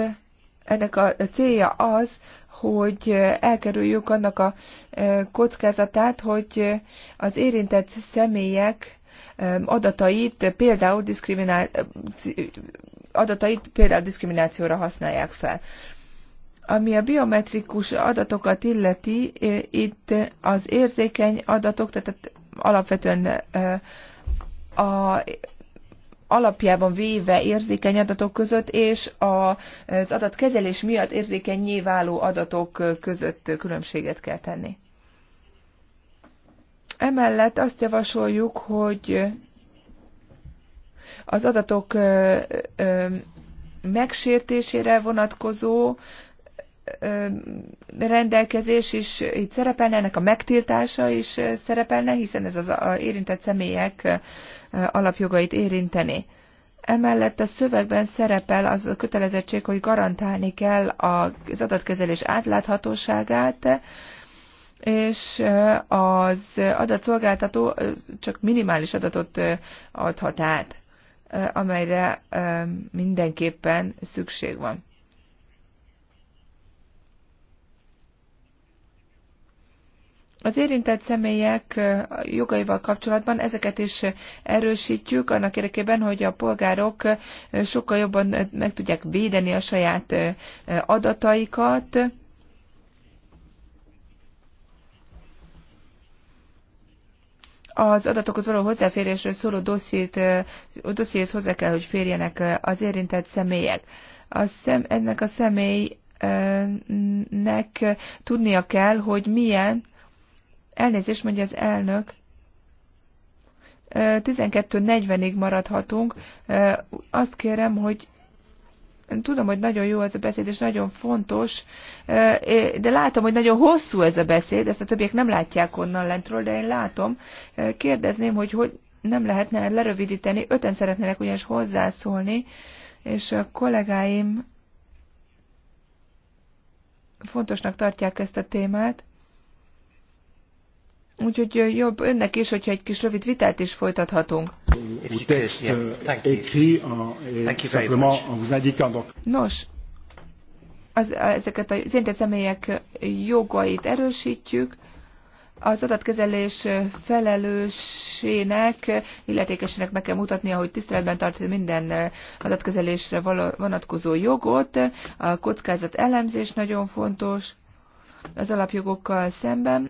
Speaker 2: ennek a célja az, hogy elkerüljük annak a e, kockázatát, hogy az érintett személyek e, adatait például, e, adatait például diszkriminációra használják fel. Ami a biometrikus adatokat illeti, itt az érzékeny adatok, tehát alapvetően a alapjában véve érzékeny adatok között, és az adatkezelés miatt érzékeny nyilváló adatok között különbséget kell tenni. Emellett azt javasoljuk, hogy az adatok megsértésére vonatkozó rendelkezés is itt szerepelne, ennek a megtiltása is szerepelne, hiszen ez az érintett személyek alapjogait érinteni. Emellett a szövegben szerepel az a kötelezettség, hogy garantálni kell az adatkezelés átláthatóságát, és az adatszolgáltató csak minimális adatot adhat át, amelyre mindenképpen szükség van. Az érintett személyek jogaival kapcsolatban ezeket is erősítjük, annak érdekében, hogy a polgárok sokkal jobban meg tudják védeni a saját adataikat, az adatokhoz való hozzáférésről szóló dossziét, dossziéhez hozzá kell, hogy férjenek az érintett személyek. A szem, ennek a személynek tudnia kell, hogy milyen Elnézést mondja az elnök. 12.40-ig maradhatunk. Azt kérem, hogy tudom, hogy nagyon jó ez a beszéd, és nagyon fontos, de látom, hogy nagyon hosszú ez a beszéd, ezt a többiek nem látják onnan lentről, de én látom. Kérdezném, hogy hogy nem lehetne lerövidíteni, öten szeretnének ugyanis hozzászólni, és a kollégáim fontosnak tartják ezt a témát. Úgyhogy jobb önnek is, hogyha egy kis rövid vitát is folytathatunk. Nos, az, ezeket az érintett személyek jogait erősítjük, az adatkezelés felelősének, illetékesének meg kell mutatnia, hogy tiszteletben tartja minden adatkezelésre vonatkozó jogot. A kockázat elemzés nagyon fontos az alapjogokkal szemben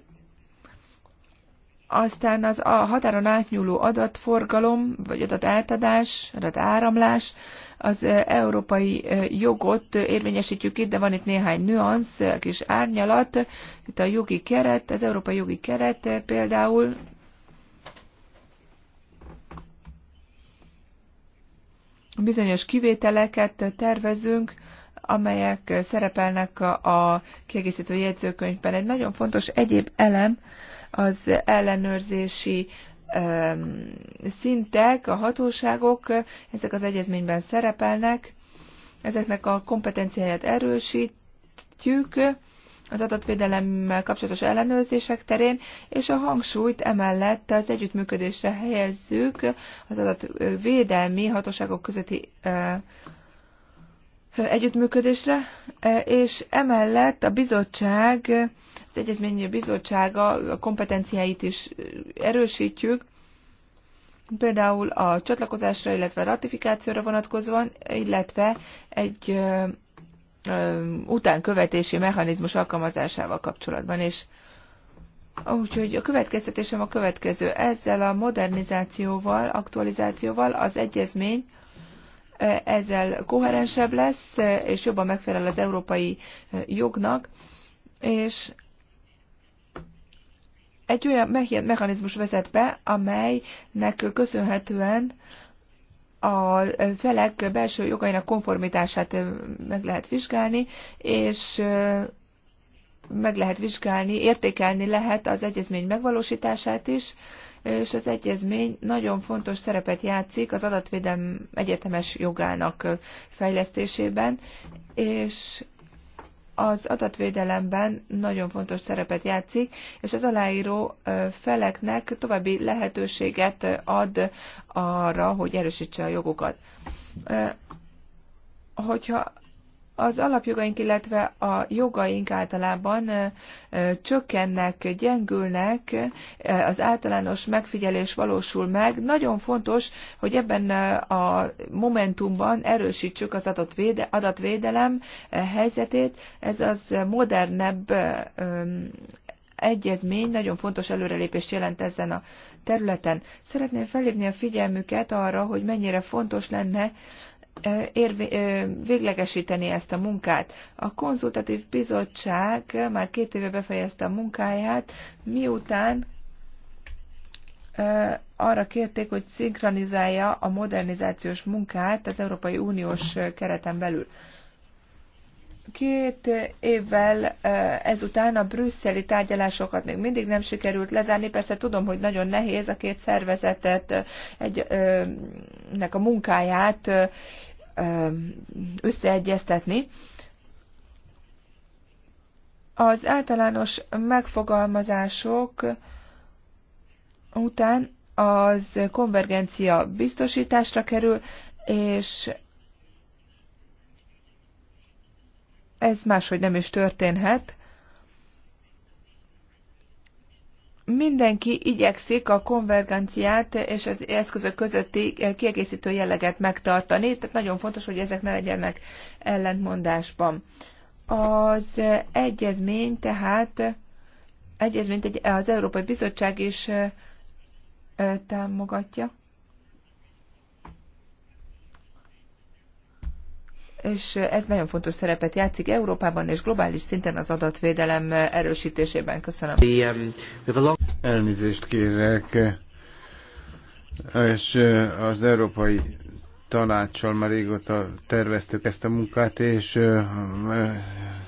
Speaker 2: aztán az a határon átnyúló adatforgalom, vagy adatátadás, adatáramlás, az európai jogot érvényesítjük itt, de van itt néhány nüansz, kis árnyalat. Itt a jogi keret, az európai jogi keret például bizonyos kivételeket tervezünk, amelyek szerepelnek a kiegészítő jegyzőkönyvben. Egy nagyon fontos egyéb elem az ellenőrzési szintek, a hatóságok, ezek az egyezményben szerepelnek, ezeknek a kompetenciáját erősítjük az adatvédelemmel kapcsolatos ellenőrzések terén, és a hangsúlyt emellett az együttműködésre helyezzük az adatvédelmi hatóságok közötti együttműködésre, és emellett a bizottság az Egyezmény Bizottsága a kompetenciáit is erősítjük, például a csatlakozásra, illetve a ratifikációra vonatkozóan, illetve egy utánkövetési mechanizmus alkalmazásával kapcsolatban is. Úgyhogy a következtetésem a következő. Ezzel a modernizációval, aktualizációval az egyezmény ezzel koherensebb lesz, és jobban megfelel az európai jognak, és egy olyan mechanizmus vezet be, amelynek köszönhetően a felek belső jogainak konformitását meg lehet vizsgálni, és meg lehet vizsgálni, értékelni lehet az egyezmény megvalósítását is, és az egyezmény nagyon fontos szerepet játszik az adatvédelem egyetemes jogának fejlesztésében, és az adatvédelemben nagyon fontos szerepet játszik, és az aláíró feleknek további lehetőséget ad arra, hogy erősítse a jogokat. Hogyha az alapjogaink, illetve a jogaink általában csökkennek, gyengülnek, az általános megfigyelés valósul meg. Nagyon fontos, hogy ebben a momentumban erősítsük az adatvédelem helyzetét. Ez az modernebb egyezmény nagyon fontos előrelépést jelent ezen a területen. Szeretném felhívni a figyelmüket arra, hogy mennyire fontos lenne érvi, véglegesíteni ezt a munkát. A konzultatív bizottság már két éve befejezte a munkáját, miután arra kérték, hogy szinkronizálja a modernizációs munkát az Európai Uniós kereten belül. Két évvel ezután a brüsszeli tárgyalásokat még mindig nem sikerült lezárni. Persze tudom, hogy nagyon nehéz a két szervezetet, egy, ö, nek a munkáját ö, összeegyeztetni. Az általános megfogalmazások után az konvergencia biztosításra kerül, és ez máshogy nem is történhet. Mindenki igyekszik a konvergenciát és az eszközök közötti kiegészítő jelleget megtartani, tehát nagyon fontos, hogy ezek ne legyenek ellentmondásban. Az egyezmény tehát egyezményt az Európai Bizottság is támogatja. és ez nagyon fontos szerepet játszik Európában és globális szinten az adatvédelem erősítésében. Köszönöm.
Speaker 5: Um, Elnézést kérek, és az Európai Tanácssal már régóta terveztük ezt a munkát, és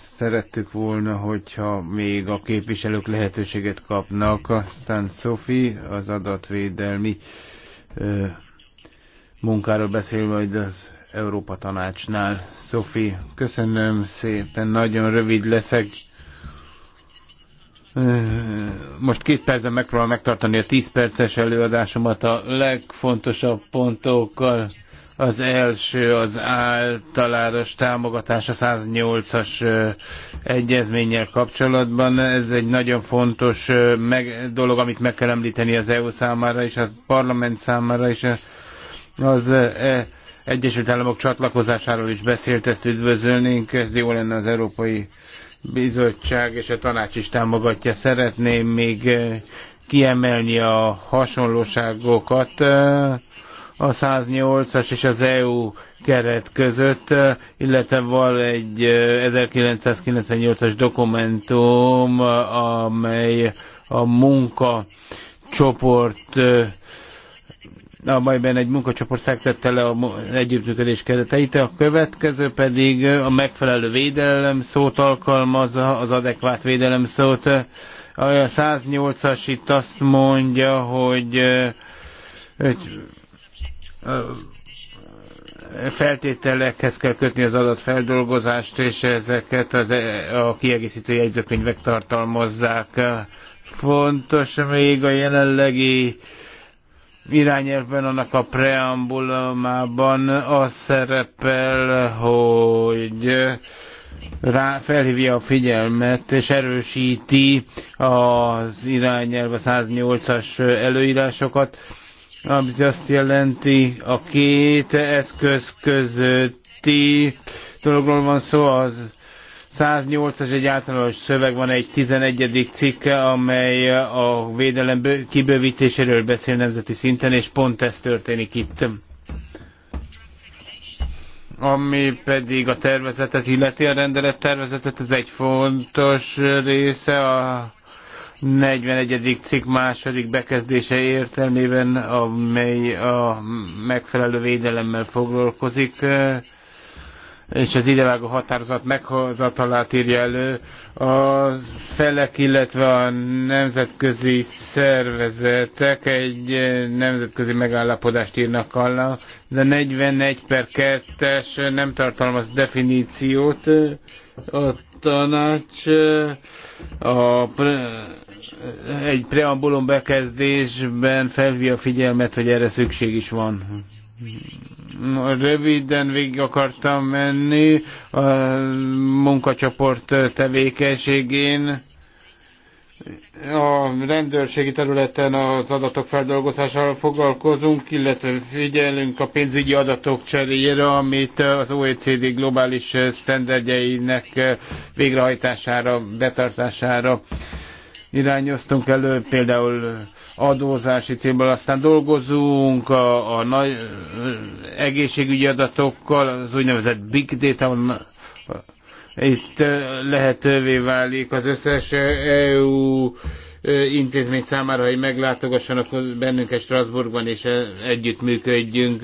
Speaker 5: szerettük volna, hogyha még a képviselők lehetőséget kapnak. Aztán Szofi, az adatvédelmi munkáról beszél majd az Európa Tanácsnál. Szofi, köszönöm szépen, nagyon rövid leszek. Most két percen megpróbálom megtartani a 10 perces előadásomat a legfontosabb pontokkal. Az első az általános támogatás a 108-as egyezménnyel kapcsolatban. Ez egy nagyon fontos meg, dolog, amit meg kell említeni az EU számára és a parlament számára is. Az e, Egyesült Államok csatlakozásáról is beszélt, ezt üdvözölnénk, ez jó lenne az Európai Bizottság és a tanács is támogatja. Szeretném még eh, kiemelni a hasonlóságokat eh, a 108-as és az EU keret között, eh, illetve van egy 1998-as dokumentum, amely a munka csoport amelyben egy munkacsoport fektette le az együttműködés kereteit, a következő pedig a megfelelő védelem szót alkalmazza, az adekvát védelem szót. A 108-as itt azt mondja, hogy, hogy feltételekhez kell kötni az adatfeldolgozást, és ezeket az, a kiegészítő jegyzőkönyvek tartalmazzák. Fontos még a jelenlegi uh, irányelvben, annak a preambulumában az szerepel, hogy rá felhívja a figyelmet és erősíti az irányelv a 108-as előírásokat, ami azt jelenti a két eszköz közötti dologról van szó, az 108-as egy általános szöveg van, egy 11. cikke, amely a védelem kibővítéséről beszél nemzeti szinten, és pont ez történik itt. Ami pedig a tervezetet illeti, a rendelet tervezetet, ez egy fontos része a 41. cikk második bekezdése értelmében, amely a megfelelő védelemmel foglalkozik és az idevágó határozat meghozatalát írja elő. A felek, illetve a nemzetközi szervezetek egy nemzetközi megállapodást írnak alá, de 41 per 2-es nem tartalmaz definíciót. A tanács eh, a pre, egy preambulum bekezdésben felvi a figyelmet, hogy erre szükség is van röviden végig akartam menni a munkacsoport tevékenységén. A rendőrségi területen az adatok feldolgozásával foglalkozunk, illetve figyelünk a pénzügyi adatok cseréjére, amit az OECD globális sztenderdjeinek végrehajtására, betartására irányoztunk elő, például adózási célból. Aztán dolgozunk a, a nagy egészségügyi adatokkal, az úgynevezett big data, itt lehetővé válik az összes EU intézmény számára, hogy meglátogassanak bennünket Strasbourgban, és együttműködjünk.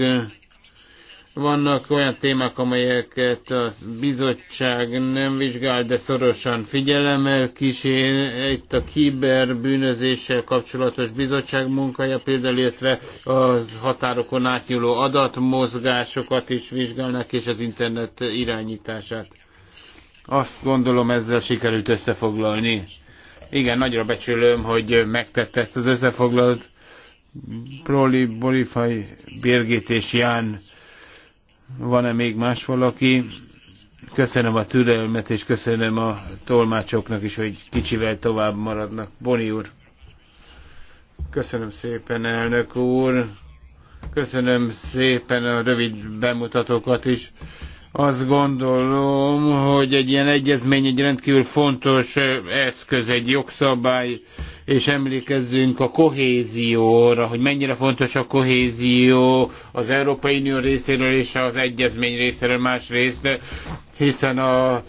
Speaker 5: Vannak olyan témák, amelyeket a bizottság nem vizsgál, de szorosan figyelemmel kísér. Itt a kiberbűnözéssel kapcsolatos bizottság munkája például, illetve a határokon átnyúló adatmozgásokat is vizsgálnak, és az internet irányítását. Azt gondolom ezzel sikerült összefoglalni. Igen, nagyra becsülöm, hogy megtette ezt az összefoglalót. Proli, Borifai, Birgit és Ján van-e még más valaki? Köszönöm a türelmet, és köszönöm a tolmácsoknak is, hogy kicsivel tovább maradnak. Boni úr! Köszönöm szépen, elnök úr! Köszönöm szépen a rövid bemutatókat is. Azt gondolom, hogy egy ilyen egyezmény egy rendkívül fontos eszköz, egy jogszabály, és emlékezzünk a kohézióra, hogy mennyire fontos a kohézió az Európai Unió részéről és az egyezmény részéről másrészt, hiszen a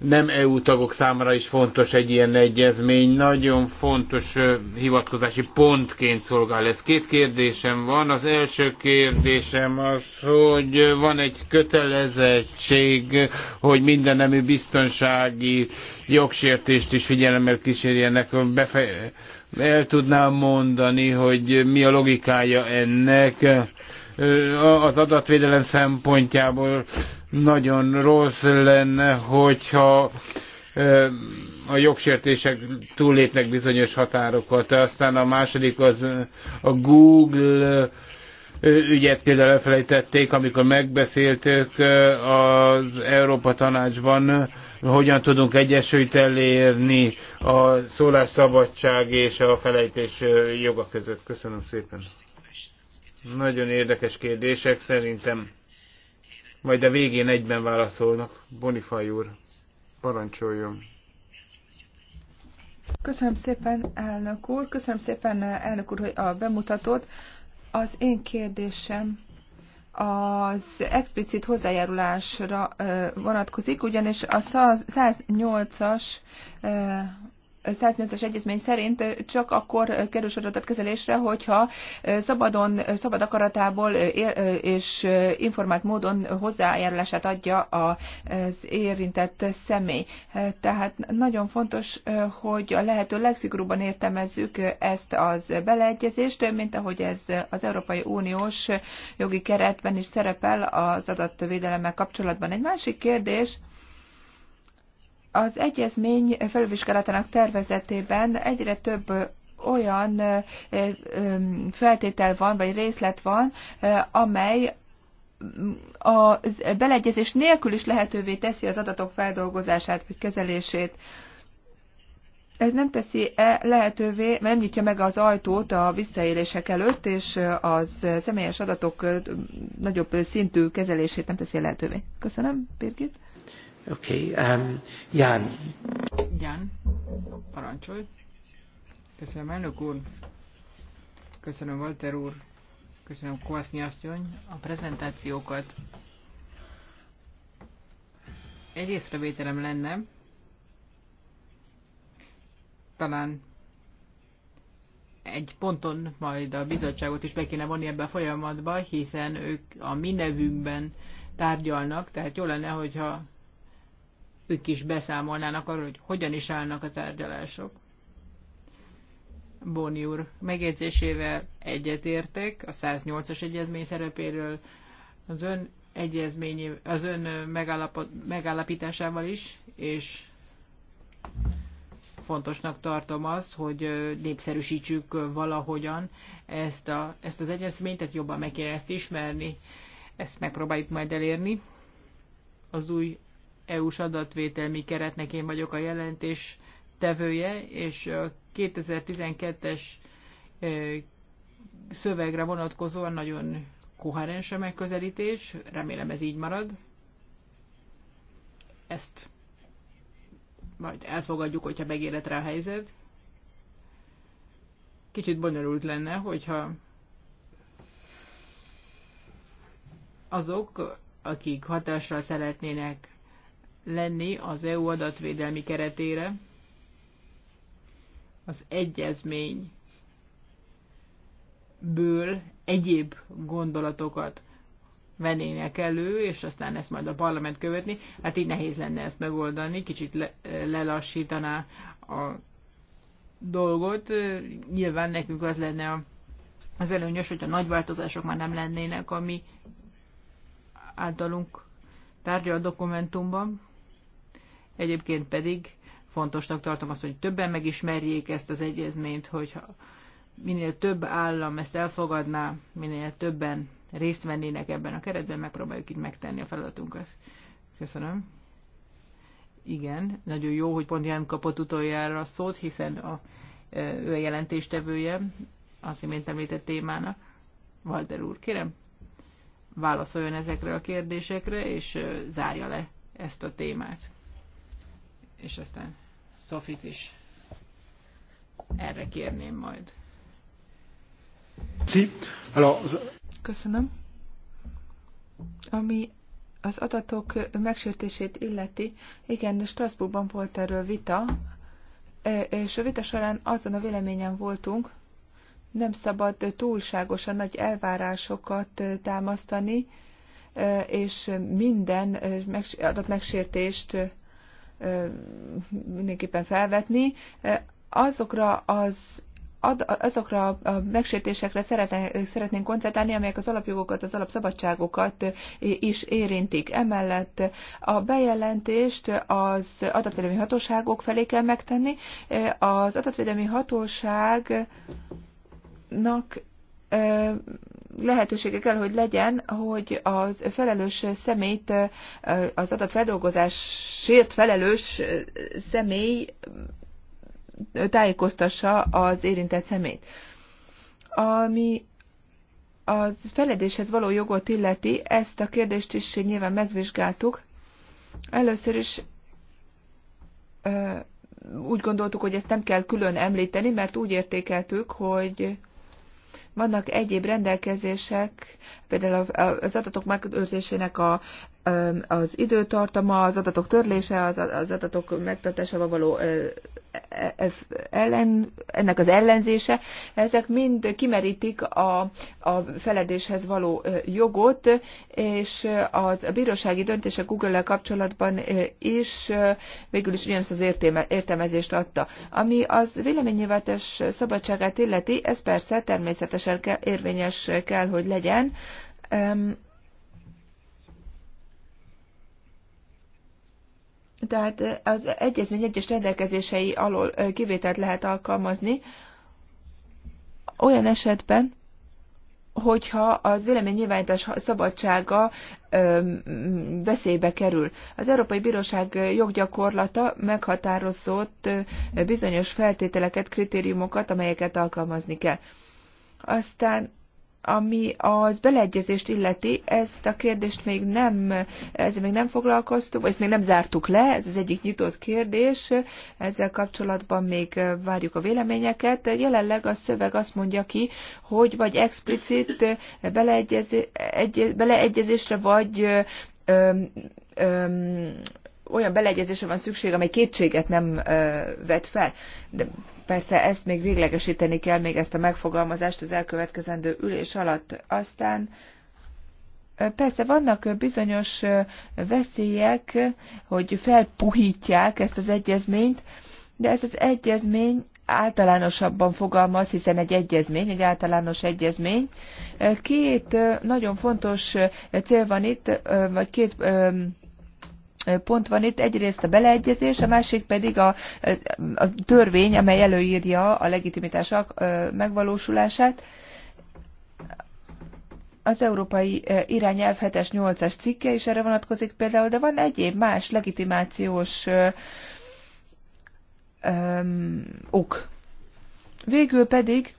Speaker 5: nem EU tagok számára is fontos egy ilyen egyezmény. Nagyon fontos hivatkozási pontként szolgál ez. Két kérdésem van. Az első kérdésem az, hogy van egy kötelezettség, hogy minden nemű biztonsági jogsértést is figyelemmel kísérjenek. Befe- el tudnám mondani, hogy mi a logikája ennek az adatvédelem szempontjából nagyon rossz lenne, hogyha a jogsértések túllépnek bizonyos határokat. Aztán a második az a Google ügyet például elfelejtették, amikor megbeszéltük az Európa Tanácsban, hogyan tudunk egyesült elérni a szólásszabadság és a felejtés joga között. Köszönöm szépen. Nagyon érdekes kérdések szerintem. Majd a végén egyben válaszolnak. Bonifaj úr, parancsoljon. Köszönöm
Speaker 2: szépen, elnök úr. Köszönöm szépen, elnök úr, hogy a bemutatót. Az én kérdésem az explicit hozzájárulásra vonatkozik, ugyanis a 108-as 108-as egyezmény szerint csak akkor kerül sor kezelésre, hogyha szabadon, szabad akaratából és informált módon hozzájárulását adja az érintett személy. Tehát nagyon fontos, hogy a lehető legszigorúban értelmezzük ezt az beleegyezést, mint ahogy ez az Európai Uniós jogi keretben is szerepel az adatvédelemmel kapcsolatban. Egy másik kérdés, az egyezmény felvizsgálatának tervezetében egyre több olyan feltétel van, vagy részlet van, amely a beleegyezés nélkül is lehetővé teszi az adatok feldolgozását vagy kezelését. Ez nem teszi -e lehetővé, mert nem nyitja meg az ajtót a visszaélések előtt, és az személyes adatok nagyobb szintű kezelését nem teszi lehetővé. Köszönöm, Birgit.
Speaker 1: Okay, um, Jan.
Speaker 3: Jan, parancsolj. Köszönöm, elnök úr. Köszönöm, Walter úr. Köszönöm, Koásznyi asszony, a prezentációkat. Egy észrevételem lenne, talán egy ponton majd a bizottságot is be kéne vonni ebbe a folyamatba, hiszen ők a mi nevünkben tárgyalnak, tehát jó lenne, hogyha ők is beszámolnának arról, hogy hogyan is állnak a tárgyalások. Boni úr megjegyzésével egyetértek, a 108-as egyezmény szerepéről az ön egyezményé, az ön megállapításával is, és fontosnak tartom azt, hogy népszerűsítsük valahogyan ezt, a, ezt az egyezményt, tehát jobban meg kéne ezt ismerni, ezt megpróbáljuk majd elérni. Az új EU-s adatvételmi keretnek én vagyok a jelentés tevője, és a 2012-es szövegre vonatkozóan nagyon koherens a megközelítés, remélem ez így marad. Ezt majd elfogadjuk, hogyha megérett rá a helyzet. Kicsit bonyolult lenne, hogyha azok, akik hatással szeretnének lenni az EU adatvédelmi keretére. Az egyezményből egyéb gondolatokat vennének elő, és aztán ezt majd a parlament követni. Hát így nehéz lenne ezt megoldani, kicsit le, lelassítaná a dolgot. Nyilván nekünk az lenne a, az előnyös, hogyha nagy változások már nem lennének, ami általunk tárgyal a dokumentumban. Egyébként pedig fontosnak tartom azt, hogy többen megismerjék ezt az egyezményt, hogyha minél több állam ezt elfogadná, minél többen részt vennének ebben a keretben, megpróbáljuk itt megtenni a feladatunkat. Köszönöm. Igen, nagyon jó, hogy pont Ján kapott utoljára szót, hiszen a, ő a jelentéstevője az imént említett témának. Walter úr, kérem, válaszoljon ezekre a kérdésekre, és zárja le ezt a témát és aztán Szofit is erre kérném majd.
Speaker 2: Köszönöm. Ami az adatok megsértését illeti, igen, Strasbourgban volt erről vita, e, és a vita során azon a véleményen voltunk, nem szabad túlságosan nagy elvárásokat támasztani, e, és minden e, adatmegsértést mindenképpen felvetni. Azokra az azokra a megsértésekre szeretnénk koncentrálni, amelyek az alapjogokat, az alapszabadságokat is érintik. Emellett a bejelentést az adatvédelmi hatóságok felé kell megtenni. Az adatvédelmi hatóságnak lehetősége kell, hogy legyen, hogy az felelős személyt, az adatfeldolgozásért felelős személy tájékoztassa az érintett szemét. Ami az feledéshez való jogot illeti, ezt a kérdést is nyilván megvizsgáltuk. Először is úgy gondoltuk, hogy ezt nem kell külön említeni, mert úgy értékeltük, hogy vannak egyéb rendelkezések, például az adatok megőrzésének a az időtartama, az adatok törlése, az, az adatok megtartásával való e, e, ellen, ennek az ellenzése, ezek mind kimerítik a, a feledéshez való jogot, és az, a bírósági döntése google el kapcsolatban is végül is ugyanazt az értéme, értelmezést adta. Ami az véleménynyilvántás szabadságát illeti, ez persze természetesen kell, érvényes kell, hogy legyen, Tehát az egyezmény egyes rendelkezései alól kivételt lehet alkalmazni olyan esetben, hogyha az nyilvánítás szabadsága veszélybe kerül. Az Európai Bíróság joggyakorlata meghatározott bizonyos feltételeket, kritériumokat, amelyeket alkalmazni kell. Aztán ami az beleegyezést illeti, ezt a kérdést még nem, ezzel még nem foglalkoztunk, vagy ezt még nem zártuk le, ez az egyik nyitott kérdés, ezzel kapcsolatban még várjuk a véleményeket. Jelenleg a szöveg azt mondja ki, hogy vagy explicit beleegyezésre, vagy öm, öm, olyan beleegyezésre van szükség, amely kétséget nem vet fel. De persze ezt még véglegesíteni kell, még ezt a megfogalmazást az elkövetkezendő ülés alatt. Aztán Persze vannak bizonyos veszélyek, hogy felpuhítják ezt az egyezményt, de ez az egyezmény általánosabban fogalmaz, hiszen egy egyezmény, egy általános egyezmény. Két nagyon fontos cél van itt, vagy két pont van itt, egyrészt a beleegyezés, a másik pedig a, a törvény, amely előírja a legitimitás megvalósulását. Az európai irányelv 7-es 8-as cikke is erre vonatkozik például, de van egyéb más legitimációs ok. Végül pedig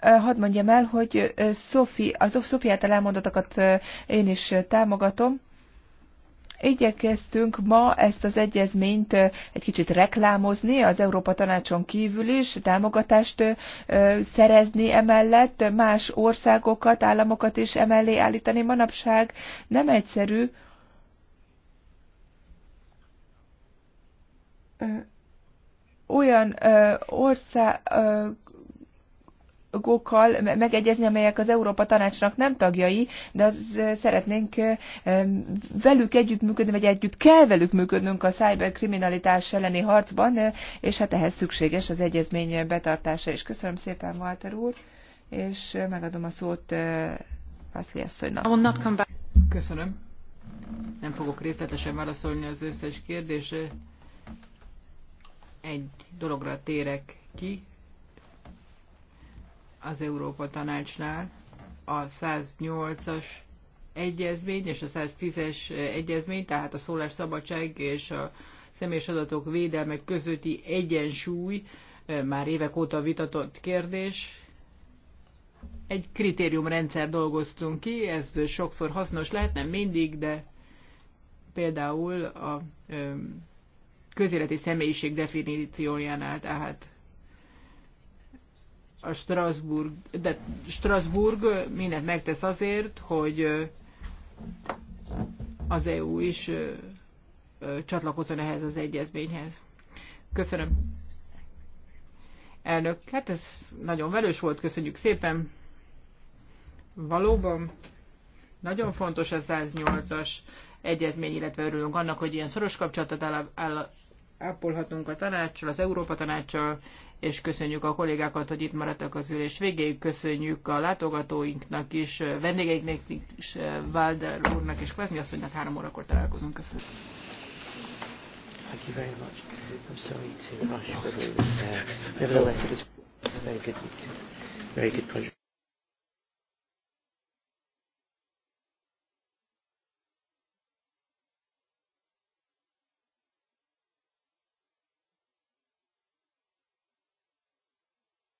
Speaker 2: hadd mondjam el, hogy Sophie, az Sophie által elmondottakat én is támogatom Igyekeztünk ma ezt az egyezményt egy kicsit reklámozni az Európa Tanácson kívül is, támogatást szerezni emellett, más országokat, államokat is emellé állítani. Manapság nem egyszerű, olyan ország, tagokkal megegyezni, amelyek az Európa Tanácsnak nem tagjai, de az szeretnénk velük együttműködni, vagy együtt kell velük működnünk a szájberkriminalitás elleni harcban, és hát ehhez szükséges az egyezmény betartása is. Köszönöm szépen, Walter úr, és megadom a szót Vászli asszonynak.
Speaker 3: Köszönöm. Nem fogok részletesen
Speaker 2: válaszolni az
Speaker 3: összes kérdésre. Egy dologra térek ki, az Európa Tanácsnál a 108-as egyezmény és a 110-es egyezmény, tehát a szólásszabadság és a személyes adatok védelme közötti egyensúly már évek óta vitatott kérdés. Egy kritériumrendszer dolgoztunk ki, ez sokszor hasznos lehet, nem mindig, de például a közéleti személyiség definíciójánál, tehát a Strasbourg, de Strasbourg mindent megtesz azért, hogy az EU is csatlakozzon ehhez az egyezményhez. Köszönöm. Elnök, hát ez nagyon velős volt, köszönjük szépen. Valóban nagyon fontos a 108-as egyezmény, illetve örülünk annak, hogy ilyen szoros kapcsolatot áll, áll, ápolhatunk a tanácssal, az Európa tanácssal, és köszönjük a kollégákat, hogy itt maradtak az ülés végéig, köszönjük a látogatóinknak is, vendégeinknek is, Válder úrnak és Kvezni asszonynak, három órakor találkozunk. Köszönjük.
Speaker 1: Thank you very much. I'm sorry to rush, but it was, uh, nevertheless, it
Speaker 4: was a very good meeting, very good project.